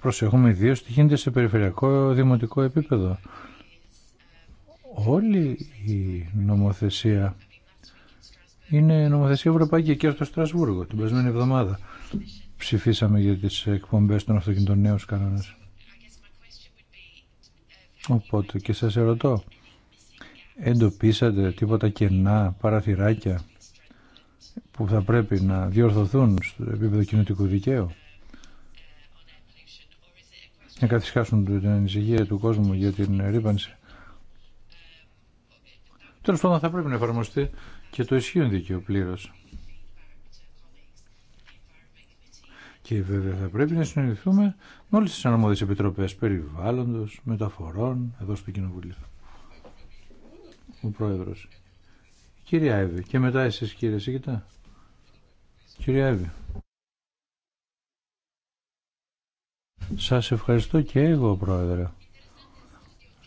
προσεχούμε ιδίω τι γίνεται σε περιφερειακό δημοτικό επίπεδο. Όλη η νομοθεσία είναι νομοθεσία ευρωπαϊκή και στο Στρασβούργο την περασμένη εβδομάδα. Ψηφίσαμε για τις εκπομπές των αυτοκινητών νέους κανόνες. Οπότε και σας ερωτώ, εντοπίσατε τίποτα κενά, παραθυράκια που θα πρέπει να διορθωθούν στο επίπεδο κοινωτικού δικαίου να καθισκάσουν την ανησυχία του κόσμου για την ρήπανση. Τέλος πάντων θα πρέπει να εφαρμοστεί και το ισχύον δίκαιο πλήρω. Και βέβαια θα πρέπει να συνοηθούμε με όλες τις αναμόδιες επιτροπές περιβάλλοντος, μεταφορών, εδώ στο Κοινοβουλίο. Ο Πρόεδρος. Κυρία Εύη. Και μετά εσείς κύριε Σίγητα. Κυρία Εύη. Σας ευχαριστώ και εγώ, Πρόεδρε,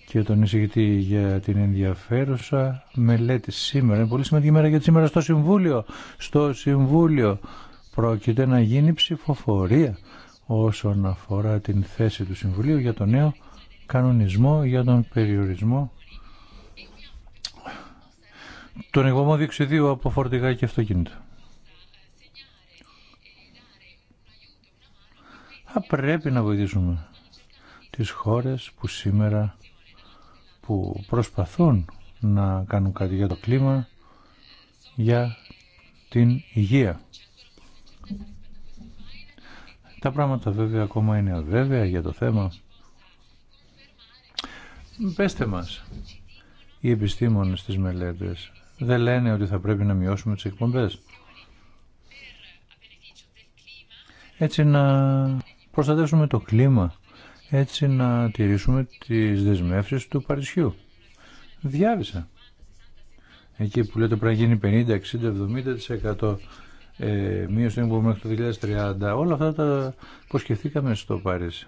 και τον εισηγητή για την ενδιαφέρουσα μελέτη σήμερα. Είναι πολύ σημαντική μέρα γιατί σήμερα στο Συμβούλιο, στο Συμβούλιο πρόκειται να γίνει ψηφοφορία όσον αφορά την θέση του Συμβουλίου για τον νέο κανονισμό, για τον περιορισμό τον εγωμό διοξιδίου από φορτηγά και αυτοκίνητα. θα πρέπει να βοηθήσουμε τις χώρες που σήμερα που προσπαθούν να κάνουν κάτι για το κλίμα, για την υγεία. Τα πράγματα βέβαια ακόμα είναι αβέβαια για το θέμα. Πέστε μας, οι επιστήμονες στις μελέτες δεν λένε ότι θα πρέπει να μειώσουμε τις εκπομπές. Έτσι να προστατεύσουμε το κλίμα, έτσι να τηρήσουμε τις δεσμεύσεις του Παρισιού. Διάβησα. Εκεί που λέτε πρέπει να γίνει 50, 60, 70% ε, μείωση μέχρι το 2030. Όλα αυτά τα προσκεφθήκαμε στο Παρίσι.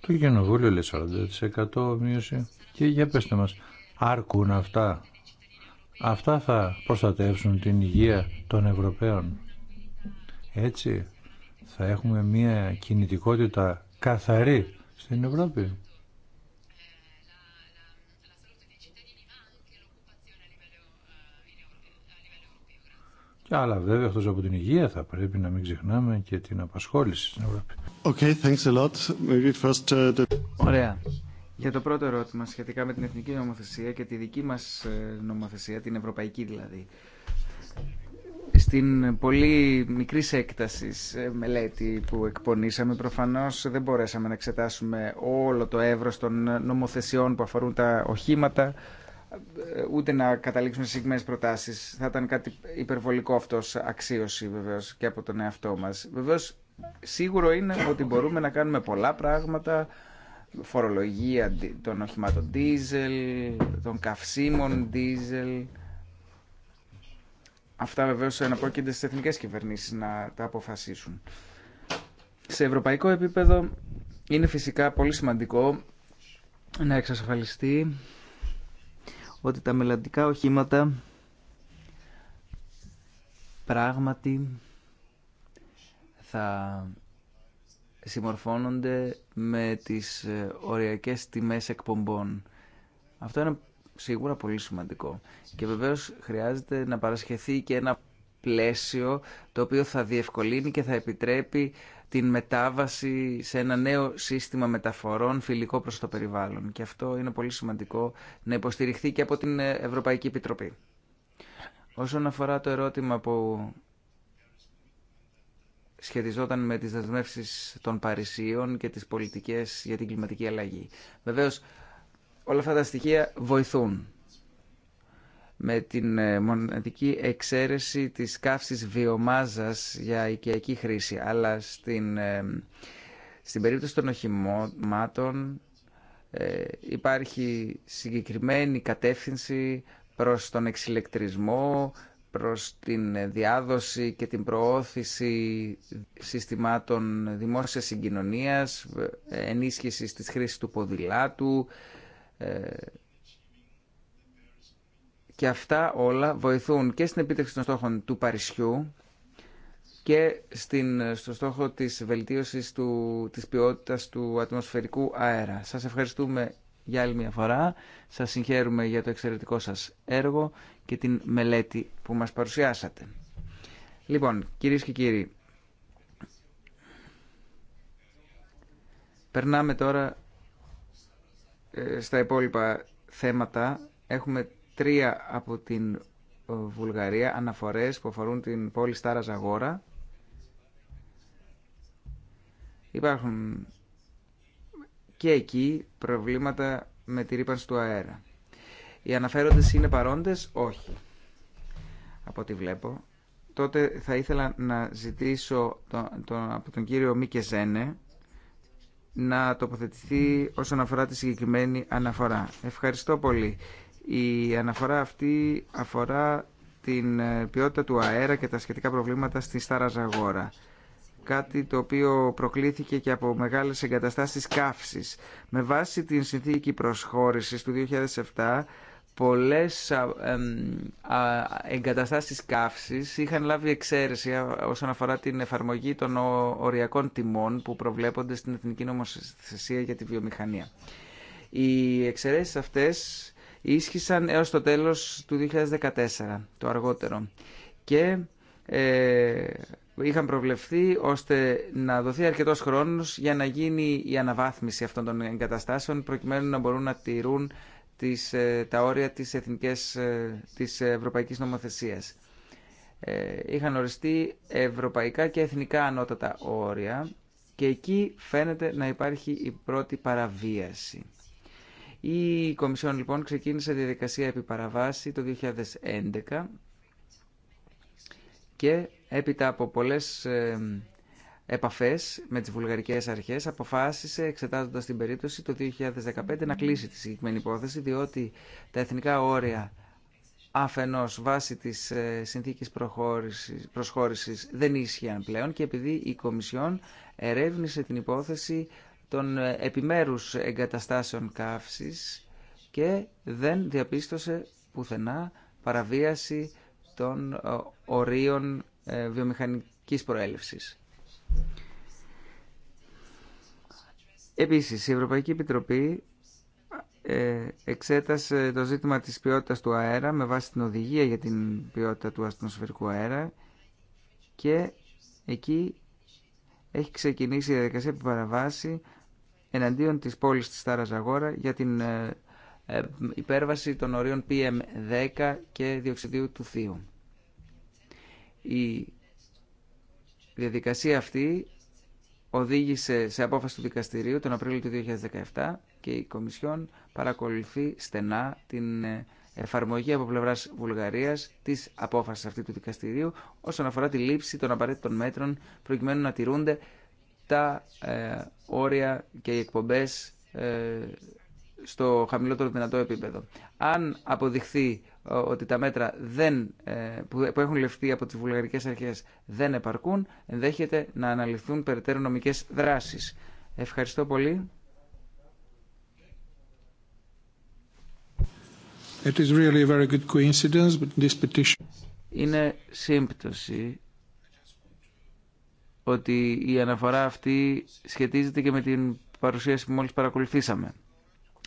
Το κοινοβούλιο λέει 40% μείωση. Και για πέστε μας, άρκουν αυτά Αυτά θα προστατεύσουν την υγεία των Ευρωπαίων. Έτσι θα έχουμε μια κινητικότητα καθαρή στην Ευρώπη. Και άλλα βέβαια αυτός από την υγεία θα πρέπει να μην ξεχνάμε και την απασχόληση στην Ευρώπη. Okay, thanks a lot. Maybe first, uh, Ωραία. Για το πρώτο ερώτημα σχετικά με την εθνική νομοθεσία και τη δική μας ε, νομοθεσία, την ευρωπαϊκή δηλαδή. Στην πολύ μικρή έκταση ε, μελέτη που εκπονήσαμε, προφανώς δεν μπορέσαμε να εξετάσουμε όλο το εύρος των νομοθεσιών που αφορούν τα οχήματα, ε, ούτε να καταλήξουμε σε συγκεκριμένε προτάσεις. Θα ήταν κάτι υπερβολικό αυτός αξίωση βεβαίως και από τον εαυτό μας. Βεβαίως, σίγουρο είναι ότι μπορούμε να κάνουμε πολλά πράγματα, φορολογία των οχημάτων diesel, των καυσίμων diesel. Αυτά βεβαίω αναπόκεινται στι εθνικές κυβερνήσεις να τα αποφασίσουν. Σε ευρωπαϊκό επίπεδο είναι φυσικά πολύ σημαντικό να εξασφαλιστεί ότι τα μελλοντικά οχήματα πράγματι θα συμμορφώνονται με τις ε, οριακές τιμές εκπομπών. Αυτό είναι σίγουρα πολύ σημαντικό. Και βεβαίως χρειάζεται να παρασχεθεί και ένα πλαίσιο το οποίο θα διευκολύνει και θα επιτρέπει την μετάβαση σε ένα νέο σύστημα μεταφορών φιλικό προς το περιβάλλον. Και αυτό είναι πολύ σημαντικό να υποστηριχθεί και από την Ευρωπαϊκή Επιτροπή. Όσον αφορά το ερώτημα που σχετιζόταν με τις δεσμεύσεις των Παρισίων και τις πολιτικές για την κλιματική αλλαγή. Βεβαίως, όλα αυτά τα στοιχεία βοηθούν με την ε, μοναδική εξαίρεση της καύσης βιομάζας για οικιακή χρήση. Αλλά στην, ε, στην περίπτωση των οχημάτων ε, υπάρχει συγκεκριμένη κατεύθυνση προς τον εξηλεκτρισμό, προς την διάδοση και την προώθηση συστημάτων δημόσιας συγκοινωνίας, ενίσχυση της χρήσης του ποδηλάτου ε, και αυτά όλα βοηθούν και στην επίτευξη των στόχων του Παρισιού και στην, στο στόχο της βελτίωσης του, της ποιότητας του ατμοσφαιρικού αέρα. Σας ευχαριστούμε για άλλη μια φορά. Σας συγχαίρουμε για το εξαιρετικό σας έργο και την μελέτη που μας παρουσιάσατε. Λοιπόν, κυρίε και κύριοι, περνάμε τώρα ε, στα υπόλοιπα θέματα. Έχουμε τρία από την ε, Βουλγαρία αναφορές που αφορούν την πόλη Στάρα Ζαγόρα. Υπάρχουν και εκεί προβλήματα με τη ρήπανση του αέρα. Οι αναφέροντες είναι παρόντες, όχι. Από ό,τι βλέπω. Τότε θα ήθελα να ζητήσω το, από τον κύριο Μίκε να τοποθετηθεί όσον αφορά τη συγκεκριμένη αναφορά. Ευχαριστώ πολύ. Η αναφορά αυτή αφορά την ε, ποιότητα του αέρα και τα σχετικά προβλήματα στη Σταραζαγόρα. Κάτι το οποίο προκλήθηκε και από μεγάλες εγκαταστάσεις καύσης. Με βάση την συνθήκη προσχώρησης του 2007 πολλές εγκαταστάσεις καύσης είχαν λάβει εξαίρεση όσον αφορά την εφαρμογή των οριακών τιμών που προβλέπονται στην Εθνική Νομοθεσία για τη Βιομηχανία. Οι εξαιρέσεις αυτές ίσχυσαν έως το τέλος του 2014, το αργότερο. Και ε, είχαν προβλεφθεί ώστε να δοθεί αρκετός χρόνος για να γίνει η αναβάθμιση αυτών των εγκαταστάσεων προκειμένου να μπορούν να τηρούν τις, ε, τα όρια της, Ευρωπαϊκή ε, της ευρωπαϊκής νομοθεσίας. Ε, είχαν οριστεί ευρωπαϊκά και εθνικά ανώτατα όρια και εκεί φαίνεται να υπάρχει η πρώτη παραβίαση. Η Κομισιόν λοιπόν ξεκίνησε τη διαδικασία επί το 2011 και έπειτα από πολλές Επαφέ, με τις βουλγαρικές αρχές αποφάσισε εξετάζοντα την περίπτωση το 2015 να κλείσει τη συγκεκριμένη υπόθεση διότι τα εθνικά όρια αφενό βάσει της ε, συνθήκης προσχώρηση, δεν ίσχυαν πλέον και επειδή η Κομισιόν ερεύνησε την υπόθεση των ε, επιμέρους εγκαταστάσεων καύσης και δεν διαπίστωσε πουθενά παραβίαση των ε, ορίων βιομηχανικής προέλευσης. Επίσης, η Ευρωπαϊκή Επιτροπή ε, εξέτασε το ζήτημα της ποιότητας του αέρα με βάση την οδηγία για την ποιότητα του ατμοσφαιρικού αέρα και εκεί έχει ξεκινήσει η διαδικασία παραβάσει εναντίον της πόλης της Στάρας Αγόρα για την ε, ε, υπέρβαση των ορίων PM10 και διοξιδίου του θείου. Η διαδικασία αυτή οδήγησε σε απόφαση του δικαστηρίου τον Απρίλιο του 2017 και η Κομισιόν παρακολουθεί στενά την ε, εφαρμογή από πλευρά Βουλγαρία τη απόφαση αυτή του δικαστηρίου όσον αφορά τη λήψη των απαραίτητων μέτρων προκειμένου να τηρούνται τα ε, όρια και οι εκπομπέ ε, στο χαμηλότερο δυνατό επίπεδο. Αν αποδειχθεί ότι τα μέτρα δεν, ε, που έχουν ληφθεί από τις βουλγαρικές αρχές δεν επαρκούν, ενδέχεται να αναλυθούν περαιτέρω νομικές δράσεις. Ευχαριστώ πολύ. It is really a very good coincidence, this petition... Είναι σύμπτωση ότι η αναφορά αυτή σχετίζεται και με την παρουσίαση που μόλις παρακολουθήσαμε.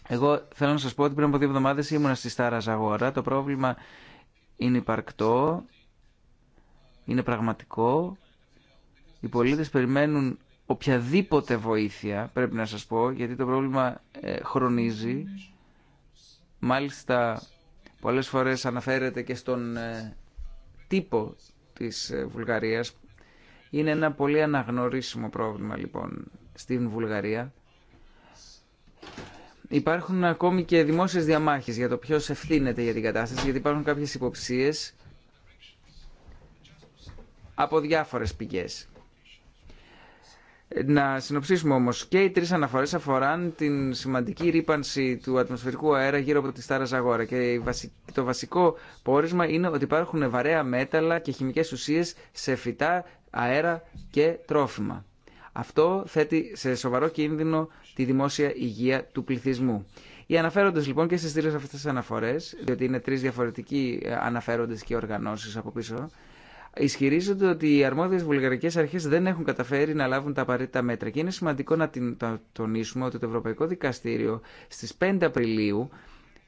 Εγώ θέλω να σας πω ότι πριν από δύο εβδομάδες ήμουν στη Στάρα Ζαγόρα. Το πρόβλημα είναι υπαρκτό, είναι πραγματικό. Οι πολίτες περιμένουν οποιαδήποτε βοήθεια, πρέπει να σας πω, γιατί το πρόβλημα ε, χρονίζει. Μάλιστα, πολλές φορές αναφέρεται και στον ε, τύπο της ε, Βουλγαρίας. Είναι ένα πολύ αναγνωρίσιμο πρόβλημα, λοιπόν, στην Βουλγαρία υπάρχουν ακόμη και δημόσιες διαμάχες για το ποιος ευθύνεται για την κατάσταση, γιατί υπάρχουν κάποιες υποψίες από διάφορες πηγές. Να συνοψίσουμε όμως και οι τρεις αναφορές αφοράν την σημαντική ρήπανση του ατμοσφαιρικού αέρα γύρω από τη Στάρα Ζαγόρα και το βασικό πόρισμα είναι ότι υπάρχουν βαρέα μέταλλα και χημικές ουσίες σε φυτά, αέρα και τρόφιμα. Αυτό θέτει σε σοβαρό κίνδυνο τη δημόσια υγεία του πληθυσμού. Οι αναφέροντε λοιπόν και στι τρει αυτέ τι αναφορέ, διότι είναι τρει διαφορετικοί ε, αναφέροντε και οργανώσει από πίσω, ισχυρίζονται ότι οι αρμόδιες βουλγαρικές αρχέ δεν έχουν καταφέρει να λάβουν τα απαραίτητα μέτρα. Και είναι σημαντικό να τονίσουμε ότι το Ευρωπαϊκό Δικαστήριο στι 5 Απριλίου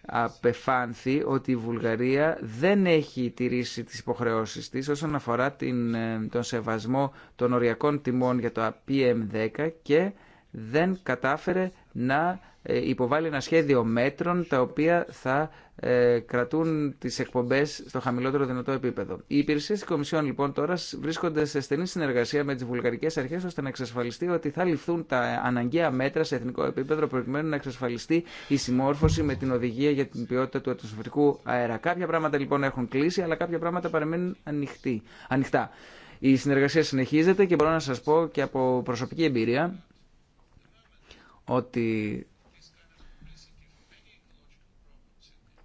απεφάνθη ότι η Βουλγαρία δεν έχει τηρήσει τις υποχρεώσεις της όσον αφορά την, ε, τον σεβασμό των οριακών τιμών για το PM10 και δεν κατάφερε να ε, υποβάλει ένα σχέδιο μέτρων τα οποία θα ε, κρατούν τις εκπομπές στο χαμηλότερο δυνατό επίπεδο. Οι υπηρεσίε της Κομισιόν λοιπόν τώρα βρίσκονται σε στενή συνεργασία με τις βουλγαρικές αρχές ώστε να εξασφαλιστεί ότι θα ληφθούν τα αναγκαία μέτρα σε εθνικό επίπεδο προκειμένου να εξασφαλιστεί η συμμόρφωση με την οδηγία για την ποιότητα του ατμοσφαιρικού αέρα. Κάποια πράγματα λοιπόν έχουν κλείσει αλλά κάποια πράγματα παραμένουν ανοιχτή, ανοιχτά. Η συνεργασία συνεχίζεται και μπορώ να σας πω και από προσωπική εμπειρία ότι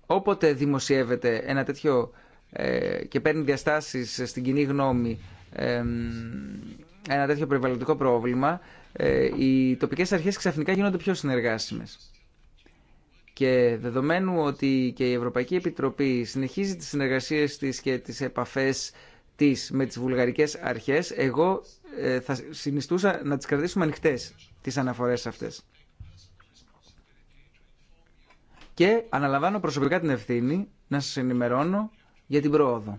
όποτε δημοσιεύεται ένα τέτοιο ε, και παίρνει διαστάσεις στην κοινή γνώμη ε, ένα τέτοιο περιβαλλοντικό πρόβλημα, ε, οι τοπικές αρχές ξαφνικά γίνονται πιο συνεργάσιμες. Και δεδομένου ότι και η Ευρωπαϊκή Επιτροπή συνεχίζει τις συνεργασίες της και τις επαφές της με τις βουλγαρικές αρχές, εγώ θα συνιστούσα να τις κρατήσουμε ανοιχτές τις αναφορές αυτές και αναλαμβάνω προσωπικά την ευθύνη να σα ενημερώνω για την πρόοδο.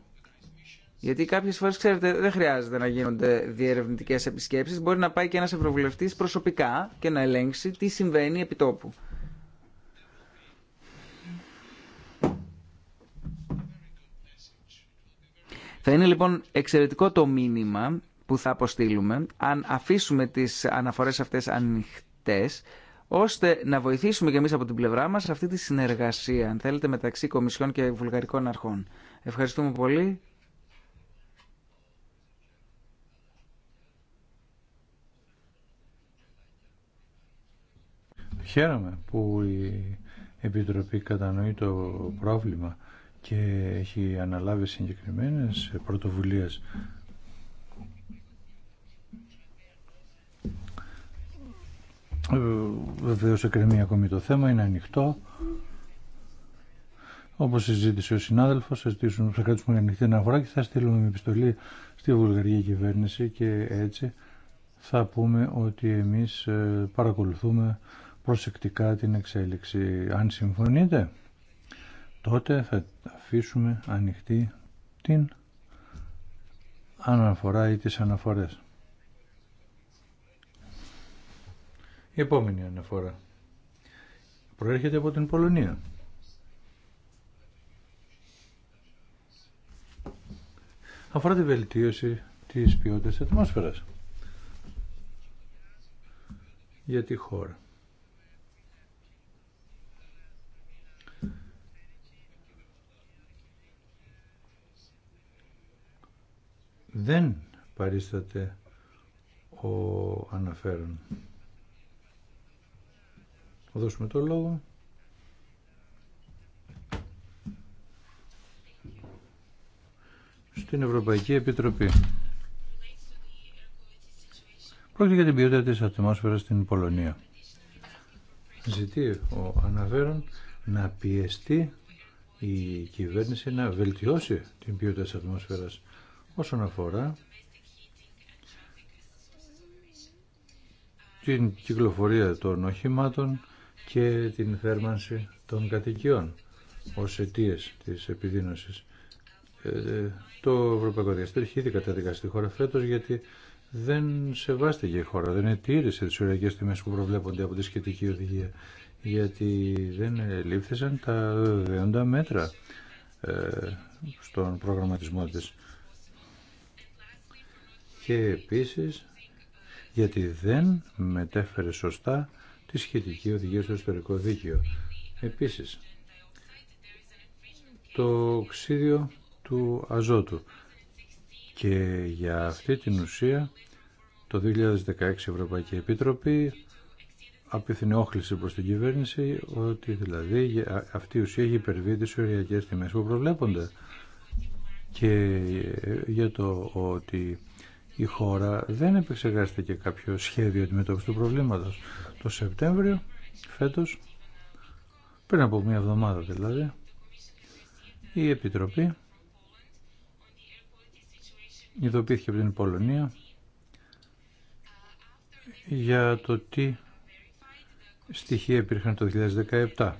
Γιατί κάποιε φορέ, ξέρετε, δεν χρειάζεται να γίνονται διερευνητικέ επισκέψει. Μπορεί να πάει και ένα ευρωβουλευτή προσωπικά και να ελέγξει τι συμβαίνει επί τόπου. Θα είναι λοιπόν εξαιρετικό το μήνυμα που θα αποστείλουμε αν αφήσουμε τις αναφορές αυτές ανοιχτές ώστε να βοηθήσουμε και εμείς από την πλευρά μας αυτή τη συνεργασία, αν θέλετε, μεταξύ Κομισιών και Βουλγαρικών Αρχών. Ευχαριστούμε πολύ. Χαίρομαι που η Επιτροπή κατανοεί το πρόβλημα και έχει αναλάβει συγκεκριμένες πρωτοβουλίες Ε, βεβαιω εκκρεμεί ακόμη το θέμα, είναι ανοιχτό. Όπως συζήτησε ο συνάδελφο, θα, ζητήσουμε, θα κρατήσουμε ανοιχτή αναφορά και θα στείλουμε μια επιστολή στη βουλγαρική κυβέρνηση και έτσι θα πούμε ότι εμείς ε, παρακολουθούμε προσεκτικά την εξέλιξη. Αν συμφωνείτε, τότε θα αφήσουμε ανοιχτή την αναφορά ή τις αναφορές. Η επόμενη αναφορά προέρχεται από την Πολωνία. Αφορά τη βελτίωση της ποιότητας ατμόσφαιρας για τη χώρα. Δεν παρίσταται ο αναφέρον. Θα δώσουμε το λόγο. Στην Ευρωπαϊκή Επιτροπή. Πρόκειται για την ποιότητα της ατμόσφαιρας στην Πολωνία. Ζητεί ο αναφέρον να πιεστεί η κυβέρνηση να βελτιώσει την ποιότητα της ατμόσφαιρας όσον αφορά την κυκλοφορία των οχημάτων, και την θέρμανση των κατοικιών ως αιτίε της επιδείνωσης. Ε, το Ευρωπαϊκό Διαστήριο έχει ήδη καταδικάσει τη χώρα φέτος γιατί δεν σεβάστηκε η χώρα, δεν ετήρησε τις οριακές τιμές που προβλέπονται από τη σχετική οδηγία γιατί δεν λήφθησαν τα δέοντα μέτρα ε, στον προγραμματισμό της. Και επίσης γιατί δεν μετέφερε σωστά τη σχετική οδηγία στο ιστορικό δίκαιο. Επίσης, το οξύδιο του αζότου και για αυτή την ουσία το 2016 η Ευρωπαϊκή Επίτροπη απίθυνε όχληση προς την κυβέρνηση ότι δηλαδή αυτή η ουσία έχει υπερβεί τις οριακές τιμές που προβλέπονται και ε, για το ότι η χώρα δεν επεξεργάστηκε κάποιο σχέδιο αντιμετώπιση του προβλήματος. Το Σεπτέμβριο φέτος, πριν από μία εβδομάδα δηλαδή, η Επιτροπή ειδοποιήθηκε από την Πολωνία για το τι στοιχεία υπήρχαν το 2017.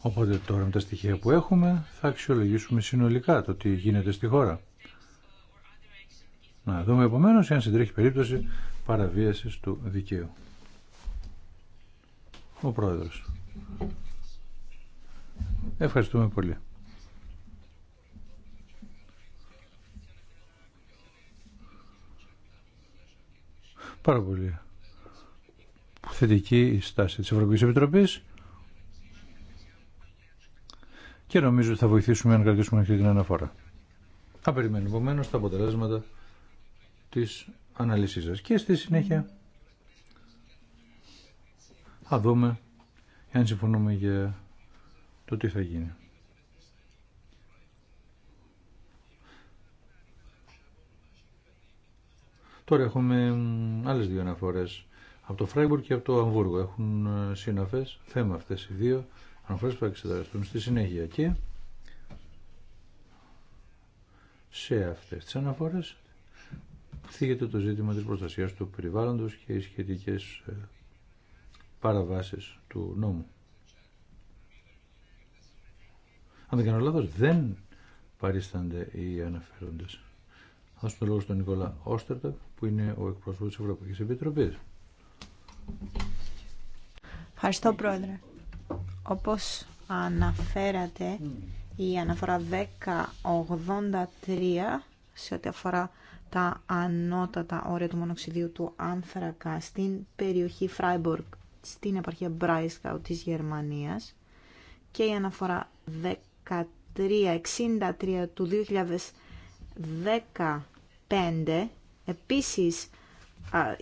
Οπότε τώρα με τα στοιχεία που έχουμε θα αξιολογήσουμε συνολικά το τι γίνεται στη χώρα. Να δούμε επομένω αν συντρέχει περίπτωση παραβίαση του δικαίου. Ο Πρόεδρος. Ευχαριστούμε πολύ. Πάρα πολύ θετική η στάση της Ευρωπαϊκής Επιτροπής και νομίζω ότι θα βοηθήσουμε αν κρατήσουμε αυτή την αναφορά. Θα περιμένουμε επομένω τα αποτελέσματα της αναλυσής σας. Και στη συνέχεια θα δούμε αν συμφωνούμε για το τι θα γίνει. Τώρα έχουμε άλλες δύο αναφορές από το Φράιμπουργκ και από το Αμβούργο. Έχουν ε, σύναφες, θέμα αυτές οι δύο αναφορές που θα εξεταστούν στη συνέχεια και σε αυτές τις αναφορές θίγεται το ζήτημα της προστασίας του περιβάλλοντος και οι σχετικές ε, παραβάσεις του νόμου. Αν δεν κάνω λάθος, δεν παρίστανται οι αναφέροντες. Ας το λόγο στον Νικόλα Όστερτα, που είναι ο εκπρόσωπος της Ευρωπαϊκής Επιτροπής. Ευχαριστώ, Πρόεδρε. Όπως αναφέρατε, η αναφορά 1083 σε ό,τι αφορά τα ανώτατα όρια του μονοξιδίου του άνθρακα στην περιοχή Φράιμπορκ, στην επαρχία Μπράισκαου της Γερμανίας και η αναφορά 1363 του 2015 επίσης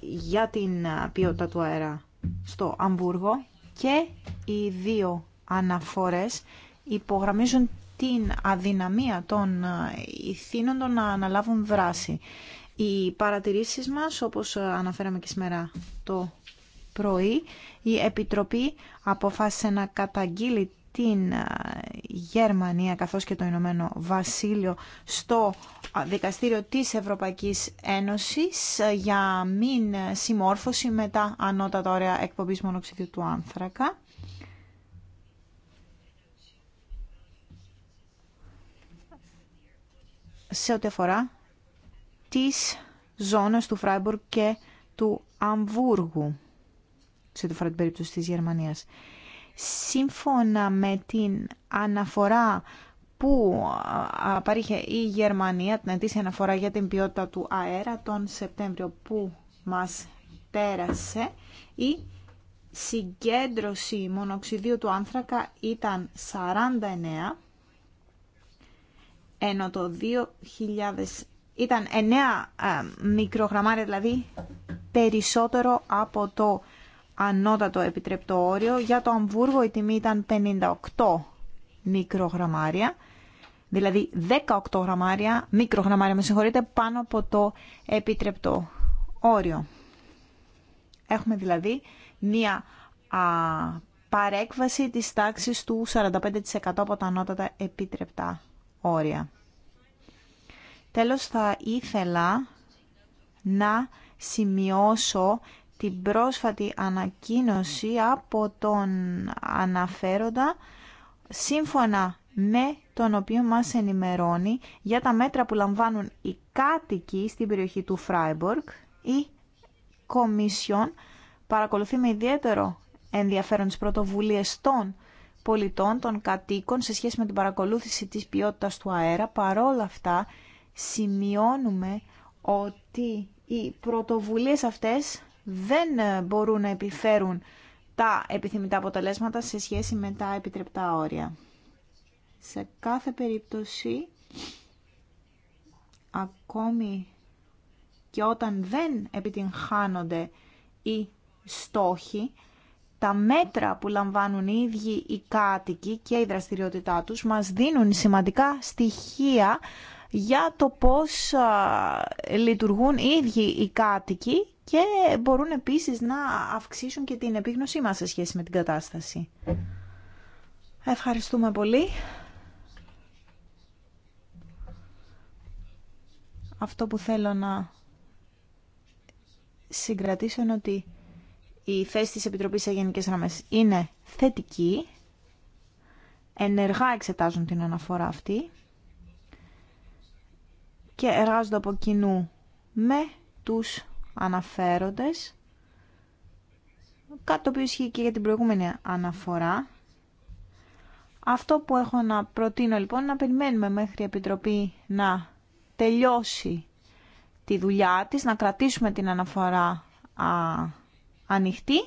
για την ποιότητα του αέρα στο Αμβούργο και οι δύο αναφορές υπογραμμίζουν την αδυναμία των ε, ηθήνοντων να αναλάβουν δράση. Οι παρατηρήσεις μας, όπως ε, αναφέραμε και σήμερα το πρωί, η Επιτροπή αποφάσισε να καταγγείλει την ε, Γερμανία καθώς και το Ηνωμένο Βασίλειο στο Δικαστήριο της Ευρωπαϊκής Ένωσης για μην συμμόρφωση με τα ανώτατα ωραία εκπομπής μονοξυδιού του άνθρακα. σε ό,τι αφορά τις ζώνες του Φράιμπουργκ και του Αμβούργου, σε το αφορά την περίπτωση της Γερμανίας. Σύμφωνα με την αναφορά που παρήχε η Γερμανία, την τις αναφορά για την ποιότητα του αέρα τον Σεπτέμβριο που μας πέρασε, η συγκέντρωση μονοξιδίου του άνθρακα ήταν 49 ενώ το 2000 ήταν 9 ε, μικρογραμμάρια, δηλαδή περισσότερο από το ανώτατο επιτρεπτό όριο. Για το Αμβούργο η τιμή ήταν 58 μικρογραμμάρια, δηλαδή 18 γραμμάρια, μικρογραμμάρια, με συγχωρείτε, πάνω από το επιτρεπτό όριο. Έχουμε δηλαδή μία α, παρέκβαση της τάξης του 45% από τα ανώτατα επιτρεπτά όρια. Τέλος θα ήθελα να σημειώσω την πρόσφατη ανακοίνωση από τον αναφέροντα σύμφωνα με τον οποίο μας ενημερώνει για τα μέτρα που λαμβάνουν οι κάτοικοι στην περιοχή του Φράιμπορκ ή Κομισιόν παρακολουθεί με ιδιαίτερο ενδιαφέρον τις πρωτοβουλίες των πολιτών, των κατοίκων σε σχέση με την παρακολούθηση της ποιότητας του αέρα. Παρόλα αυτά σημειώνουμε ότι οι πρωτοβουλίες αυτές δεν ε, μπορούν να επιφέρουν τα επιθυμητά αποτελέσματα σε σχέση με τα επιτρεπτά όρια. Σε κάθε περίπτωση, ακόμη και όταν δεν επιτυγχάνονται οι στόχοι, τα μέτρα που λαμβάνουν οι ίδιοι οι κάτοικοι και η δραστηριότητά τους μας δίνουν σημαντικά στοιχεία για το πώς λειτουργούν οι ίδιοι οι κάτοικοι και μπορούν επίσης να αυξήσουν και την επίγνωσή μας σε σχέση με την κατάσταση. Ευχαριστούμε πολύ. Αυτό που θέλω να συγκρατήσω είναι ότι η θέση της Επιτροπής σε Γενικές Γραμμές είναι θετική. Ενεργά εξετάζουν την αναφορά αυτή και εργάζονται από κοινού με τους αναφέροντες κάτι το οποίο ισχύει και για την προηγούμενη αναφορά αυτό που έχω να προτείνω λοιπόν είναι να περιμένουμε μέχρι η Επιτροπή να τελειώσει τη δουλειά της να κρατήσουμε την αναφορά ανοιχτή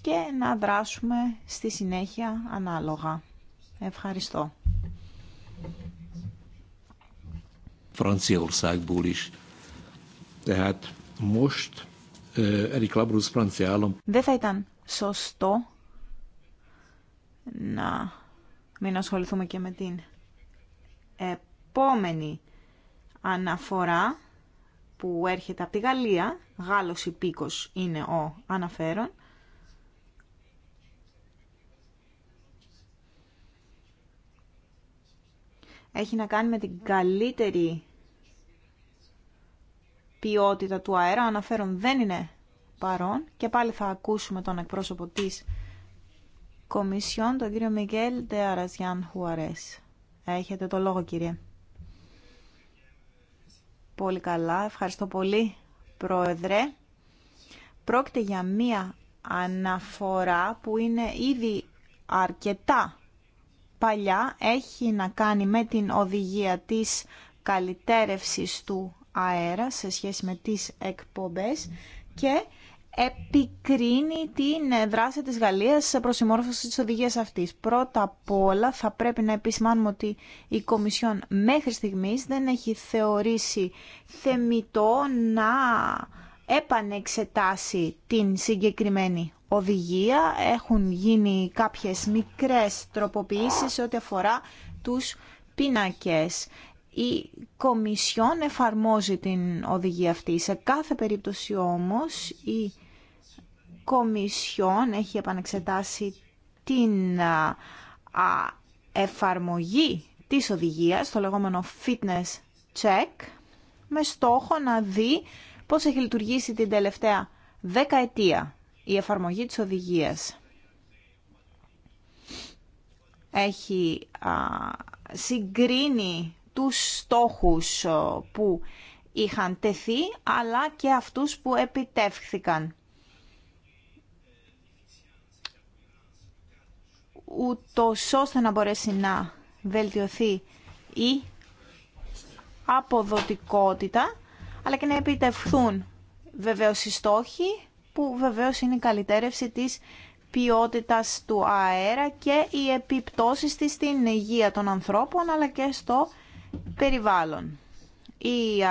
και να δράσουμε στη συνέχεια ανάλογα. Ευχαριστώ. Äh, Δεν θα ήταν σωστό να μην ασχοληθούμε και με την επόμενη αναφορά που έρχεται από τη Γαλλία, Γάλλος υπήκος είναι ο αναφέρον, έχει να κάνει με την καλύτερη ποιότητα του αέρα. Ο αναφέρον δεν είναι παρόν και πάλι θα ακούσουμε τον εκπρόσωπο της Κομισιόν, τον κύριο Μιγέλ Ντε Χουαρές. Έχετε το λόγο κύριε. Πολύ καλά, ευχαριστώ πολύ Πρόεδρε. Πρόκειται για μία αναφορά που είναι ήδη αρκετά παλιά. Έχει να κάνει με την οδηγία της καλυτέρευσης του αέρα σε σχέση με τις εκπομπές και επικρίνει την δράση της Γαλλίας σε προσημόρφωση της οδηγίας αυτής. Πρώτα απ' όλα θα πρέπει να επισημάνουμε ότι η Κομισιόν μέχρι στιγμής δεν έχει θεωρήσει θεμητό να επανεξετάσει την συγκεκριμένη οδηγία. Έχουν γίνει κάποιες μικρές τροποποιήσεις ό,τι αφορά τους πίνακες. Η Κομισιόν εφαρμόζει την οδηγία αυτή. Σε κάθε περίπτωση όμως η Κομισιόν έχει επανεξετάσει την εφαρμογή της οδηγίας, το λεγόμενο fitness check, με στόχο να δει πώς έχει λειτουργήσει την τελευταία δεκαετία η εφαρμογή της οδηγίας. Έχει συγκρίνει τους στόχους που είχαν τεθεί, αλλά και αυτούς που επιτεύχθηκαν. ούτω ώστε να μπορέσει να βελτιωθεί η αποδοτικότητα, αλλά και να επιτευχθούν βεβαίως οι στόχοι, που βεβαίως είναι η καλυτέρευση της ποιότητας του αέρα και οι επιπτώσεις της στην υγεία των ανθρώπων, αλλά και στο περιβάλλον. Η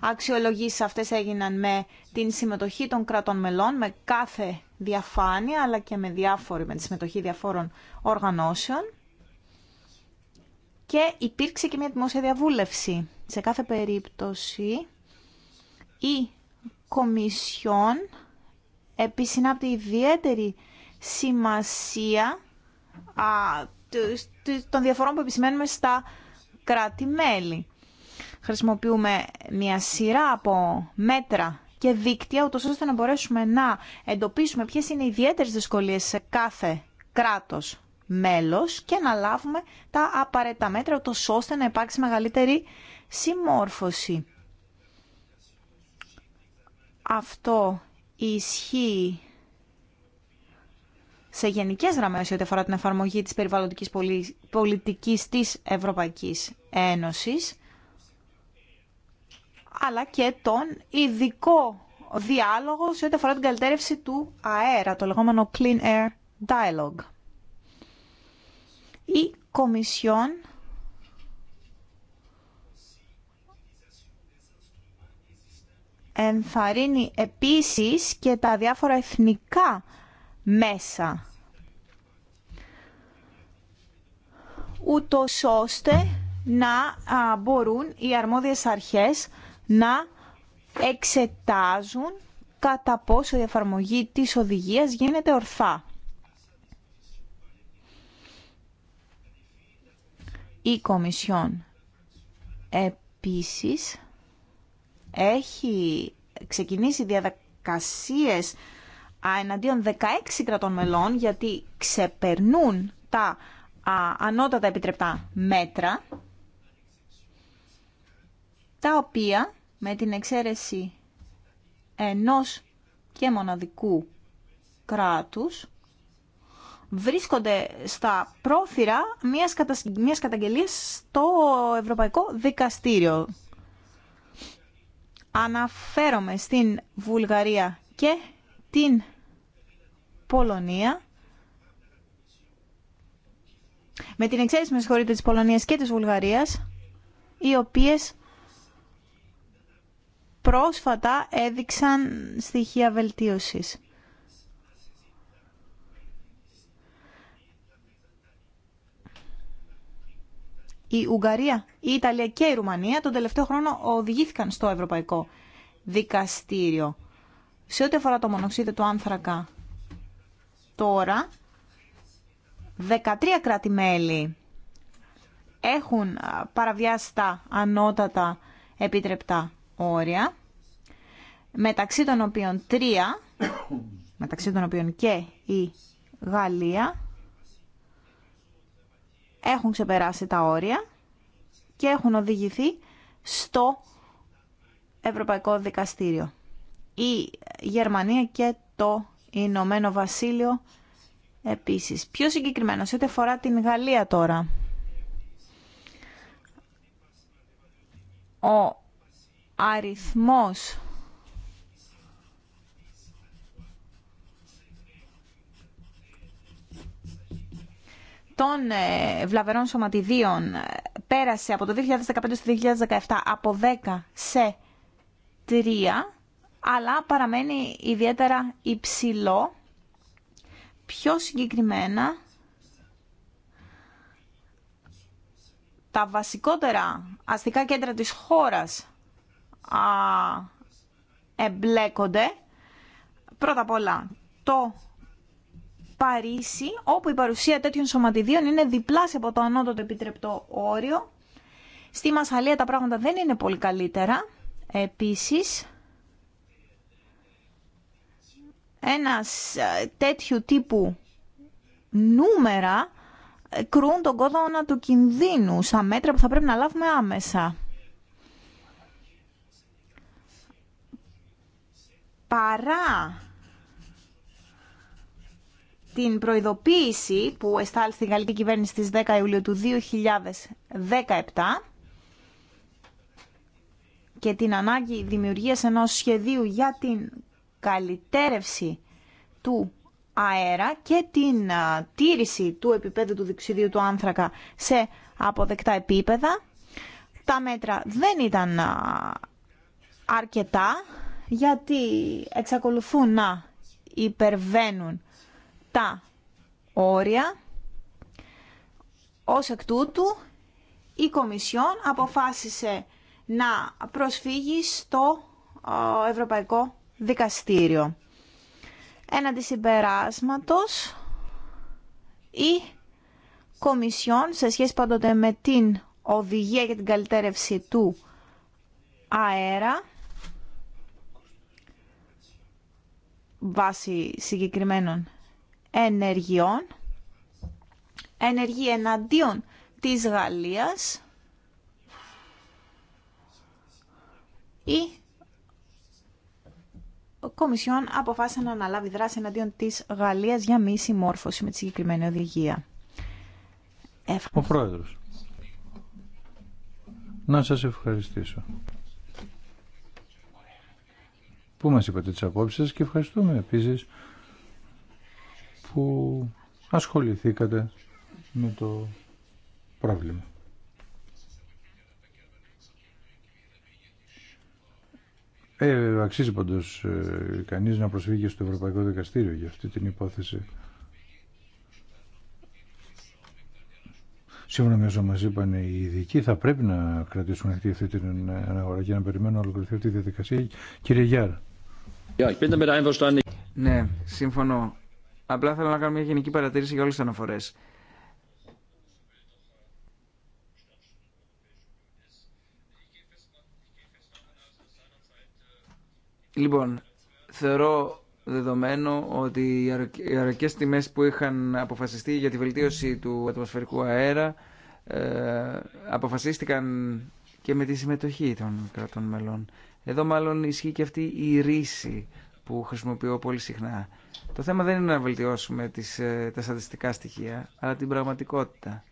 αξιολογήσεις αυτές έγιναν με την συμμετοχή των κρατών μελών, με κάθε διαφάνεια αλλά και με, με τη συμμετοχή διαφόρων οργανώσεων και υπήρξε και μια δημόσια διαβούλευση. Σε κάθε περίπτωση η Κομισιόν επισυνάπτει ιδιαίτερη σημασία α, των διαφορών που επισημαίνουμε στα κράτη-μέλη. Χρησιμοποιούμε μια σειρά από μέτρα και δίκτυα, ούτως ώστε να μπορέσουμε να εντοπίσουμε ποιες είναι οι ιδιαίτερες δυσκολίες σε κάθε κράτος μέλος και να λάβουμε τα απαραίτητα μέτρα, ούτως ώστε να υπάρξει μεγαλύτερη συμμόρφωση. Αυτό ισχύει σε γενικέ γραμμέ ό,τι αφορά την εφαρμογή της περιβαλλοντικής πολιτικής της Ευρωπαϊκής Ένωσης αλλά και τον ειδικό διάλογο σε ό,τι αφορά την καλυτέρευση του αέρα, το λεγόμενο Clean Air Dialogue. Η Κομισιόν ενθαρρύνει επίσης και τα διάφορα εθνικά μέσα, ούτως ώστε να μπορούν οι αρμόδιες αρχές να εξετάζουν κατά πόσο η εφαρμογή της οδηγίας γίνεται ορθά. Η Κομισιόν επίσης έχει ξεκινήσει διαδικασίες εναντίον 16 κρατών μελών γιατί ξεπερνούν τα ανώτατα επιτρεπτά μέτρα τα οποία με την εξαίρεση ενός και μοναδικού κράτους βρίσκονται στα πρόθυρα μιας, κατασ... μιας καταγγελίας στο Ευρωπαϊκό Δικαστήριο. Αναφέρομαι στην Βουλγαρία και την Πολωνία. Με την εξαίρεση, με συγχωρείτε, της Πολωνίας και της Βουλγαρίας, οι οποίες πρόσφατα έδειξαν στοιχεία βελτίωσης. Η Ουγγαρία, η Ιταλία και η Ρουμανία τον τελευταίο χρόνο οδηγήθηκαν στο Ευρωπαϊκό Δικαστήριο. Σε ό,τι αφορά το μονοξίδιο του άνθρακα, τώρα 13 κράτη-μέλη έχουν παραβιάσει τα ανώτατα επιτρεπτά όρια, μεταξύ των οποίων τρία, μεταξύ των οποίων και η Γαλλία, έχουν ξεπεράσει τα όρια και έχουν οδηγηθεί στο Ευρωπαϊκό Δικαστήριο. Η Γερμανία και το Ηνωμένο Βασίλειο επίσης. Πιο συγκεκριμένα, σε ό,τι την Γαλλία τώρα. Ο αριθμός των ε, βλαβερών σωματιδίων ε, πέρασε από το 2015 στο 2017 από 10 σε 3, αλλά παραμένει ιδιαίτερα υψηλό. Πιο συγκεκριμένα, τα βασικότερα αστικά κέντρα της χώρας εμπλέκονται. Πρώτα απ' όλα, το Παρίσι, όπου η παρουσία τέτοιων σωματιδίων είναι διπλάσια από το ανώτοτο επιτρεπτό όριο. Στη Μασαλία τα πράγματα δεν είναι πολύ καλύτερα. Επίσης, ένας ε, τέτοιου τύπου νούμερα ε, κρούν τον κόδωνα του κινδύνου σαν μέτρα που θα πρέπει να λάβουμε άμεσα. παρά την προειδοποίηση που εστάλθη η γαλλική κυβέρνηση στις 10 Ιουλίου του 2017 και την ανάγκη δημιουργίας ενός σχεδίου για την καλυτέρευση του αέρα και την τήρηση του επίπεδου του διξιδίου του άνθρακα σε αποδεκτά επίπεδα. Τα μέτρα δεν ήταν αρκετά γιατί εξακολουθούν να υπερβαίνουν τα όρια. Ως εκ τούτου, η Κομισιόν αποφάσισε να προσφύγει στο Ευρωπαϊκό Δικαστήριο. Έναντι συμπεράσματος, η Κομισιόν, σε σχέση πάντοτε με την οδηγία για την καλυτέρευση του αέρα, βάση συγκεκριμένων ενεργειών, ενεργεί εναντίον της Γαλλίας η Κομισιόν αποφάσισε να αναλάβει δράση εναντίον της Γαλλίας για μη συμμόρφωση με τη συγκεκριμένη οδηγία. Ο Πρόεδρος. Να σας ευχαριστήσω που μας είπατε τις απόψεις σας και ευχαριστούμε επίσης που ασχοληθήκατε με το πρόβλημα. Ε, αξίζει πάντως ε, κανείς να προσφύγει στο Ευρωπαϊκό Δικαστήριο για αυτή την υπόθεση. Σύμφωνα με όσο μας είπαν οι ειδικοί, θα πρέπει να κρατήσουν αυτή, την αγορά και να περιμένουν να ολοκληρωθεί αυτή η διαδικασία. Κύριε Γιάρα. Ναι, συμφωνώ. Απλά θέλω να κάνω μια γενική παρατήρηση για όλες τις αναφορές. Λοιπόν, θεωρώ δεδομένο ότι οι αρκετές τιμές που είχαν αποφασιστεί για τη βελτίωση του ατμοσφαιρικού αέρα ε, αποφασίστηκαν και με τη συμμετοχή των κρατών μελών. Εδώ μάλλον ισχύει και αυτή η ρίση που χρησιμοποιώ πολύ συχνά. Το θέμα δεν είναι να βελτιώσουμε τις, ε, τα στατιστικά στοιχεία, αλλά την πραγματικότητα.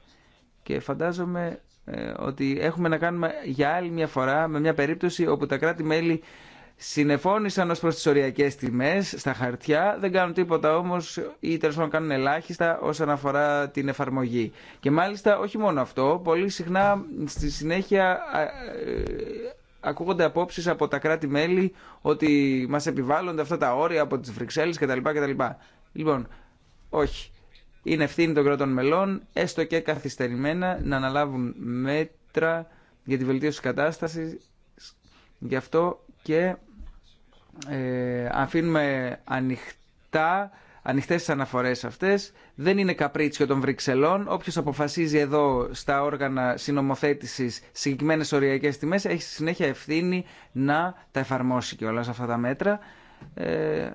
Και φαντάζομαι ε, ότι έχουμε να κάνουμε για άλλη μια φορά με μια περίπτωση όπου τα κράτη-μέλη συνεφώνησαν ως προς τις οριακές τιμές στα χαρτιά, δεν κάνουν τίποτα όμως ή τέλος πάντων κάνουν ελάχιστα όσον αφορά την εφαρμογή. Και μάλιστα όχι μόνο αυτό, πολύ συχνά στη συνέχεια ε, ακούγονται απόψεις από τα κράτη-μέλη ότι μας επιβάλλονται αυτά τα όρια από τις Βρυξέλλες κτλ. Λοιπόν, όχι. Είναι ευθύνη των κρατών μελών, έστω και καθυστερημένα, να αναλάβουν μέτρα για τη βελτίωση της κατάστασης. Γι' αυτό και ε, αφήνουμε ανοιχτά Ανοιχτέ τι αναφορές αυτές. Δεν είναι καπρίτσιο των Βρυξελών. Όποιο αποφασίζει εδώ στα όργανα συνομοθέτηση συγκεκριμένε οριακές τιμέ, έχει συνέχεια ευθύνη να τα εφαρμόσει και όλα αυτά τα μέτρα. Ε,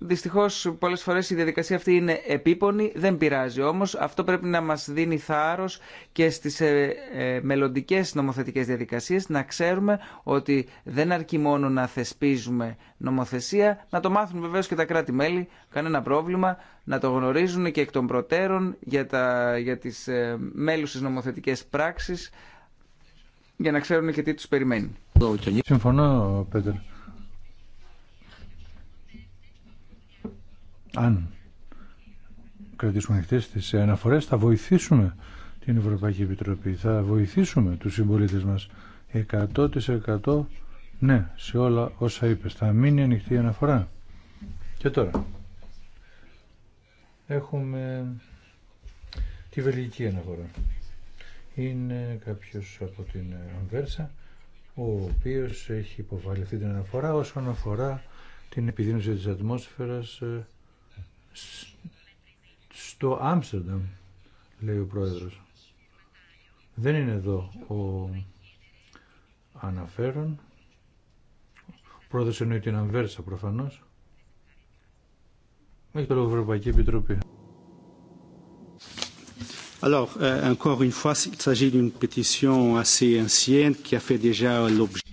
Δυστυχώ, πολλέ φορές η διαδικασία αυτή είναι επίπονη, δεν πειράζει όμως. Αυτό πρέπει να μας δίνει θάρρος και στις ε, ε, μελλοντικές νομοθετικές διαδικασίες να ξέρουμε ότι δεν αρκεί μόνο να θεσπίζουμε νομοθεσία, να το μάθουν βεβαίω και τα κράτη-μέλη, κανένα πρόβλημα, να το γνωρίζουν και εκ των προτέρων για, για τις ε, μέλουσες νομοθετικές πράξεις για να ξέρουν και τι του περιμένει. Συμφωνώ, Πέτερ. Αν κρατήσουμε ανοιχτές τις αναφορές θα βοηθήσουμε την Ευρωπαϊκή Επιτροπή, θα βοηθήσουμε τους συμπολίτες μας 100% ναι, σε όλα όσα είπες. Θα μείνει ανοιχτή η αναφορά. Και τώρα. Έχουμε τη βελγική αναφορά. Είναι κάποιος από την Αμβέρσα ο οποίος έχει υποβάλει αυτή την αναφορά όσον αφορά την επιδείνωση της ατμόσφαιρας ε, στο Άμστερνταμ, λέει ο πρόεδρος. Δεν είναι εδώ ο αναφέρον. Ο πρόεδρος εννοεί την Αμβέρσα προφανώς. Έχει το λόγο Ευρωπαϊκή Επιτροπή. Alors, euh, encore une fois, il s'agit d'une pétition assez ancienne qui a fait déjà l'objet.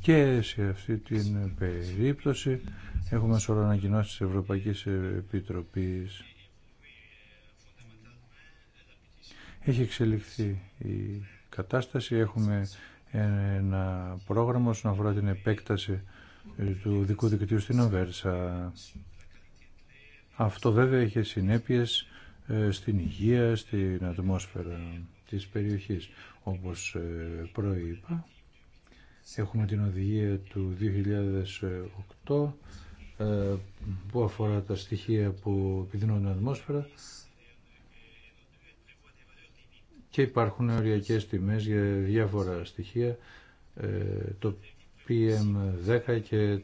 Και σε αυτή την περίπτωση Έχουμε σωρό ανακοινώσει τη Ευρωπαϊκή Επιτροπή. Έχει εξελιχθεί η κατάσταση. Έχουμε ένα πρόγραμμα όσον αφορά την επέκταση του δικού δικτύου στην Αβέρσα. Αυτό βέβαια έχει συνέπειες ε, στην υγεία, στην ατμόσφαιρα της περιοχής. Όπως ε, προείπα, έχουμε την οδηγία του 2008 ε, που αφορά τα στοιχεία που επιδεινώνουν την ατμόσφαιρα και υπάρχουν οριακές τιμές για διάφορα στοιχεία ε, το PM10 και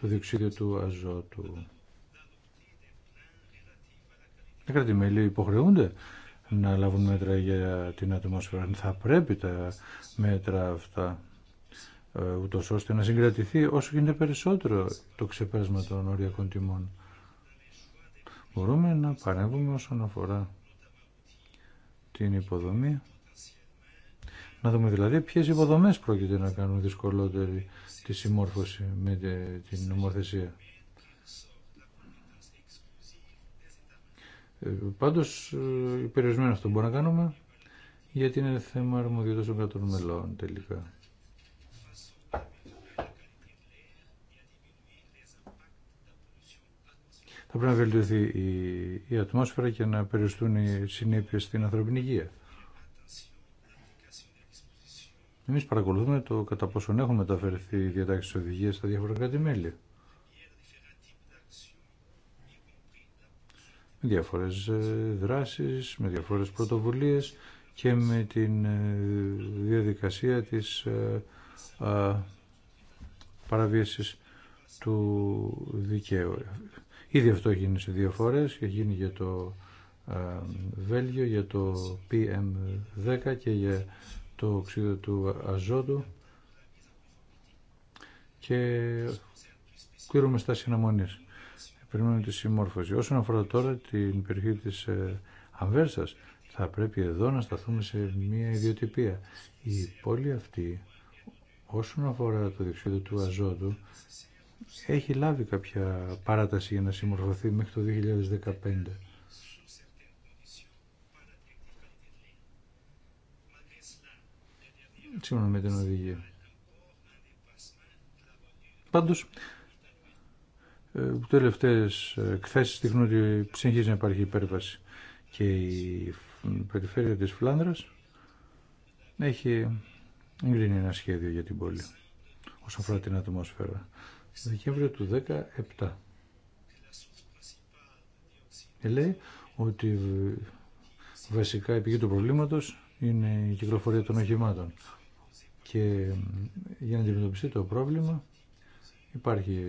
το διοξίδιο του αζότου. Τα κρατη υποχρεούνται να λάβουν μέτρα για την ατμόσφαιρα. Θα πρέπει τα μέτρα αυτά ε, ούτω ώστε να συγκρατηθεί όσο γίνεται περισσότερο το ξεπέρασμα των οριακών τιμών. Μπορούμε να παρέμβουμε όσον αφορά την υποδομή. Να δούμε δηλαδή ποιε υποδομέ πρόκειται να κάνουν δυσκολότερη τη συμμόρφωση με την νομοθεσία. Ε, Πάντω, ε, περιορισμένο αυτό μπορούμε να κάνουμε, γιατί είναι θέμα αρμοδιότητα των κρατών μελών τελικά. θα πρέπει να βελτιωθεί η, ατμόσφαιρα και να περιοριστούν οι συνέπειε στην ανθρώπινη υγεία. Εμεί παρακολουθούμε το κατά πόσον έχουν μεταφερθεί οι διατάξει τη οδηγία στα διάφορα κράτη-μέλη. Με διάφορε δράσει, με διάφορε πρωτοβουλίε και με την ε, διαδικασία τη ε, παραβίαση του δικαίου. Ήδη αυτό γίνει σε δύο φορές και γίνει για το ε, Βέλγιο, για το PM10 και για το οξύδιο του αζότου και κλείνουμε στάση αναμονής. Περιμένουμε τη συμμόρφωση. Όσον αφορά τώρα την περιοχή της ε, Αμβέρσας, θα πρέπει εδώ να σταθούμε σε μια ιδιοτυπία. Η πόλη αυτή, όσον αφορά το διοξείδιο του αζότου, έχει λάβει κάποια παράταση για να συμμορφωθεί μέχρι το 2015. Σύμφωνα με την οδηγία. Πάντως, ε, τελευταίες εκθέσεις δείχνουν ότι συνεχίζει να υπάρχει υπέρβαση και η περιφέρεια της Φλάνδρας έχει εγκρίνει ένα σχέδιο για την πόλη όσον αφορά την ατμόσφαιρα. Δεκέμβριο του 2017. Ε, λέει ότι βασικά η πηγή του προβλήματος είναι η κυκλοφορία των οχημάτων. Και ε, για να αντιμετωπιστεί το πρόβλημα υπάρχει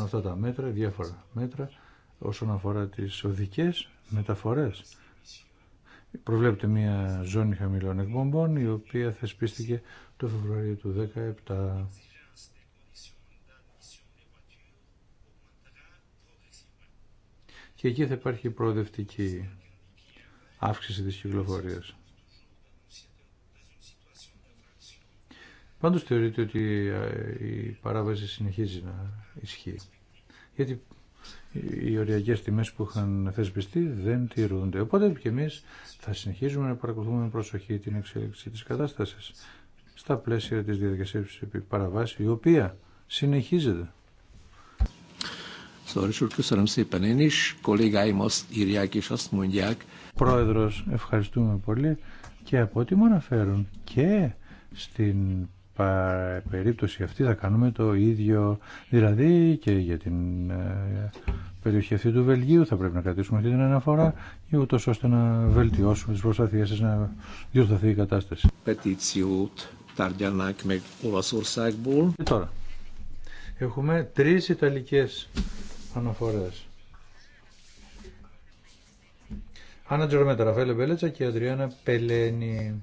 αυτά τα μέτρα, διάφορα μέτρα, όσον αφορά τις οδικές μεταφορές. Προβλέπεται μια ζώνη χαμηλών εκπομπών, η οποία θεσπίστηκε το Φεβρουάριο του 2017. και εκεί θα υπάρχει προοδευτική αύξηση της κυκλοφορίας. Πάντως θεωρείται ότι ε, η παράβαση συνεχίζει να ισχύει. Γιατί οι οριακέ τιμέ που είχαν θεσπιστεί δεν τηρούνται. Οπότε και εμεί θα συνεχίζουμε να παρακολουθούμε με προσοχή την εξέλιξη τη κατάσταση στα πλαίσια τη διαδικασία επί παραβάση, η οποία συνεχίζεται. Professzor Πρόεδρος, ευχαριστούμε πολύ και από ό,τι μου αναφέρουν και στην περίπτωση αυτή θα κάνουμε το ίδιο δηλαδή και για την ε, περιοχή αυτή του Βελγίου θα πρέπει να κρατήσουμε αυτή την αναφορά και ούτως ώστε να βελτιώσουμε τις προσπαθίες να διορθωθεί η κατάσταση. Και τώρα, έχουμε τρεις Ιταλικές αναφορές Άννα Τζορμέτα, Ραφαέλε Μπέλετσα και Αντριάννα Πελένη.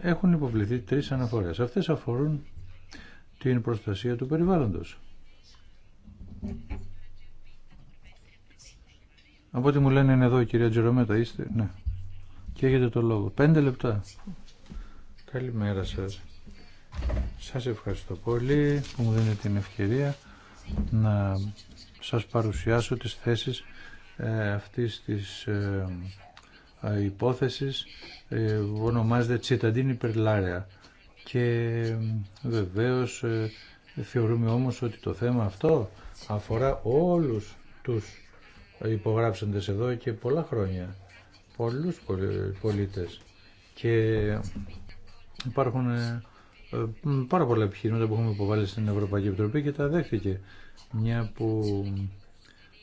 Έχουν υποβληθεί τρεις αναφορές. Αυτές αφορούν την προστασία του περιβάλλοντος. Από ό,τι μου λένε είναι εδώ η κυρία Τζερομέτα, είστε, ναι. Και έχετε το λόγο. Πέντε λεπτά. Καλημέρα σας. Σας ευχαριστώ πολύ που μου δίνετε την ευκαιρία να σας παρουσιάσω τις θέσεις ε, αυτής της ε, ε υπόθεσης που ε, ονομάζεται Τσιταντίνη Περλάρια και ε, βεβαίως θεωρούμε όμως ότι το θέμα αυτό αφορά όλους τους υπογράψαντες εδώ και πολλά χρόνια πολλούς πολίτες και υπάρχουν ε, πάρα πολλά επιχειρήματα που έχουμε υποβάλει στην Ευρωπαϊκή Επιτροπή και τα δέχτηκε. Μια που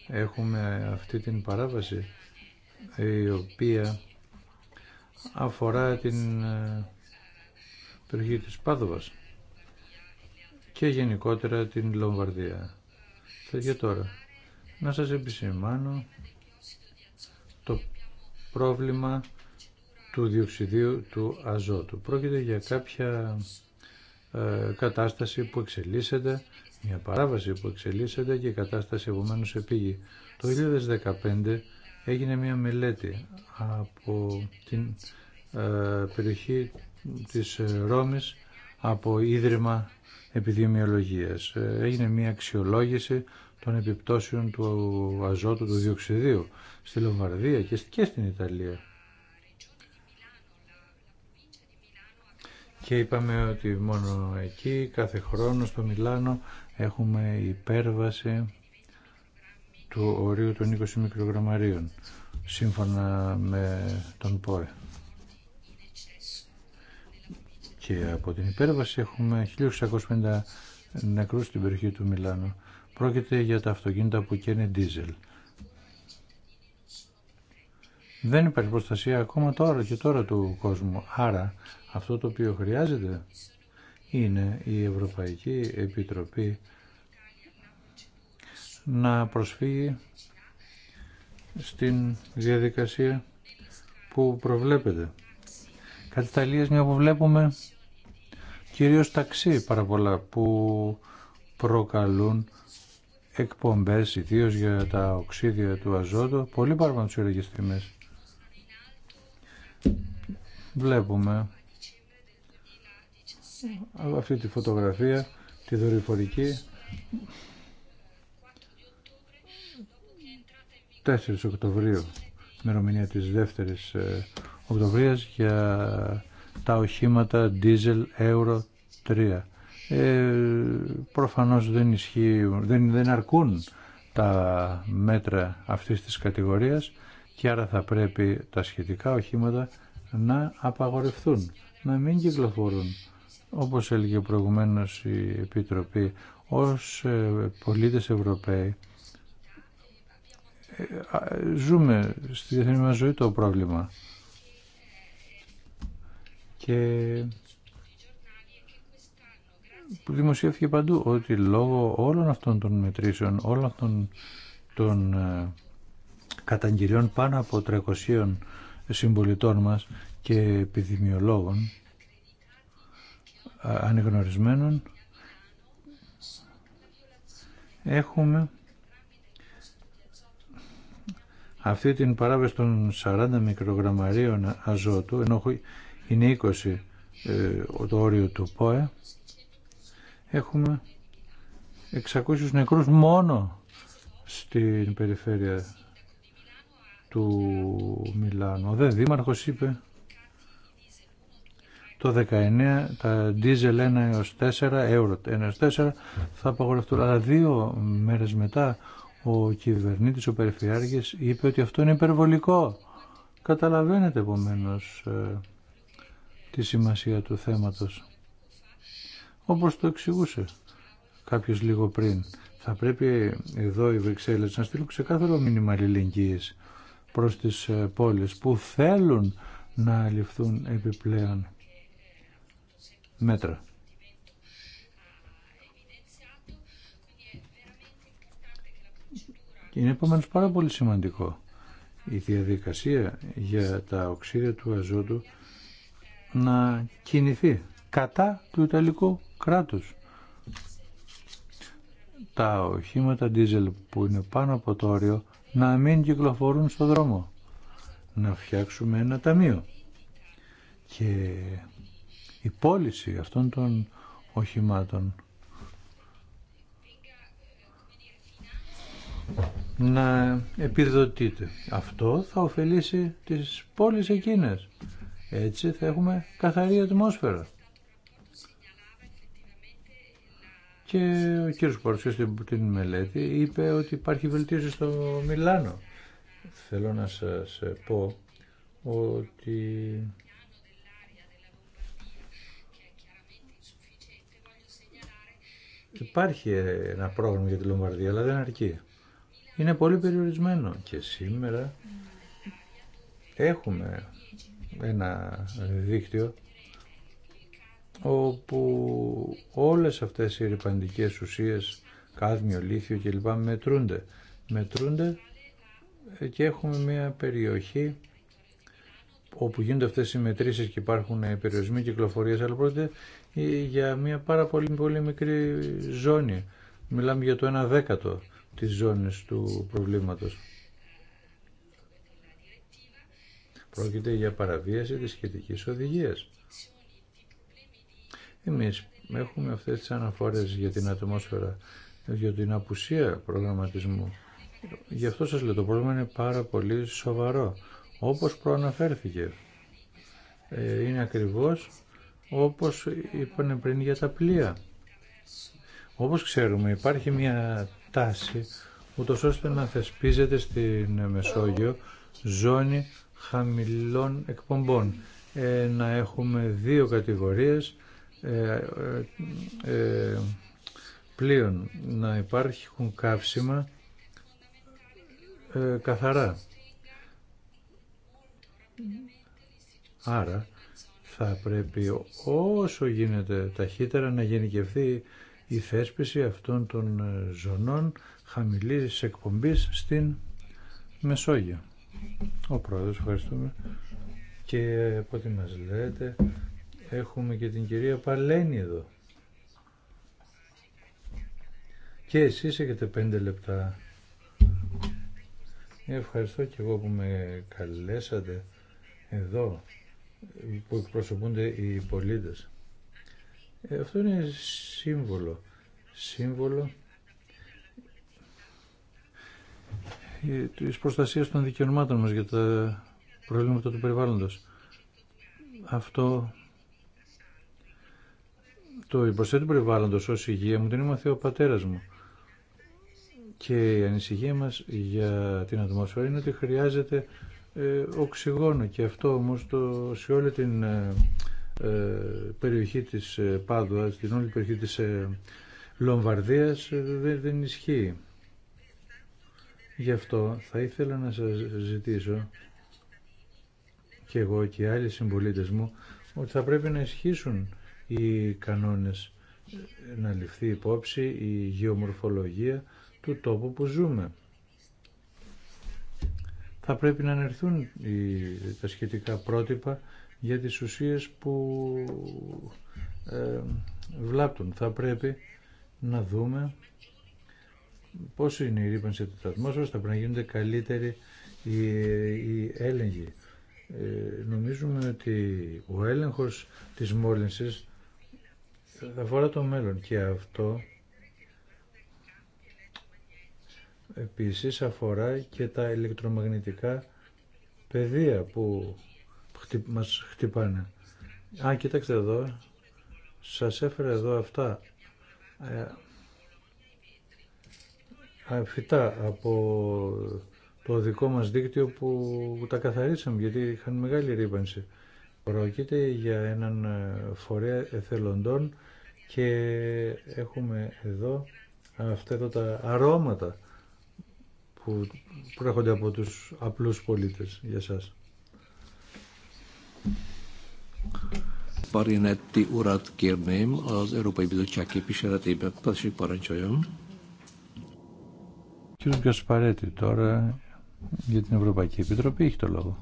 έχουμε αυτή την παράβαση η οποία αφορά την ε, περιοχή της Πάδοβας και γενικότερα την Λομβαρδία. Και τώρα, να σας επισημάνω το πρόβλημα του διοξιδίου του αζότου. Πρόκειται για κάποια ε, κατάσταση που εξελίσσεται, μια παράβαση που εξελίσσεται και η κατάσταση επομένω επήγει. Το 2015 έγινε μια μελέτη από την ε, περιοχή της ε, Ρώμης από Ίδρυμα Επιδημιολογίας. Έγινε μια αξιολόγηση των επιπτώσεων του αζότου του διοξιδίου στη Λομβαρδία και στην Ιταλία. και είπαμε ότι μόνο εκεί κάθε χρόνο στο Μιλάνο έχουμε υπέρβαση του ορίου των 20 μικρογραμμαρίων σύμφωνα με τον ΠΟΕ. Και από την υπέρβαση έχουμε 1650 νεκρούς στην περιοχή του Μιλάνου. Πρόκειται για τα αυτοκίνητα που καίνε ντίζελ. Δεν υπάρχει προστασία ακόμα τώρα και τώρα του κόσμου. Άρα αυτό το οποίο χρειάζεται είναι η Ευρωπαϊκή Επιτροπή να προσφύγει στην διαδικασία που προβλέπεται. Κατ' τα μια που βλέπουμε κυρίως ταξί πάρα πολλά που προκαλούν εκπομπές ιδίω για τα οξύδια του αζότου πολύ παραπάνω τις Βλέπουμε αυτή τη φωτογραφία, τη δορυφορική. 4 Οκτωβρίου, ημερομηνία της δεύτερης ε, Οκτωβρίας για τα οχήματα diesel Euro 3. Ε, προφανώς δεν ισχύουν, δεν, δεν αρκούν τα μέτρα αυτής της κατηγορίας και άρα θα πρέπει τα σχετικά οχήματα να απαγορευτούν, να μην κυκλοφορούν όπως έλεγε προηγουμένως η Επιτροπή, ως ε, πολίτες Ευρωπαίοι ε, ζούμε στη διεθνή μας ζωή το πρόβλημα. Και δημοσιεύθηκε παντού ότι λόγω όλων αυτών των μετρήσεων, όλων αυτών των ε, καταγγελιών πάνω από 300 συμπολιτών μας και επιδημιολόγων ανεγνωρισμένων έχουμε αυτή την παράβαση των 40 μικρογραμμαρίων αζότου ενώ είναι 20 ε, το όριο του ΠΟΕ έχουμε 600 νεκρούς μόνο στην περιφέρεια του Μιλάνου. Ο δε δήμαρχος είπε το 19 τα diesel 1 έως 4, έω θα απαγορευτούν. Αλλά δύο μέρες μετά ο κυβερνήτης, ο Περιφερειάρχης είπε ότι αυτό είναι υπερβολικό. Καταλαβαίνετε επομένω ε, τη σημασία του θέματος. Όπως το εξηγούσε κάποιος λίγο πριν. Θα πρέπει εδώ οι Βρυξέλλες να στείλουν ξεκάθαρο μήνυμα αλληλεγγύης προς τις ε, πόλεις που θέλουν να ληφθούν επιπλέον μέτρα. είναι επομένως πάρα πολύ σημαντικό η διαδικασία για τα οξύδια του αζότου να κινηθεί κατά του Ιταλικού κράτους. Τα οχήματα diesel που είναι πάνω από το όριο να μην κυκλοφορούν στο δρόμο. Να φτιάξουμε ένα ταμείο. Και η πώληση αυτών των οχημάτων. να επιδοτείται. Αυτό θα ωφελήσει τις πόλεις εκείνες. Έτσι θα έχουμε καθαρή ατμόσφαιρα. Και ο κύριος Παρουσίας την μελέτη είπε ότι υπάρχει βελτίωση στο Μιλάνο. Θέλω να σας πω ότι Υπάρχει ένα πρόγραμμα για τη Λομβαρδία, αλλά δεν αρκεί. Είναι πολύ περιορισμένο και σήμερα έχουμε ένα δίκτυο όπου όλες αυτές οι ρηπαντικές ουσίες, κάδμιο, λίθιο κλπ. μετρούνται. Μετρούνται και έχουμε μια περιοχή όπου γίνονται αυτές οι μετρήσεις και υπάρχουν περιορισμοί κυκλοφορίας, αλλά πρόκειται για μια πάρα πολύ, μικρή ζώνη. Μιλάμε για το ένα δέκατο της ζώνης του προβλήματος. Πρόκειται για παραβίαση της σχετικής οδηγίας. Εμείς έχουμε αυτές τις αναφορές για την ατμόσφαιρα, για την απουσία προγραμματισμού. Γι' αυτό σας λέω, το πρόβλημα είναι πάρα πολύ σοβαρό. Όπως προαναφέρθηκε, ε, είναι ακριβώς όπως είπανε πριν για τα πλοία. Όπως ξέρουμε υπάρχει μια τάση ούτως ώστε να θεσπίζεται στην Μεσόγειο ζώνη χαμηλών εκπομπών. Ε, να έχουμε δύο κατηγορίες ε, ε, ε πλοίων. Να υπάρχουν καύσιμα ε, καθαρά. Άρα θα πρέπει όσο γίνεται ταχύτερα να γενικευθεί η θέσπιση αυτών των ε, ζωνών χαμηλής εκπομπής στην Μεσόγειο. Ο Πρόεδρος, ευχαριστούμε. Και από ό,τι μας λέτε, έχουμε και την κυρία Παλένη εδώ. Και εσείς έχετε πέντε λεπτά. Ευχαριστώ και εγώ που με καλέσατε εδώ που εκπροσωπούνται οι πολίτες. Ε, αυτό είναι σύμβολο. Σύμβολο ε, της προστασίας των δικαιωμάτων μας για τα προβλήματα του περιβάλλοντος. Αυτό το υποστέ του περιβάλλοντος ως υγεία μου την είμαι ο πατέρας μου. Και η ανησυχία μας για την ατμόσφαιρα είναι ότι χρειάζεται ε, οξυγόνο και αυτό όμως το, σε όλη την ε, ε, περιοχή της Πάδουα, στην όλη περιοχή της Λομβαρδίας δεν, δεν ισχύει. Γι' αυτό θα ήθελα να σας ζητήσω και εγώ και άλλοι συμπολίτες μου ότι θα πρέπει να ισχύσουν οι κανόνες να ληφθεί υπόψη η γεωμορφολογία του τόπου που ζούμε θα πρέπει να ανερθούν τα σχετικά πρότυπα για τις ουσίες που ε, βλάπτουν. Θα πρέπει να δούμε πώς είναι η ρήπανση του ατμόσφαιρας, θα πρέπει να γίνονται καλύτεροι οι, έλεγχοι. Ε, νομίζουμε ότι ο έλεγχος της μόλυνσης αφορά το μέλλον και αυτό επίσης αφορά και τα ηλεκτρομαγνητικά πεδία που μας χτυπάνε. Α, κοιτάξτε εδώ, σας έφερα εδώ αυτά. Ε, Φυτά από το δικό μας δίκτυο που τα καθαρίσαμε γιατί είχαν μεγάλη ρήπανση. Πρόκειται για έναν ε, φορέα εθελοντών και έχουμε εδώ αυτά τα αρώματα που προέρχονται από τους απλούς πολίτες για σας. Barinetti urat kérném az Európai Bizottság képviseletébe. Tessék, parancsoljon. Κύριος Γκασπαρέτη τώρα για την Ευρωπαϊκή Επιτροπή έχει το λόγο.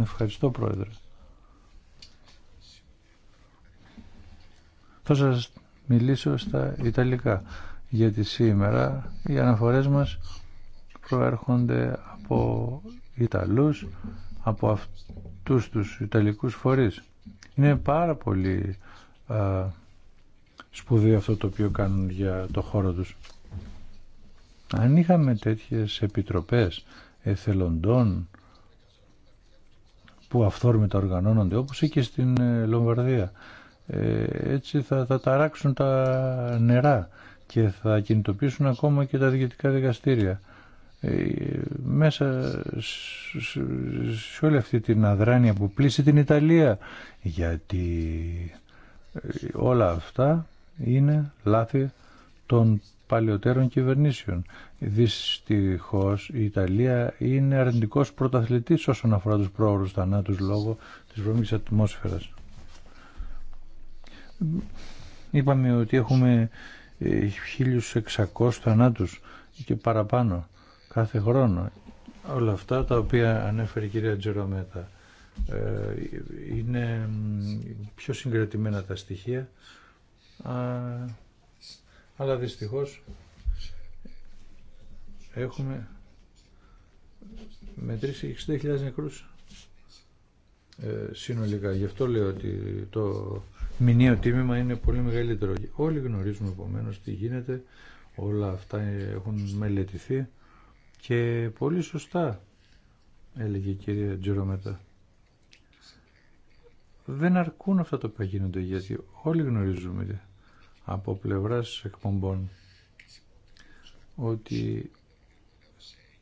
Ευχαριστώ Πρόεδρε. Θα σας μιλήσω στα Ιταλικά γιατί σήμερα οι αναφορές μας προέρχονται από Ιταλούς, από αυτούς τους Ιταλικούς φορείς. Είναι πάρα πολύ α, σπουδαίο αυτό το οποίο κάνουν για το χώρο τους. Αν είχαμε τέτοιες επιτροπές εθελοντών που αυθόρμητα οργανώνονται, όπως και στην ε, Λομβαρδία, ε, έτσι θα, θα ταράξουν τα νερά και θα κινητοποιήσουν ακόμα και τα διοικητικά δικαστήρια. Ε, μέσα σε όλη αυτή την αδράνεια που πλήσει την Ιταλία γιατί ε, όλα αυτά είναι λάθη των παλαιότερων κυβερνήσεων. Δυστυχώς η Ιταλία είναι αρνητικός πρωταθλητής όσον αφορά τους πρόορους θανάτους λόγω της βρωμικής ατμόσφαιρας. Είπαμε ότι έχουμε 1.600 θανάτους και παραπάνω κάθε χρόνο. Όλα αυτά τα οποία ανέφερε η κυρία Τζερομέτα ε, είναι πιο συγκρατημένα τα στοιχεία αλλά δυστυχώς έχουμε μετρήσει 60.000 νεκρούς ε, συνολικά. Γι' αυτό λέω ότι το Μηνύο τίμημα είναι πολύ μεγαλύτερο. Όλοι γνωρίζουμε επομένω τι γίνεται, όλα αυτά έχουν μελετηθεί και πολύ σωστά έλεγε η κυρία Τζιρομέτα. Δεν αρκούν αυτά τα οποία γίνονται γιατί όλοι γνωρίζουμε από πλευράς εκπομπών ότι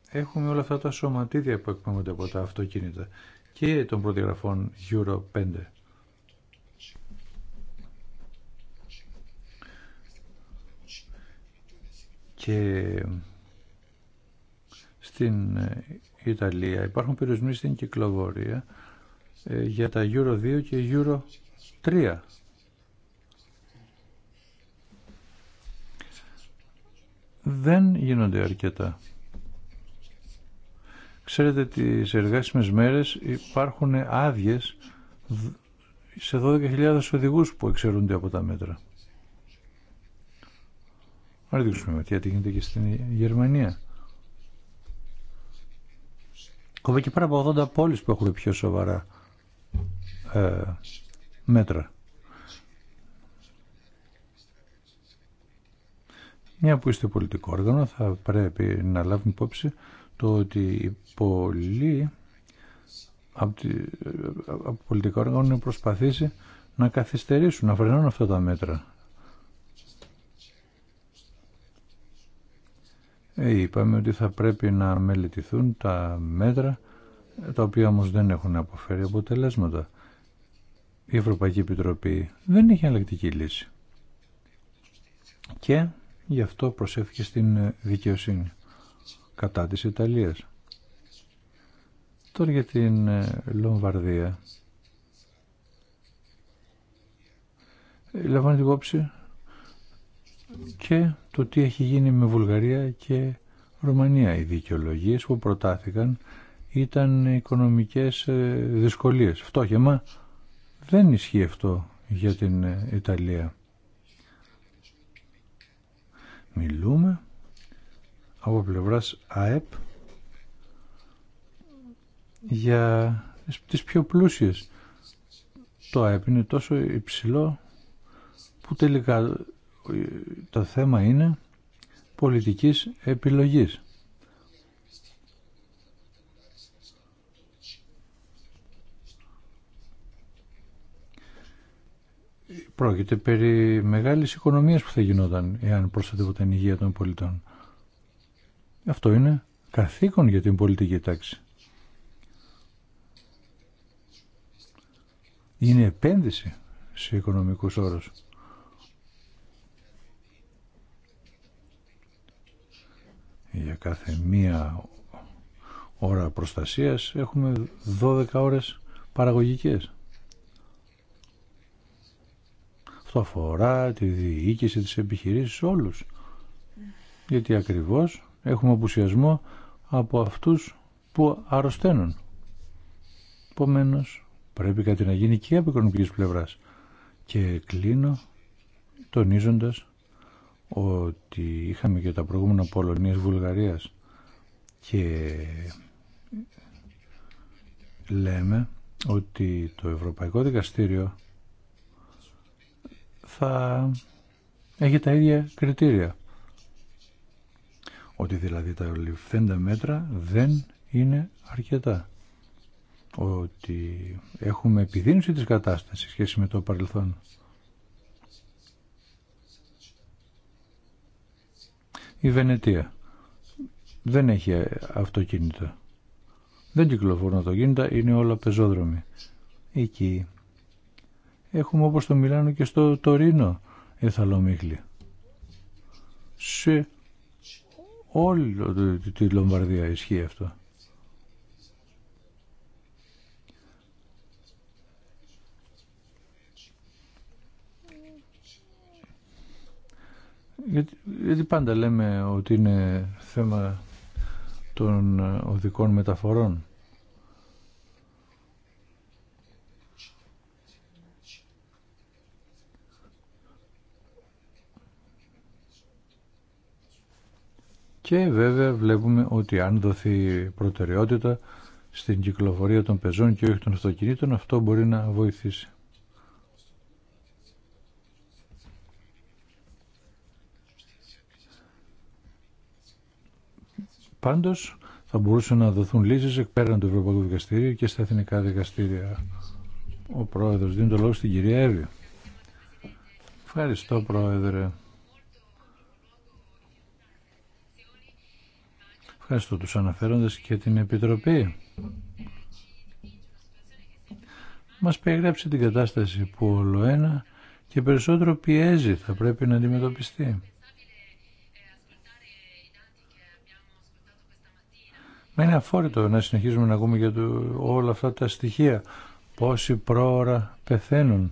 έχουμε όλα αυτά τα σωματίδια που εκπέμπονται από τα αυτοκίνητα και των προδιαγραφών Euro 5. και στην Ιταλία υπάρχουν περιορισμοί στην κυκλοφορία ε, για τα Euro 2 και Euro 3. Δεν γίνονται αρκετά. Ξέρετε τις εργάσιμες μέρες υπάρχουν άδειες σε 12.000 οδηγούς που εξαιρούνται από τα μέτρα να δείξουμε τι γίνεται και στην Γερμανία. Ακόμα και πέρα από 80 πόλεις που έχουν πιο σοβαρά ε, μέτρα. Μια που είστε πολιτικό όργανο θα πρέπει να λάβουμε υπόψη το ότι οι πολλοί από, τη, ε, από όργανο προσπαθήσει να καθυστερήσουν, να φρενώνουν αυτά τα μέτρα. Ε, είπαμε ότι θα πρέπει να μελετηθούν τα μέτρα τα οποία όμως δεν έχουν αποφέρει αποτελέσματα. Η Ευρωπαϊκή Επιτροπή δεν είχε αλλακτική λύση. Και γι' αυτό προσέφηκε στην δικαιοσύνη κατά της Ιταλίας. Τώρα για την ε, Λομβαρδία. Ε, Λαμβάνει την υπόψη και το τι έχει γίνει με Βουλγαρία και Ρουμανία. Οι δικαιολογίε που προτάθηκαν ήταν οικονομικές ε, δυσκολίες. Φτώχεμα δεν ισχύει αυτό για την ε, Ιταλία. Μιλούμε από πλευράς ΑΕΠ για τις πιο πλούσιες. Το ΑΕΠ είναι τόσο υψηλό που τελικά το θέμα είναι πολιτικής επιλογής. Πρόκειται περί μεγάλης οικονομίας που θα γινόταν εάν προστατεύονταν η υγεία των πολιτών. Αυτό είναι καθήκον για την πολιτική τάξη. Είναι επένδυση σε οικονομικούς όρους. για κάθε μία ώρα προστασίας έχουμε 12 ώρες παραγωγικές. Αυτό αφορά τη διοίκηση της επιχειρήσης όλους. Γιατί ακριβώς έχουμε απουσιασμό από αυτούς που αρρωσταίνουν. Επομένω, πρέπει κάτι να γίνει και από οικονομικής πλευράς. Και κλείνω τονίζοντας ότι είχαμε και τα προηγούμενα Πολωνίας Βουλγαρίας και λέμε ότι το Ευρωπαϊκό Δικαστήριο θα έχει τα ίδια κριτήρια. Ότι δηλαδή τα ληφθέντα μέτρα δεν είναι αρκετά. Ότι έχουμε επιδείνωση της κατάστασης σχέση με το παρελθόν. η Βενετία. Δεν έχει αυτοκίνητα. Δεν κυκλοφορούν αυτοκίνητα, είναι όλα πεζόδρομοι. Εκεί. Έχουμε όπως στο Μιλάνο και στο Τωρίνο εθαλομίχλη. Σε όλη τη Λομβαρδία ισχύει αυτό. Γιατί, πάντα λέμε ότι είναι θέμα των οδικών μεταφορών. Και βέβαια βλέπουμε ότι αν δοθεί προτεραιότητα στην κυκλοφορία των πεζών και όχι των αυτοκινήτων, αυτό μπορεί να βοηθήσει. Πάντω θα μπορούσαν να δοθούν λύσεις εκ πέραν του Ευρωπαϊκού Δικαστηρίου και στα εθνικά δικαστήρια. Ο Πρόεδρος δίνει το λόγο στην κυρία Εύη. Ευχαριστώ Πρόεδρε. Ευχαριστώ τους αναφέροντες και την Επιτροπή. Μας περιγράψει την κατάσταση που όλο ένα και περισσότερο πιέζει θα πρέπει να αντιμετωπιστεί. είναι αφόρητο να συνεχίζουμε να ακούμε για το, όλα αυτά τα στοιχεία. Πόσοι πρόωρα πεθαίνουν.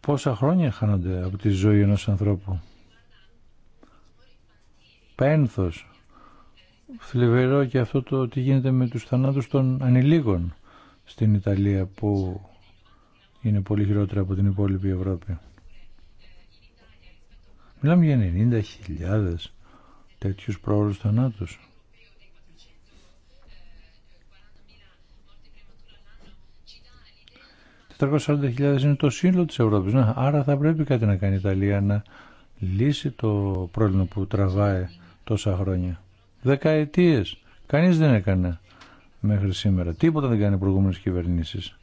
Πόσα χρόνια χάνονται από τη ζωή ενός ανθρώπου. Πένθος. Θλιβερό και αυτό το τι γίνεται με τους θανάτους των ανηλίκων στην Ιταλία που είναι πολύ χειρότερα από την υπόλοιπη Ευρώπη. Μιλάμε για 90.000 τέτοιους πρόορους θανάτους. 440.000 είναι το σύνολο της Ευρώπης. άρα θα πρέπει κάτι να κάνει η Ιταλία να λύσει το πρόβλημα που τραβάει τόσα χρόνια. Δεκαετίες. Κανείς δεν έκανε μέχρι σήμερα. Τίποτα δεν κάνει οι προηγούμενες κυβερνήσεις.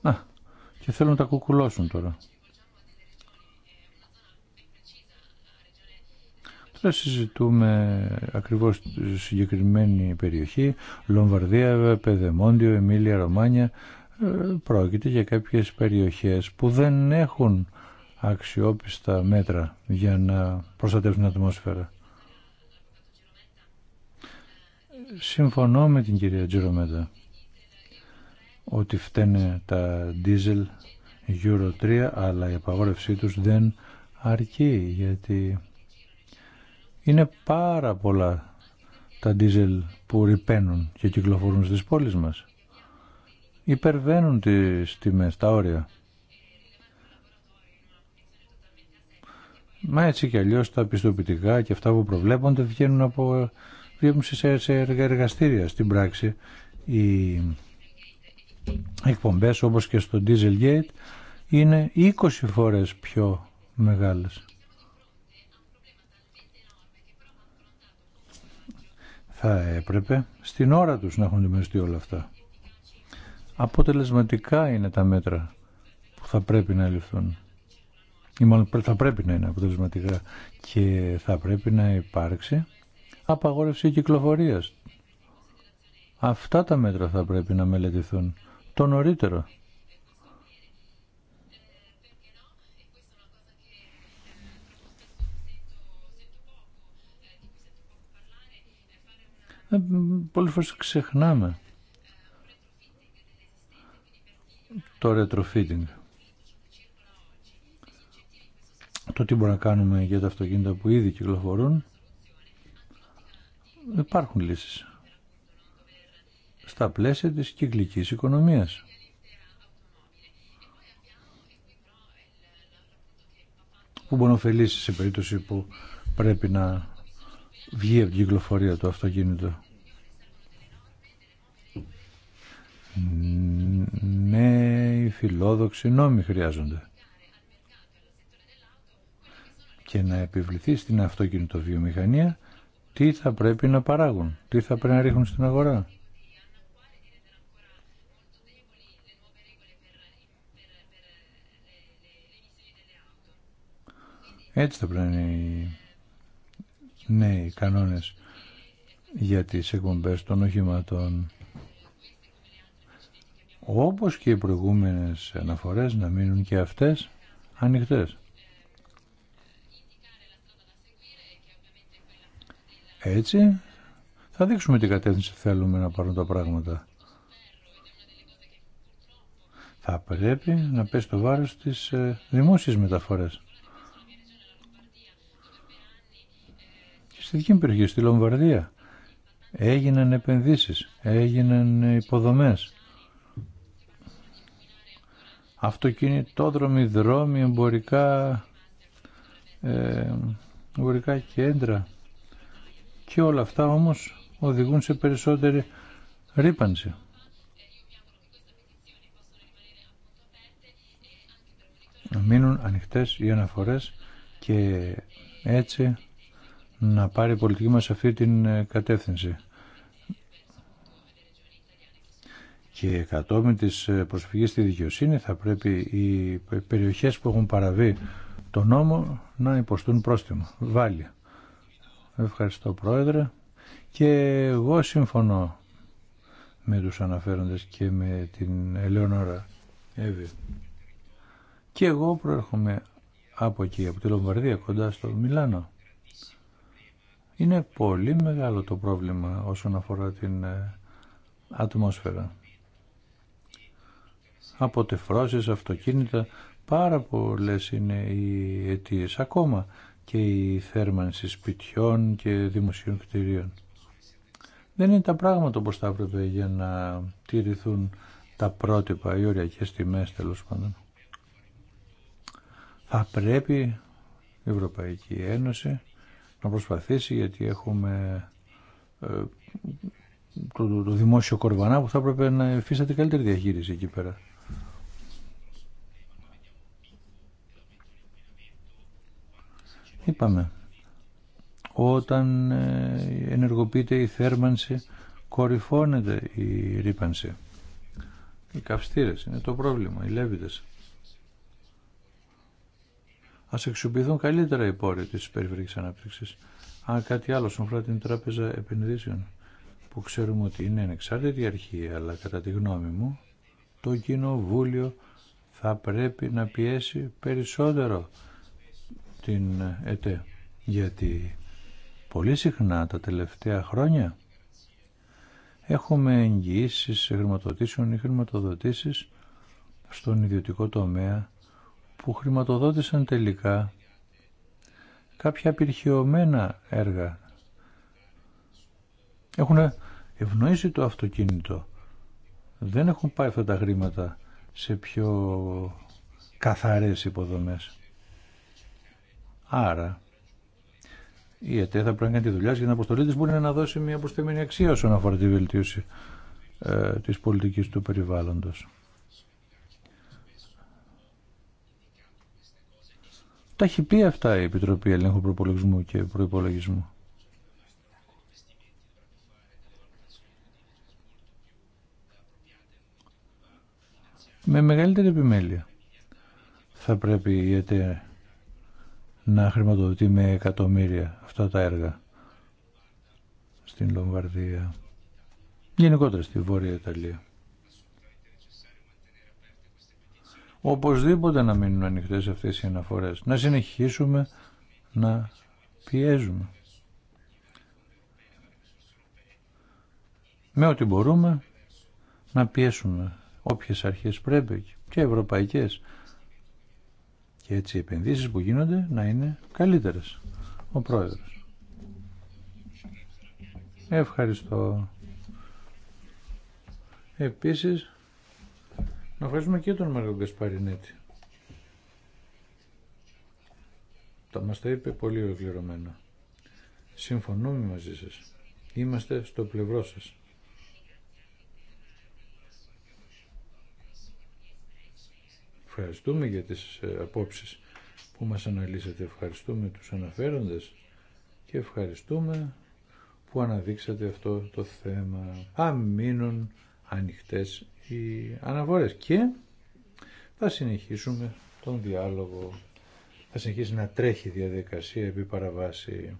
Να, και θέλουν να τα κουκουλώσουν τώρα. να συζητούμε ακριβώς τη συγκεκριμένη περιοχή, Λομβαρδία, Πεδεμόντιο, Εμίλια, Ρωμάνια, ε, πρόκειται για κάποιες περιοχές που δεν έχουν αξιόπιστα μέτρα για να προστατεύσουν την ατμόσφαιρα. Συμφωνώ με την κυρία Τζιρομέτα ότι φταίνε τα diesel Euro 3 αλλά η απαγόρευσή τους δεν αρκεί γιατί είναι πάρα πολλά τα ντίζελ που ρηπαίνουν και κυκλοφορούν στις πόλεις μας. Υπερβαίνουν τις τιμές, τα όρια. Μα έτσι κι αλλιώς τα πιστοποιητικά και αυτά που προβλέπονται βγαίνουν από βγαίνουν σε εργαστήρια στην πράξη. Οι εκπομπές όπως και στο Dieselgate είναι 20 φορές πιο μεγάλες. θα έπρεπε στην ώρα τους να έχουν δημιουργηθεί όλα αυτά. Αποτελεσματικά είναι τα μέτρα που θα πρέπει να ληφθούν. Ή μάλλον θα πρέπει να είναι αποτελεσματικά και θα πρέπει να υπάρξει απαγόρευση κυκλοφορίας. Αυτά τα μέτρα θα πρέπει να μελετηθούν το νωρίτερο. Ε, πολλές φορές ξεχνάμε το retrofitting. Το τι μπορούμε να κάνουμε για τα αυτοκίνητα που ήδη κυκλοφορούν. Υπάρχουν λύσεις. Στα πλαίσια της κυκλικής οικονομίας. Που μπορεί να ωφελήσει σε περίπτωση που πρέπει να βγει από την κυκλοφορία το αυτοκίνητο. Ναι, οι φιλόδοξοι νόμοι χρειάζονται. Και να επιβληθεί στην βιομηχανία τι θα πρέπει να παράγουν, τι θα πρέπει να ρίχνουν στην αγορά. Έτσι θα πρέπει να είναι ναι, οι κανόνες για τις εκπομπές των οχηματών. Όπως και οι προηγούμενες αναφορές να μείνουν και αυτές ανοιχτές. Έτσι θα δείξουμε τι κατεύθυνση θέλουμε να πάρουν τα πράγματα. Θα πρέπει να πέσει το βάρος της ε, δημόσιας μεταφορές. στη δική μου περιοχή, στη Λομβαρδία. Έγιναν επενδύσεις, έγιναν υποδομές. Αυτοκινητόδρομοι, δρόμοι, εμπορικά, ε, εμπορικά κέντρα. Και όλα αυτά όμως οδηγούν σε περισσότερη ρήπανση. Να μείνουν ανοιχτές οι αναφορές και έτσι να πάρει η πολιτική μας αυτή την ε, κατεύθυνση. Και κατόπιν της ε, προσφυγής στη δικαιοσύνη θα πρέπει οι περιοχές που έχουν παραβεί το νόμο να υποστούν πρόστιμο. Βάλει. Ευχαριστώ Πρόεδρε. Και εγώ συμφωνώ με τους αναφέροντες και με την Ελεονόρα Εύη. Και εγώ προέρχομαι από εκεί, από τη Λομβαρδία, κοντά στο Μιλάνο. Είναι πολύ μεγάλο το πρόβλημα όσον αφορά την ε, ατμόσφαιρα. Από τεφρώσεις, αυτοκίνητα, πάρα πολλές είναι οι αιτίες. Ακόμα και η θέρμανση σπιτιών και δημοσίων κτηρίων. Δεν είναι τα πράγματα όπως θα έπρεπε για να τηρηθούν τα πρότυπα, οι οριακές τιμές τέλος πάντων. Θα πρέπει η Ευρωπαϊκή Ένωση να προσπαθήσει γιατί έχουμε ε, το, το, δημόσιο κορβανά που θα έπρεπε να εφίσταται καλύτερη διαχείριση εκεί πέρα. Είπαμε, όταν ε, ενεργοποιείται η θέρμανση, κορυφώνεται η ρήπανση. Οι καυστήρες είναι το πρόβλημα, οι λέβητες. Α αξιοποιηθούν καλύτερα οι πόροι τη περιφερειακή ανάπτυξης. Αν κάτι άλλο, στον την Τράπεζα Επενδύσεων, που ξέρουμε ότι είναι ανεξάρτητη αρχή, αλλά κατά τη γνώμη μου, το Κοινοβούλιο θα πρέπει να πιέσει περισσότερο την ΕΤΕ. Γιατί πολύ συχνά τα τελευταία χρόνια έχουμε εγγυήσεις χρηματοδοτήσεων ή χρηματοδοτήσεις στον ιδιωτικό τομέα που χρηματοδότησαν τελικά κάποια απειρχαιωμένα έργα. Έχουν ευνοήσει το αυτοκίνητο. Δεν έχουν πάει αυτά τα χρήματα σε πιο καθαρές υποδομές. Άρα, η ΕΤΕ θα πρέπει να κάνει τη δουλειά για την αποστολή της μπορεί να δώσει μια προσθεμένη αξία όσον αφορά τη βελτίωση ε, της πολιτικής του περιβάλλοντος. τα έχει πει αυτά η Επιτροπή Ελέγχου Προπολογισμού και Προϋπολογισμού. Με μεγαλύτερη επιμέλεια θα πρέπει η ΕΤΕ να χρηματοδοτεί με εκατομμύρια αυτά τα έργα στην Λομβαρδία. Γενικότερα στη Βόρεια Ιταλία. Οπωσδήποτε να μείνουν ανοιχτές αυτέ οι αναφορές. Να συνεχίσουμε να πιέζουμε. Με ό,τι μπορούμε να πιέσουμε όποιες αρχές πρέπει και ευρωπαϊκές. Και έτσι οι επενδύσεις που γίνονται να είναι καλύτερες. Ο Πρόεδρος. Ευχαριστώ. Επίσης, να ευχαριστούμε και τον Μάριο Γκασπαρινέτη. Τα μας τα είπε πολύ ολοκληρωμένα. Συμφωνούμε μαζί σας. Είμαστε στο πλευρό σας. Ευχαριστούμε για τις ε, απόψεις που μας αναλύσατε. Ευχαριστούμε τους αναφέροντες και ευχαριστούμε που αναδείξατε αυτό το θέμα. Αμήνων ανοιχτές οι αναφορές και θα συνεχίσουμε τον διάλογο θα συνεχίσει να τρέχει η διαδικασία επί παραβάση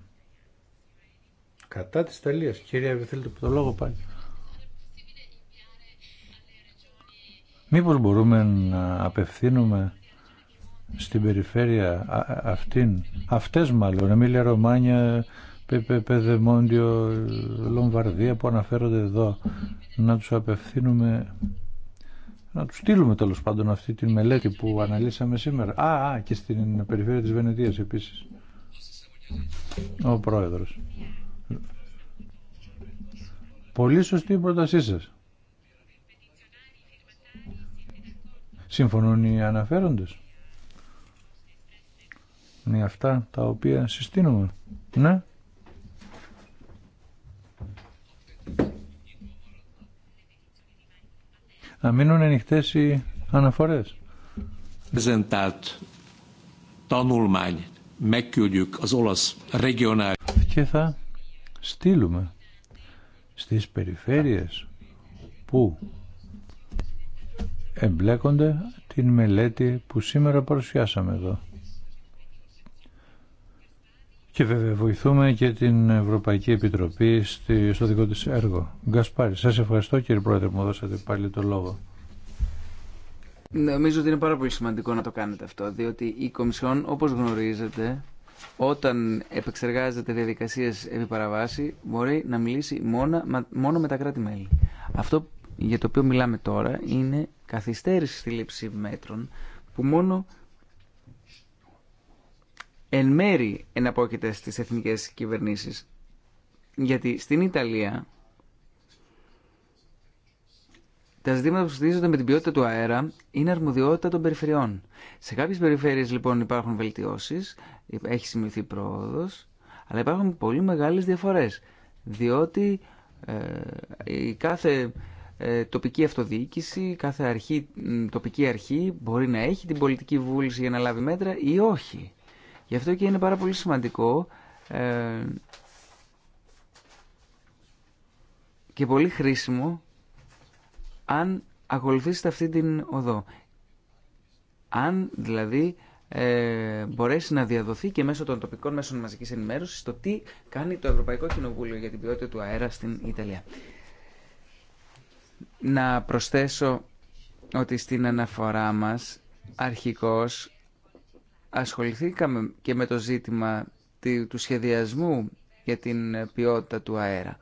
κατά της Ιταλίας κυρία θέλετε το λόγο πάλι μήπως μπορούμε να απευθύνουμε στην περιφέρεια αυτήν αυτές μάλλον Εμίλια Ρωμάνια Πεδεμόντιο Λομβαρδία που αναφέρονται εδώ να τους απευθύνουμε να τους στείλουμε τέλος πάντων αυτή τη μελέτη που αναλύσαμε σήμερα. Α, και στην περιφέρεια της Βενετίας επίσης. Ο Πρόεδρος. Πολύ σωστή η πρότασή σας. Συμφωνούν οι αναφέροντες. Με αυτά τα οποία συστήνουμε. Ναι. να μείνουν ανοιχτέ οι αναφορέ. Και θα στείλουμε στις περιφέρειες που εμπλέκονται την μελέτη που σήμερα παρουσιάσαμε εδώ. Και βέβαια βοηθούμε και την Ευρωπαϊκή Επιτροπή στο δικό της έργο. Γκασπάρη, σας ευχαριστώ κύριε Πρόεδρε που μου δώσατε πάλι το λόγο. Νομίζω ότι είναι πάρα πολύ σημαντικό να το κάνετε αυτό, διότι η Κομισιόν, όπως γνωρίζετε, όταν επεξεργάζεται διαδικασίες επί παραβάση, μπορεί να μιλήσει μόνο, μόνο με τα κράτη-μέλη. Αυτό για το οποίο μιλάμε τώρα είναι καθυστέρηση στη λήψη μέτρων που μόνο εν μέρη εναπόκειται στις εθνικές κυβερνήσεις. Γιατί στην Ιταλία τα ζητήματα που σχετίζονται με την ποιότητα του αέρα είναι αρμοδιότητα των περιφερειών. Σε κάποιες περιφέρειες λοιπόν υπάρχουν βελτιώσεις, έχει σημειωθεί πρόοδος, αλλά υπάρχουν πολύ μεγάλες διαφορές. Διότι ε, η κάθε ε, τοπική αυτοδιοίκηση, κάθε αρχή, τοπική αρχή μπορεί να έχει την πολιτική βούληση για να λάβει μέτρα ή όχι. Γι' αυτό και είναι πάρα πολύ σημαντικό ε, και πολύ χρήσιμο αν ακολουθήσετε αυτή την οδό. Αν δηλαδή ε, μπορέσει να διαδοθεί και μέσω των τοπικών μέσων μαζικής ενημέρωσης το τι κάνει το Ευρωπαϊκό Κοινοβούλιο για την ποιότητα του αέρα στην Ιταλία. Να προσθέσω ότι στην αναφορά μας αρχικώς ασχοληθήκαμε και με το ζήτημα του σχεδιασμού για την ποιότητα του αέρα.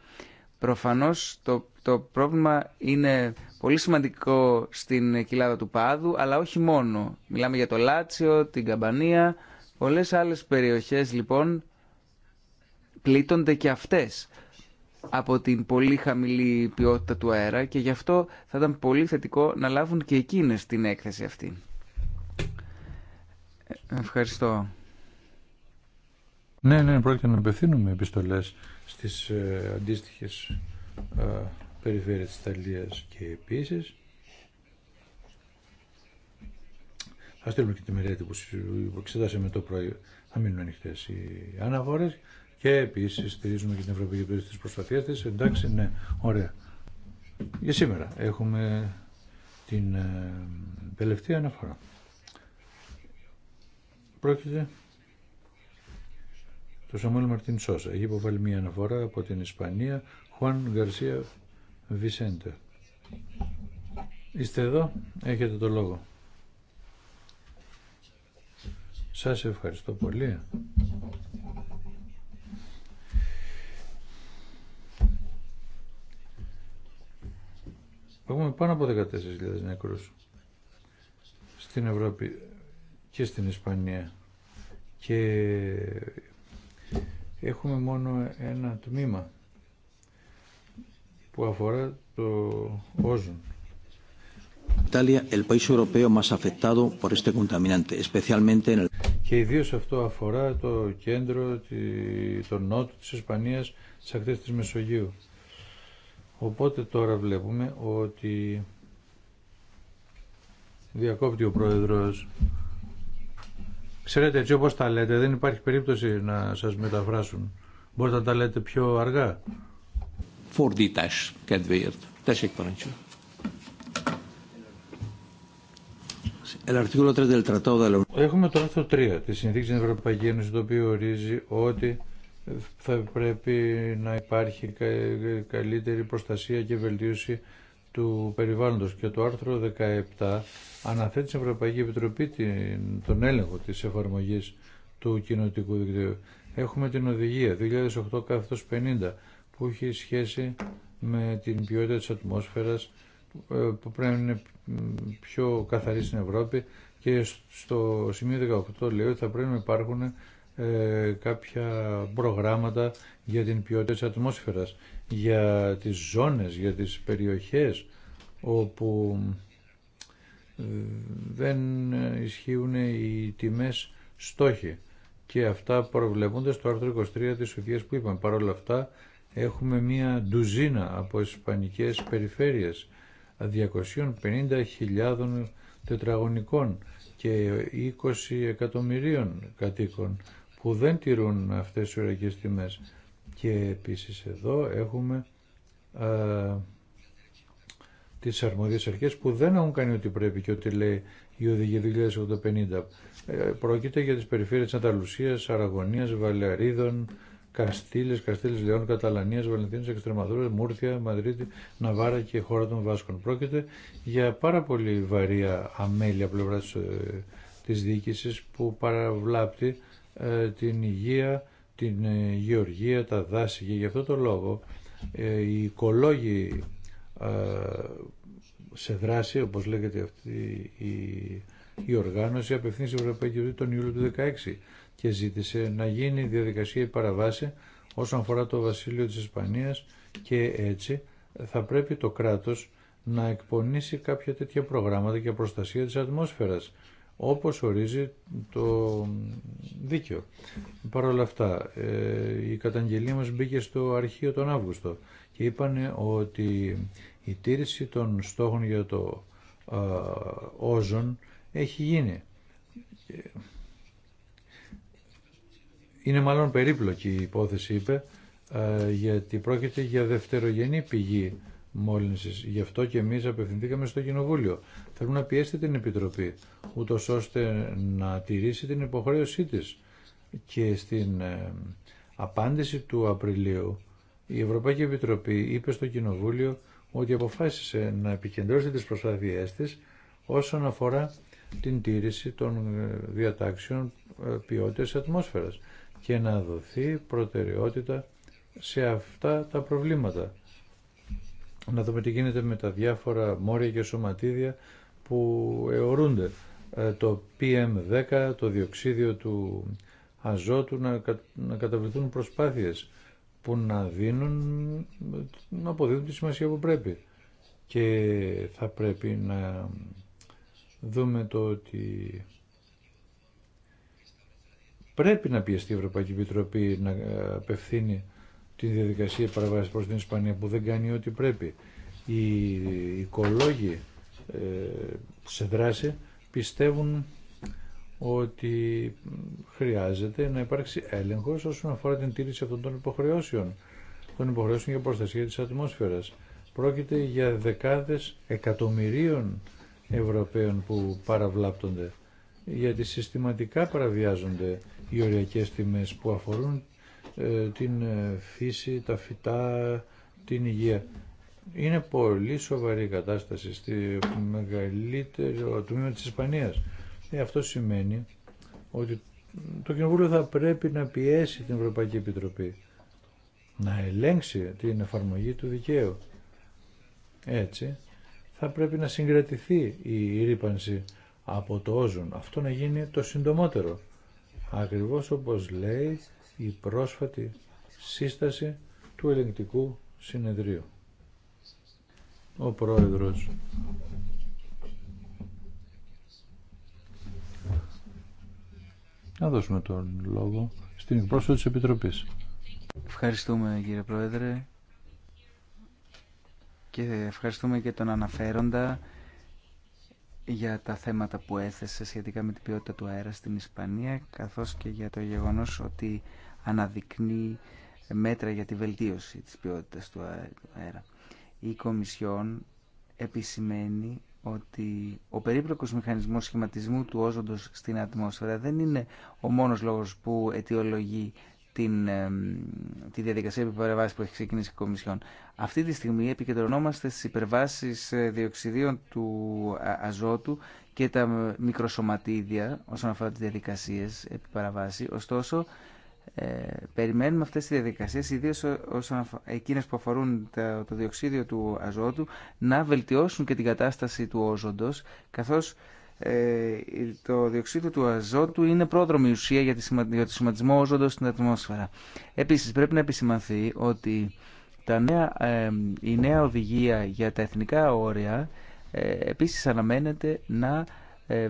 Προφανώς το, το πρόβλημα είναι πολύ σημαντικό στην κοιλάδα του Πάδου, αλλά όχι μόνο. Μιλάμε για το Λάτσιο, την Καμπανία, πολλές άλλες περιοχές λοιπόν πλήττονται και αυτές από την πολύ χαμηλή ποιότητα του αέρα και γι' αυτό θα ήταν πολύ θετικό να λάβουν και εκείνες την έκθεση αυτή. Ευχαριστώ. Ναι, ναι, πρόκειται να απευθύνουμε επιστολές στις ε, αντίστοιχες ε, περιφέρειες της και επίσης θα στείλουμε και τη μελέτη που εξετάσαμε το πρωί. Θα μείνουν ανοιχτέ οι αναφορέ και επίση στηρίζουμε και την Ευρωπαϊκή Επιτροπή στι προσπαθίε τη. Εντάξει, ναι, ωραία. Για σήμερα έχουμε την ε, τελευταία αναφορά. Πρόκειται το Σαμόλ Μαρτίν Σόσα. Έχει υποβάλει μια αναφορά από την Ισπανία. Χουάν Γκαρσία Βισέντε. Είστε εδώ, έχετε το λόγο. Σας ευχαριστώ πολύ. Έχουμε πάνω από 14.000 νεκρούς στην Ευρώπη και στην Ισπανία. Και έχουμε μόνο ένα τμήμα που αφορά το όζον. Και ιδίως αυτό αφορά το κέντρο, το νότο της Ισπανίας, τις ακτές της Μεσογείου. Οπότε τώρα βλέπουμε ότι διακόπτει ο Πρόεδρος Ξέρετε, έτσι όπως τα λέτε, δεν υπάρχει περίπτωση να σας μεταφράσουν. Μπορείτε να τα λέτε πιο αργά. Έχουμε το άρθρο 3 τη Συνθήκης της Ευρωπαϊκής Ένωσης το οποίο ορίζει ότι θα πρέπει να υπάρχει καλύτερη προστασία και βελτίωση του περιβάλλοντος και το άρθρο 17 αναθέτει στην Ευρωπαϊκή Επιτροπή την, τον έλεγχο της εφαρμογής του κοινοτικού δικτύου. Έχουμε την οδηγία 2008-50 που έχει σχέση με την ποιότητα της ατμόσφαιρας ε, που πρέπει να είναι πιο καθαρή στην Ευρώπη και στο σημείο 18 λέει ότι θα πρέπει να υπάρχουν ε, κάποια προγράμματα για την ποιότητα της ατμόσφαιρας, για τις ζώνες, για τις περιοχές όπου ε, δεν ισχύουν οι τιμές στόχοι και αυτά προβλεπούνται στο άρθρο 23 της οδηγίας που είπαμε. Παρ' όλα αυτά έχουμε μία ντουζίνα από ισπανικές περιφέρειες 250.000 τετραγωνικών και 20 εκατομμυρίων κατοίκων που δεν τηρούν αυτές οι ωρακές τιμές. Και επίσης εδώ έχουμε α, τις αρμόδιες αρχές που δεν έχουν κάνει ό,τι πρέπει και ό,τι λέει η Οδηγία 2050. Ε, πρόκειται για τις περιφέρειες Ανταλουσίας, Αραγωνίας, Βαλεαρίδων, Καστήλες, Καστήλες Λεών, Καταλανίας, Βαλεντίνη, Εξτρεμαδούρα, Μούρθια, Μαδρίτη, Ναβάρα και χώρα των Βάσκων. Πρόκειται για πάρα πολύ βαριά αμέλεια πλευρά ε, τη διοίκησης που παραβλάπτει ε, την υγεία, την ε, γεωργία, τα δάση και γι' αυτό το λόγο ε, οι οικολόγοι σε δράση, όπως λέγεται αυτή η, η οργάνωση, απευθύνει Ευρωπαϊκή τον Ιούλιο του 2016 και ζήτησε να γίνει διαδικασία παραβάση όσον αφορά το βασίλειο της Ισπανίας και έτσι θα πρέπει το κράτος να εκπονήσει κάποια τέτοια προγράμματα για προστασία της ατμόσφαιρας όπως ορίζει το δίκαιο. Παρ' όλα αυτά, ε, η καταγγελία μας μπήκε στο αρχείο τον Αύγουστο και είπαν ότι η τήρηση των στόχων για το α, όζον έχει γίνει. Είναι μάλλον περίπλοκη η υπόθεση, είπε, γιατί πρόκειται για δευτερογενή πηγή μόλυνσης. Γι' αυτό και εμείς απευθυνθήκαμε στο Κοινοβούλιο. Θέλουμε να πιέσετε την Επιτροπή, ούτω ώστε να τηρήσει την υποχρέωσή της. Και στην ε, απάντηση του Απριλίου, η Ευρωπαϊκή Επιτροπή είπε στο Κοινοβούλιο ότι αποφάσισε να επικεντρώσει τις προσπάθειές της όσον αφορά την τήρηση των ε, διατάξεων ε, ποιότητας ατμόσφαιρας και να δοθεί προτεραιότητα σε αυτά τα προβλήματα. Να δούμε τι γίνεται με τα διάφορα μόρια και σωματίδια που αιωρούνται ε, το PM10, το διοξίδιο του αζότου, να, να καταβληθούν προσπάθειες που να δίνουν, να αποδίδουν τη σημασία που πρέπει. Και θα πρέπει να δούμε το ότι πρέπει να πιεστεί η Ευρωπαϊκή Επιτροπή να απευθύνει τη διαδικασία παραβάσης προς την Ισπανία που δεν κάνει ό,τι πρέπει. Οι οικολόγοι σε δράση πιστεύουν ότι χρειάζεται να υπάρξει έλεγχος όσον αφορά την τήρηση αυτών των υποχρεώσεων των υποχρεώσεων για προστασία της ατμόσφαιρας. Πρόκειται για δεκάδες εκατομμυρίων Ευρωπαίων που παραβλάπτονται γιατί συστηματικά παραβιάζονται οι οριακές τιμές που αφορούν ε, την ε, φύση, τα φυτά, την υγεία. Είναι πολύ σοβαρή η κατάσταση στη μεγαλύτερο τμήμα της Ισπανίας. Ε, αυτό σημαίνει ότι το Κοινοβούλιο θα πρέπει να πιέσει την Ευρωπαϊκή Επιτροπή να ελέγξει την εφαρμογή του δικαίου. Έτσι, θα πρέπει να συγκρατηθεί η ρήπανση από το όζον. Αυτό να γίνει το συντομότερο. Ακριβώς όπως λέει η πρόσφατη σύσταση του ελεγκτικού συνεδρίου ο πρόεδρος. Να δώσουμε τον λόγο στην εκπρόσωπο της Επιτροπής. Ευχαριστούμε κύριε Πρόεδρε και ευχαριστούμε και τον αναφέροντα για τα θέματα που έθεσε σχετικά με την ποιότητα του αέρα στην Ισπανία καθώς και για το γεγονός ότι αναδεικνύει μέτρα για τη βελτίωση της ποιότητας του αέρα η Κομισιόν επισημαίνει ότι ο περίπλοκος μηχανισμός σχηματισμού του όζοντος στην ατμόσφαιρα δεν είναι ο μόνος λόγος που αιτιολογεί την, τη διαδικασία επιπαραβάσης που έχει ξεκινήσει η Κομισιόν. Αυτή τη στιγμή επικεντρωνόμαστε στις υπερβάσεις ε, διοξιδίων του ε, αζότου και τα ε, μικροσωματίδια όσον αφορά τις διαδικασίες επιπαραβάση. Ωστόσο, ε, περιμένουμε αυτές τις διαδικασίες, ιδίως όσον εκείνες που αφορούν το διοξίδιο του αζότου, να βελτιώσουν και την κατάσταση του όζοντος, καθώς ε, το διοξίδιο του αζότου είναι πρόδρομη ουσία για, το σχηματισμό όζοντος στην ατμόσφαιρα. Επίσης πρέπει να επισημανθεί ότι τα νέα, ε, η νέα οδηγία για τα εθνικά όρια επίσης αναμένεται να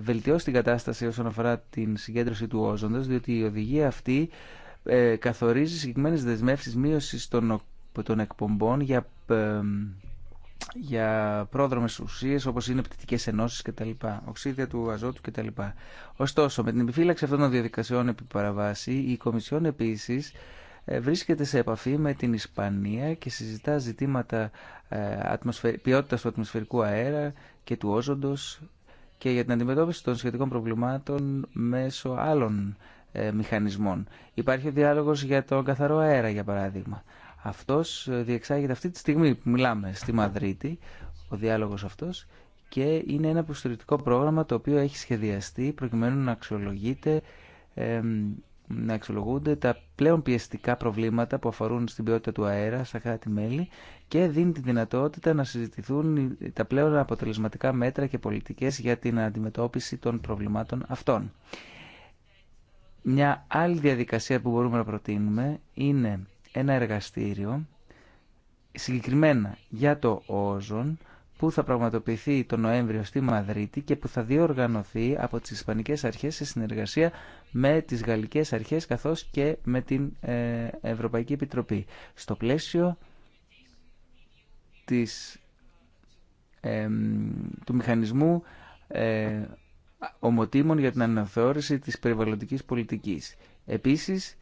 βελτιώσει την κατάσταση όσον αφορά την συγκέντρωση του όζοντος, διότι η οδηγία αυτή ε, καθορίζει συγκεκριμένε δεσμεύσει μείωση των, των εκπομπών για, ε, για πρόδρομε ουσίε όπω είναι πτυτικέ ενώσει κτλ. Οξύδια του αζότου κτλ. Ωστόσο, με την επιφύλαξη αυτών των διαδικασιών επί παραβάση, η Κομισιόν επίση ε, βρίσκεται σε επαφή με την Ισπανία και συζητά ζητήματα ε, ποιότητα του ατμοσφαιρικού αέρα και του όζοντος και για την αντιμετώπιση των σχετικών προβλημάτων μέσω άλλων ε, μηχανισμών. Υπάρχει ο διάλογος για τον καθαρό αέρα, για παράδειγμα. Αυτός ε, διεξάγεται αυτή τη στιγμή που μιλάμε στη Μαδρίτη, ο διάλογος αυτός, και είναι ένα προστηρητικό πρόγραμμα το οποίο έχει σχεδιαστεί προκειμένου να αξιολογείται να αξιολογούνται τα πλέον πιεστικά προβλήματα που αφορούν στην ποιότητα του αέρα στα κράτη-μέλη και δίνει τη δυνατότητα να συζητηθούν τα πλέον αποτελεσματικά μέτρα και πολιτικές για την αντιμετώπιση των προβλημάτων αυτών. Μια άλλη διαδικασία που μπορούμε να προτείνουμε είναι ένα εργαστήριο συγκεκριμένα για το όζον που θα πραγματοποιηθεί το Νοέμβριο στη Μαδρίτη και που θα διοργανωθεί από τις Ισπανικές Αρχές σε συνεργασία με τις Γαλλικές Αρχές καθώς και με την ε, Ευρωπαϊκή Επιτροπή. Στο πλαίσιο της, του μηχανισμού ε, ομοτήμων για την αναθεώρηση της περιβαλλοντικής πολιτικής. Επίσης,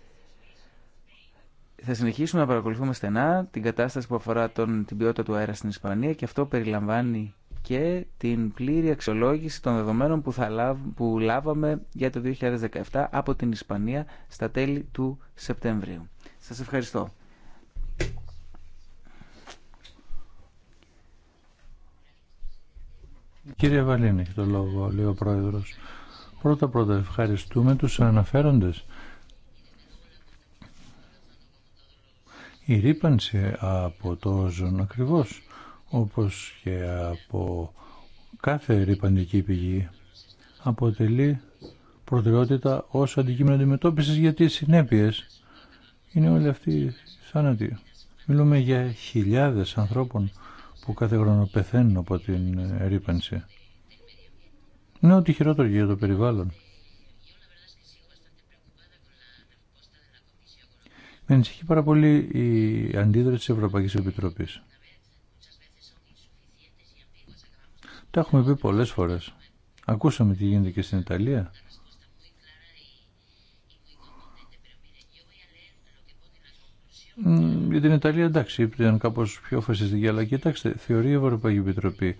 θα συνεχίσουμε να παρακολουθούμε στενά την κατάσταση που αφορά τον, την ποιότητα του αέρα στην Ισπανία και αυτό περιλαμβάνει και την πλήρη αξιολόγηση των δεδομένων που, θα λάβ, που λάβαμε για το 2017 από την Ισπανία στα τέλη του Σεπτεμβρίου. Σας ευχαριστώ. Κύριε Βαλίνη, έχει το λόγο, λέει ο Πρόεδρος. Πρώτα-πρώτα ευχαριστούμε τους αναφέροντες. Η ρήπανση από το ακριβώς, όπως και από κάθε ρηπαντική πηγή, αποτελεί προτεραιότητα ως αντικείμενο αντιμετώπισης γιατί οι συνέπειες είναι όλοι αυτοί θάνατοι. Μιλούμε για χιλιάδες ανθρώπων που κάθε χρόνο πεθαίνουν από την ρήπανση. Είναι ό,τι χειρότερο για το περιβάλλον. Με ανησυχεί πάρα πολύ η αντίδραση της Ευρωπαϊκής Επιτροπής. Τα έχουμε πει πολλές φορές. Ακούσαμε τι γίνεται και στην Ιταλία. για την Ιταλία εντάξει, ήταν κάπως πιο φασιστική, αλλά κοιτάξτε, θεωρεί η Ευρωπαϊκή Επιτροπή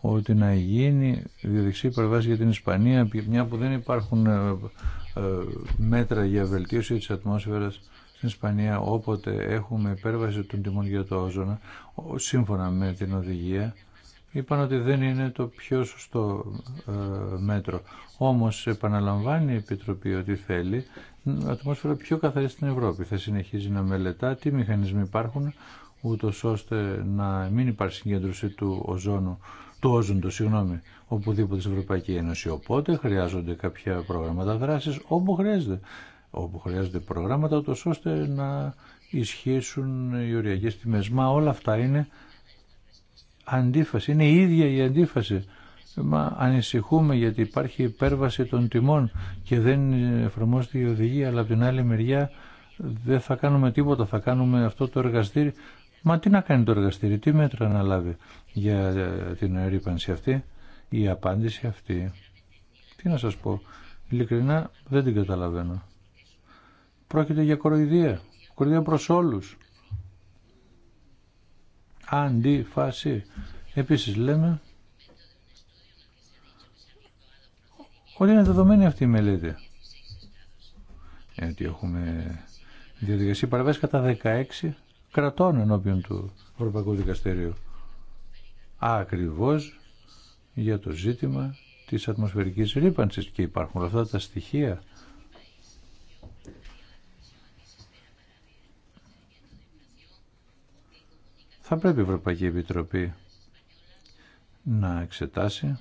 ότι να γίνει διαδικασία υπερβάση για την Ισπανία, μια που δεν υπάρχουν ε, ε, μέτρα για βελτίωση της ατμόσφαιρας στην Ισπανία, όποτε έχουμε υπέρβαση των τιμών για το όζωνα, σύμφωνα με την οδηγία, είπαν ότι δεν είναι το πιο σωστό ε, μέτρο. Όμως επαναλαμβάνει η Επιτροπή ότι θέλει ατμόσφαιρα πιο καθαρή στην Ευρώπη. Θα συνεχίζει να μελετά τι μηχανισμοί υπάρχουν ούτω ώστε να μην υπάρχει συγκέντρωση του οζόνου του όζοντο, συγγνώμη, οπουδήποτε στην Ευρωπαϊκή Ένωση. Οπότε χρειάζονται κάποια προγράμματα δράσης όπου χρειάζεται. Όπου χρειάζονται προγράμματα, ούτως ώστε να ισχύσουν οι οριακέ τιμέ. Μα όλα αυτά είναι αντίφαση, είναι η ίδια η αντίφαση. Μα ανησυχούμε γιατί υπάρχει υπέρβαση των τιμών και δεν εφαρμόζεται η οδηγία, αλλά από την άλλη μεριά δεν θα κάνουμε τίποτα, θα κάνουμε αυτό το εργαστήρι. Μα τι να κάνει το εργαστήρι, τι μέτρα να λάβει για την ρήπανση αυτή, η απάντηση αυτή. Τι να σας πω, ειλικρινά δεν την καταλαβαίνω. Πρόκειται για κοροϊδία, κοροϊδία προς όλους αντίφαση. Επίσης λέμε ότι είναι δεδομένη αυτή η μελέτη. Γιατί έχουμε διαδικασία παραβάση κατά 16 κρατών ενώπιον του Ευρωπαϊκού Δικαστηρίου. Ακριβώς για το ζήτημα της ατμοσφαιρικής ρήπανσης και υπάρχουν όλα αυτά τα στοιχεία θα πρέπει η Ευρωπαϊκή Επιτροπή να εξετάσει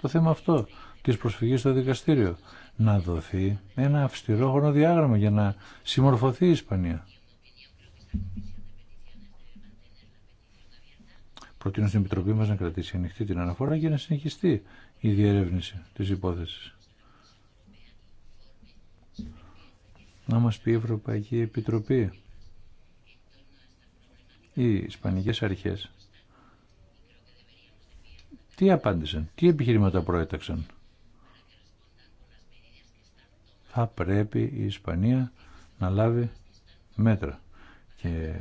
το θέμα αυτό της προσφυγής στο δικαστήριο. Να δοθεί ένα αυστηρό χρονοδιάγραμμα για να συμμορφωθεί η Ισπανία. Προτείνω στην Επιτροπή μας να κρατήσει ανοιχτή την αναφορά και να συνεχιστεί η διερεύνηση της υπόθεσης. Να μας πει η Ευρωπαϊκή Επιτροπή οι Ισπανικές αρχές τι απάντησαν, τι επιχειρήματα προέταξαν. Θα πρέπει η Ισπανία να λάβει μέτρα και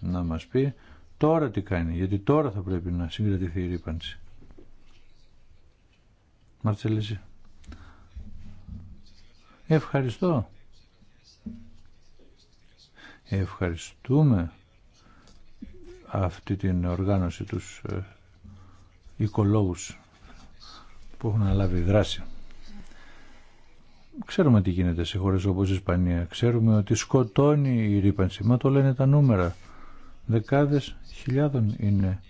να μας πει τώρα τι κάνει, γιατί τώρα θα πρέπει να συγκρατηθεί η ρήπανση. Μαρτσελίση. Ευχαριστώ. Ευχαριστούμε αυτή την οργάνωση τους ε, οικολόγους που έχουν αναλάβει δράση. Ξέρουμε τι γίνεται σε χώρες όπως η Ισπανία. Ξέρουμε ότι σκοτώνει η ρήπανση. Μα το λένε τα νούμερα. Δεκάδες χιλιάδων είναι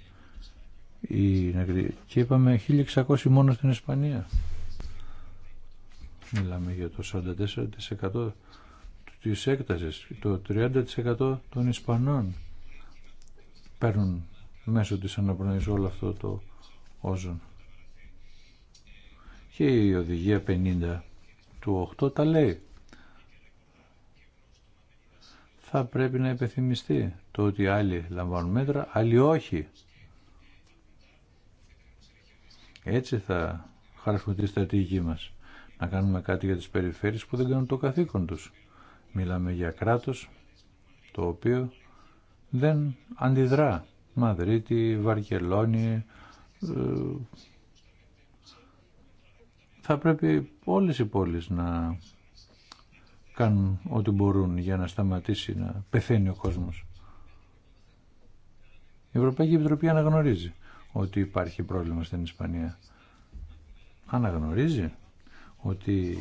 οι νεκροί. Και είπαμε 1600 μόνο στην Ισπανία. Μιλάμε για το 44% της έκτασης, το 30% των Ισπανών παίρνουν μέσω της αναπνοής όλο αυτό το όζον. Και η οδηγία 50 του 8 τα λέει. Θα πρέπει να επιθυμιστεί το ότι άλλοι λαμβάνουν μέτρα, άλλοι όχι. Έτσι θα χαρακτηριστεί τη στρατηγική μας. Να κάνουμε κάτι για τις περιφέρειες που δεν κάνουν το καθήκον τους. Μιλάμε για κράτος το οποίο δεν αντιδρά. Μαδρίτη, Βαρκελόνη, ε, θα πρέπει όλες οι πόλεις να κάνουν ό,τι μπορούν για να σταματήσει να πεθαίνει ο κόσμος. Η Ευρωπαϊκή Επιτροπή αναγνωρίζει ότι υπάρχει πρόβλημα στην Ισπανία. Αναγνωρίζει ότι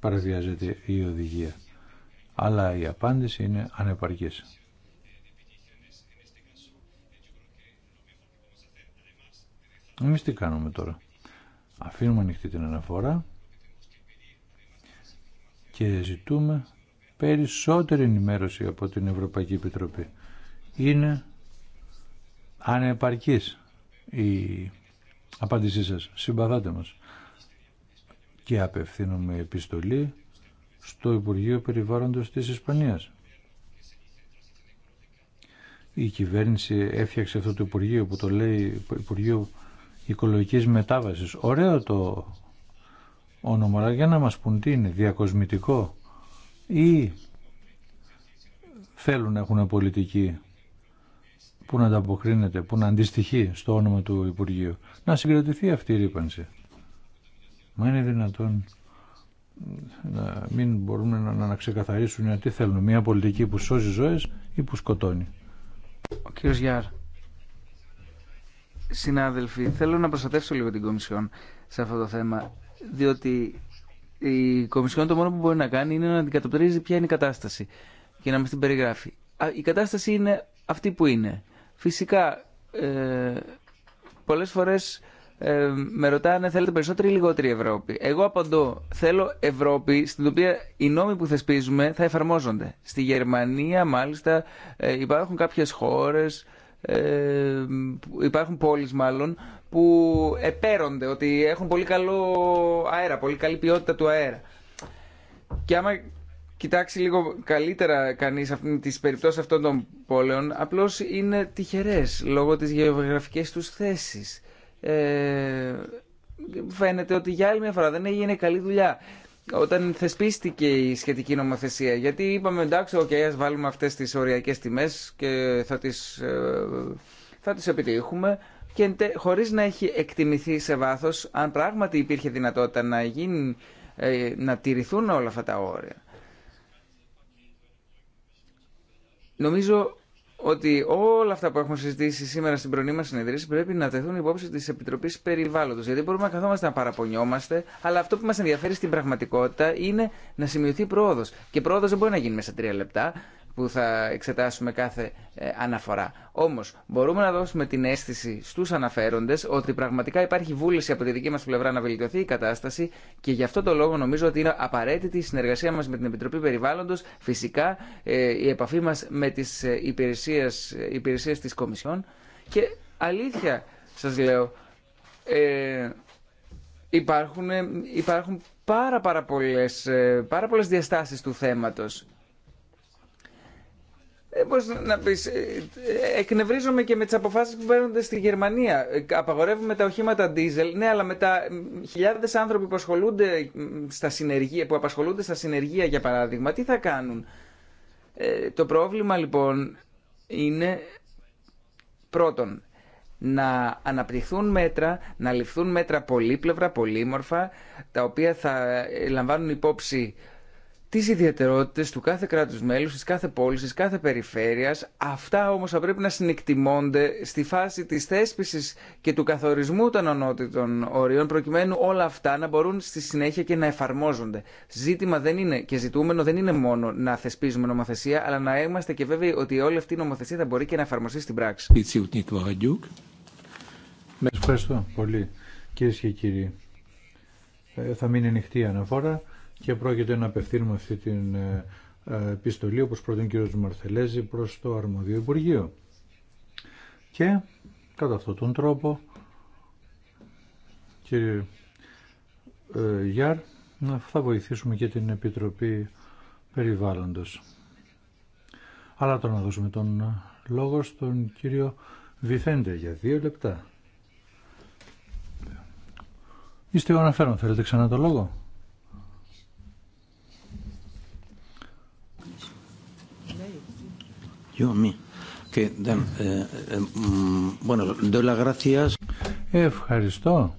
παραβιάζεται η οδηγία. Αλλά η απάντηση είναι ανεπαρκής. Εμείς τι κάνουμε τώρα. Αφήνουμε ανοιχτή την αναφορά και ζητούμε περισσότερη ενημέρωση από την Ευρωπαϊκή Επιτροπή. Είναι ανεπαρκής η απάντησή σας. Συμπαθάτε μας. Και απευθύνουμε επιστολή στο Υπουργείο Περιβάλλοντος της Ισπανίας. Η κυβέρνηση έφτιαξε αυτό το Υπουργείο που το λέει Υπουργείο οικολογική μετάβασης. Ωραίο το όνομα, αλλά για να μας πούν τι είναι, διακοσμητικό ή θέλουν να έχουν πολιτική που να ανταποκρίνεται, που να αντιστοιχεί στο όνομα του Υπουργείου. Να συγκρατηθεί αυτή η ρήπανση. Μα είναι δυνατόν να μην μπορούμε να, ξεκαθαρίσουν τι θέλουν. Μια πολιτική που σώζει ζωές ή που σκοτώνει. Ο κύριος Γιάρ. Συνάδελφοι, θέλω να προστατεύσω λίγο την Κομισιόν σε αυτό το θέμα, διότι η Κομισιόν το μόνο που μπορεί να κάνει είναι να αντικατοπτρίζει ποια είναι η κατάσταση και να μας την περιγράφει. Η κατάσταση είναι αυτή που είναι. Φυσικά, ε, πολλές φορές ε, με ρωτάνε θέλετε περισσότερη ή λιγότερη Ευρώπη. Εγώ απαντώ, θέλω Ευρώπη στην οποία οι νόμοι που θεσπίζουμε θα εφαρμόζονται. Στη Γερμανία μάλιστα ε, υπάρχουν κάποιες χώρε. Ε, υπάρχουν πόλεις μάλλον που επέρονται ότι έχουν πολύ καλό αέρα, πολύ καλή ποιότητα του αέρα. Και άμα κοιτάξει λίγο καλύτερα κανείς τις περιπτώσεις αυτών των πόλεων, απλώς είναι τυχερές λόγω της γεωγραφικής τους θέσης. Ε, φαίνεται ότι για άλλη μια φορά δεν έγινε καλή δουλειά όταν θεσπίστηκε η σχετική νομοθεσία. Γιατί είπαμε εντάξει, okay, ας βάλουμε αυτές τις οριακές τιμές και θα τις, ε, θα τις επιτύχουμε και χωρίς να έχει εκτιμηθεί σε βάθος αν πράγματι υπήρχε δυνατότητα να, γίνει, ε, να τηρηθούν όλα αυτά τα όρια. Νομίζω ότι όλα αυτά που έχουμε συζητήσει σήμερα στην πρωινή μα συνεδρίαση πρέπει να τεθούν υπόψη τη Επιτροπή Περιβάλλοντο. Γιατί μπορούμε να καθόμαστε να παραπονιόμαστε, αλλά αυτό που μα ενδιαφέρει στην πραγματικότητα είναι να σημειωθεί πρόοδο. Και πρόοδο δεν μπορεί να γίνει μέσα τρία λεπτά που θα εξετάσουμε κάθε ε, αναφορά. Όμως μπορούμε να δώσουμε την αίσθηση στους αναφέροντες ότι πραγματικά υπάρχει βούληση από τη δική μας πλευρά να βελτιωθεί η κατάσταση και γι' αυτό το λόγο νομίζω ότι είναι απαραίτητη η συνεργασία μας με την Επιτροπή Περιβάλλοντος, φυσικά ε, η επαφή μας με τις ε, υπηρεσίες, τη της Κομισιόν και αλήθεια σα λέω ε, υπάρχουν, υπάρχουν πάρα, πάρα, διαστάσεις του θέματος ε, να ε, ε, εκνευρίζομαι και με τι αποφάσει που παίρνονται στη Γερμανία. Ε, απαγορεύουμε τα οχήματα diesel, ναι, αλλά με τα χιλιάδες άνθρωποι που, ασχολούνται στα συνεργεία, που απασχολούνται στα συνεργεία, για παράδειγμα, τι θα κάνουν. το πρόβλημα, λοιπόν, είναι πρώτον, να αναπτυχθούν μέτρα, να ληφθούν μέτρα πολύπλευρα, πολύμορφα, τα οποία θα λαμβάνουν υπόψη τι ιδιαίτερότητε του κάθε κράτου μέλους, τη κάθε πόλης, τη κάθε περιφέρεια, Αυτά όμω θα πρέπει να συνεκτιμώνται στη φάση τη θέσπιση και του καθορισμού των ανώτητων ορίων προκειμένου όλα αυτά να μπορούν στη συνέχεια και να εφαρμόζονται. Ζήτημα δεν είναι και ζητούμενο δεν είναι μόνο να θεσπίζουμε νομοθεσία αλλά να είμαστε και βέβαιοι ότι όλη αυτή η νομοθεσία θα μπορεί και να εφαρμοστεί στην πράξη. Ευχαριστώ πολύ κύριε και κύριοι. Ε, θα μείνει ανοιχτή η αναφορά και πρόκειται να απευθύνουμε αυτή την ε, ε, επιστολή όπως προτείνει ο κ. Μαρθελέζη προς το αρμοδίο Υπουργείο. Και κατά αυτόν τον τρόπο κύριε ε, Γιάρ θα βοηθήσουμε και την Επιτροπή Περιβάλλοντος. Αλλά τώρα να δώσουμε τον λόγο στον κύριο Βιθέντε για δύο λεπτά. Είστε ο αναφέρον, θέλετε ξανά το λόγο. Ευχαριστώ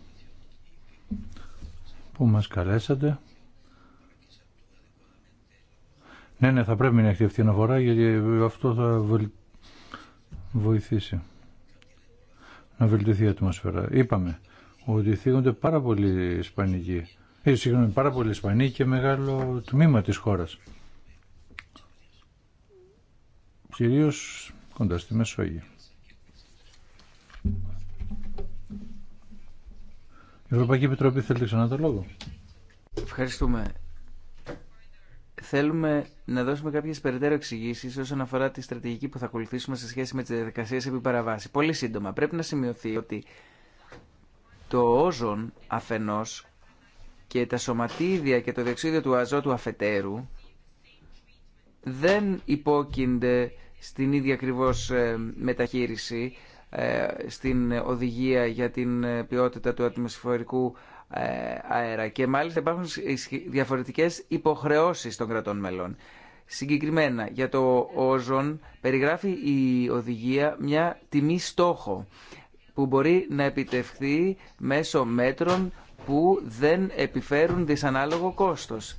που μας καλέσατε. Ναι, ναι, θα πρέπει να έχει αυτή αφορά γιατί αυτό θα βοηθήσει να βελτιωθεί η ατμόσφαιρα. Είπαμε ότι θίγονται πάρα πολλοί Ισπανικοί. Ε, συγγνώμη, πάρα πολλοί Ισπανοί και μεγάλο τμήμα της χώρας κυρίως κοντά στη Μεσόγειο. Η Ευρωπαϊκή Επιτροπή θέλει ξανά το λόγο. Ευχαριστούμε. Θέλουμε να δώσουμε κάποιε περαιτέρω εξηγήσει όσον αφορά τη στρατηγική που θα ακολουθήσουμε σε σχέση με τι διαδικασίε επί παραβάση. Πολύ σύντομα, πρέπει να σημειωθεί ότι το όζον αφενό και τα σωματίδια και το διεξίδιο του αζότου αφετέρου δεν υπόκεινται στην ίδια ακριβώ ε, μεταχείριση ε, στην οδηγία για την ε, ποιότητα του ατμοσφαιρικού αέρα και μάλιστα υπάρχουν διαφορετικές υποχρεώσεις των κρατών μελών. Συγκεκριμένα για το όζον περιγράφει η οδηγία μια τιμή στόχο που μπορεί να επιτευχθεί μέσω μέτρων που δεν επιφέρουν δυσανάλογο κόστος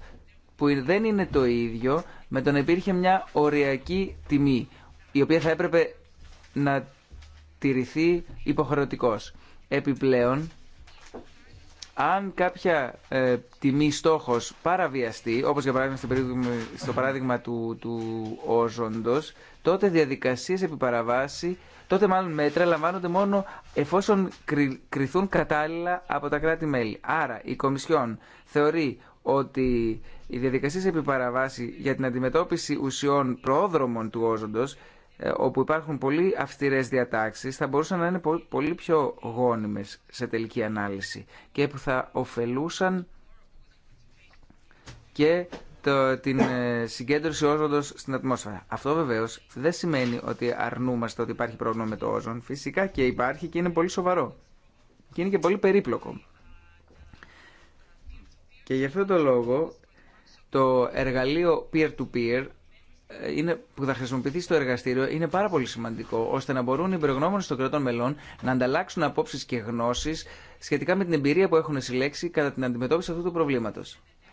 που δεν είναι το ίδιο με τον υπήρχε μια οριακή τιμή, η οποία θα έπρεπε να τηρηθεί υποχρεωτικός. Επιπλέον, αν κάποια ε, τιμή στόχος παραβιαστεί, όπως για παράδειγμα στο παράδειγμα, του, του όζοντος, τότε διαδικασίες επιπαραβάση, τότε μάλλον μέτρα λαμβάνονται μόνο εφόσον κρυ, κρυθούν κατάλληλα από τα κράτη-μέλη. Άρα η Κομισιόν θεωρεί ότι οι διαδικασίες επιπαραβάση για την αντιμετώπιση ουσιών πρόδρομων του όζοντος, ε, όπου υπάρχουν πολύ αυστηρές διατάξεις, θα μπορούσαν να είναι πολύ πιο γόνιμες σε τελική ανάλυση και που θα ωφελούσαν και το, την ε, συγκέντρωση όζοντος στην ατμόσφαιρα. Αυτό βεβαίως δεν σημαίνει ότι αρνούμαστε ότι υπάρχει πρόβλημα με το όζον. Φυσικά και υπάρχει και είναι πολύ σοβαρό. Και είναι και πολύ περίπλοκο. Και γι' αυτό το λόγο το εργαλείο peer-to-peer -peer ε, to peer ειναι που θα χρησιμοποιηθεί στο εργαστήριο είναι πάρα πολύ σημαντικό ώστε να μπορούν οι προγνώμονε των κρατών μελών να ανταλλάξουν απόψει και γνώσει σχετικά με την εμπειρία που έχουν συλλέξει κατά την αντιμετώπιση αυτού του προβλήματο.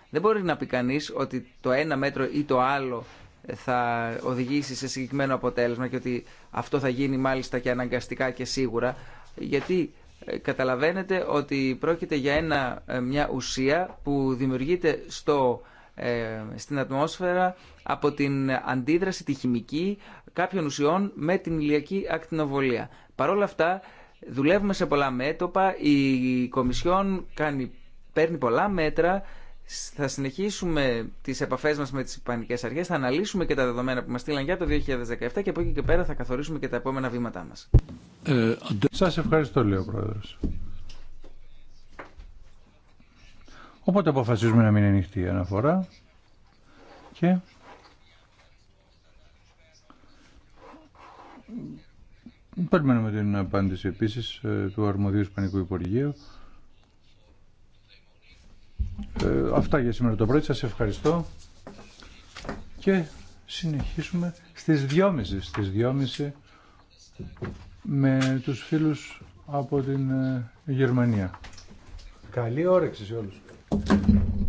Δεν μπορεί να πει κανεί ότι το ένα μέτρο ή το άλλο θα οδηγήσει σε συγκεκριμένο αποτέλεσμα και ότι αυτό θα γίνει μάλιστα και αναγκαστικά και σίγουρα, γιατί καταλαβαίνετε ότι πρόκειται για ένα, ε, μια ουσία που δημιουργείται στο, ε, στην ατμόσφαιρα από την αντίδραση τη χημική κάποιων ουσιών με την ηλιακή ακτινοβολία. Παρ' όλα αυτά δουλεύουμε σε πολλά μέτωπα, η Κομισιόν κάνει, παίρνει πολλά μέτρα θα συνεχίσουμε τις επαφές μας με τις ισπανικέ αρχέ, θα αναλύσουμε και τα δεδομένα που μας στείλαν για το 2017 και από εκεί και πέρα θα καθορίσουμε και τα επόμενα βήματά μας. Ε, σας ευχαριστώ, λέει ο Πρόεδρος. Οπότε αποφασίζουμε να μην ανοιχτεί η αναφορά και περιμένουμε την απάντηση επίσης ε, του αρμοδίου Ισπανικού Υπουργείου ε, αυτά για σήμερα το πρωί. Σας ευχαριστώ. Και συνεχίσουμε στις 2.30. Στις με τους φίλους από την ε, Γερμανία. Καλή όρεξη σε όλους.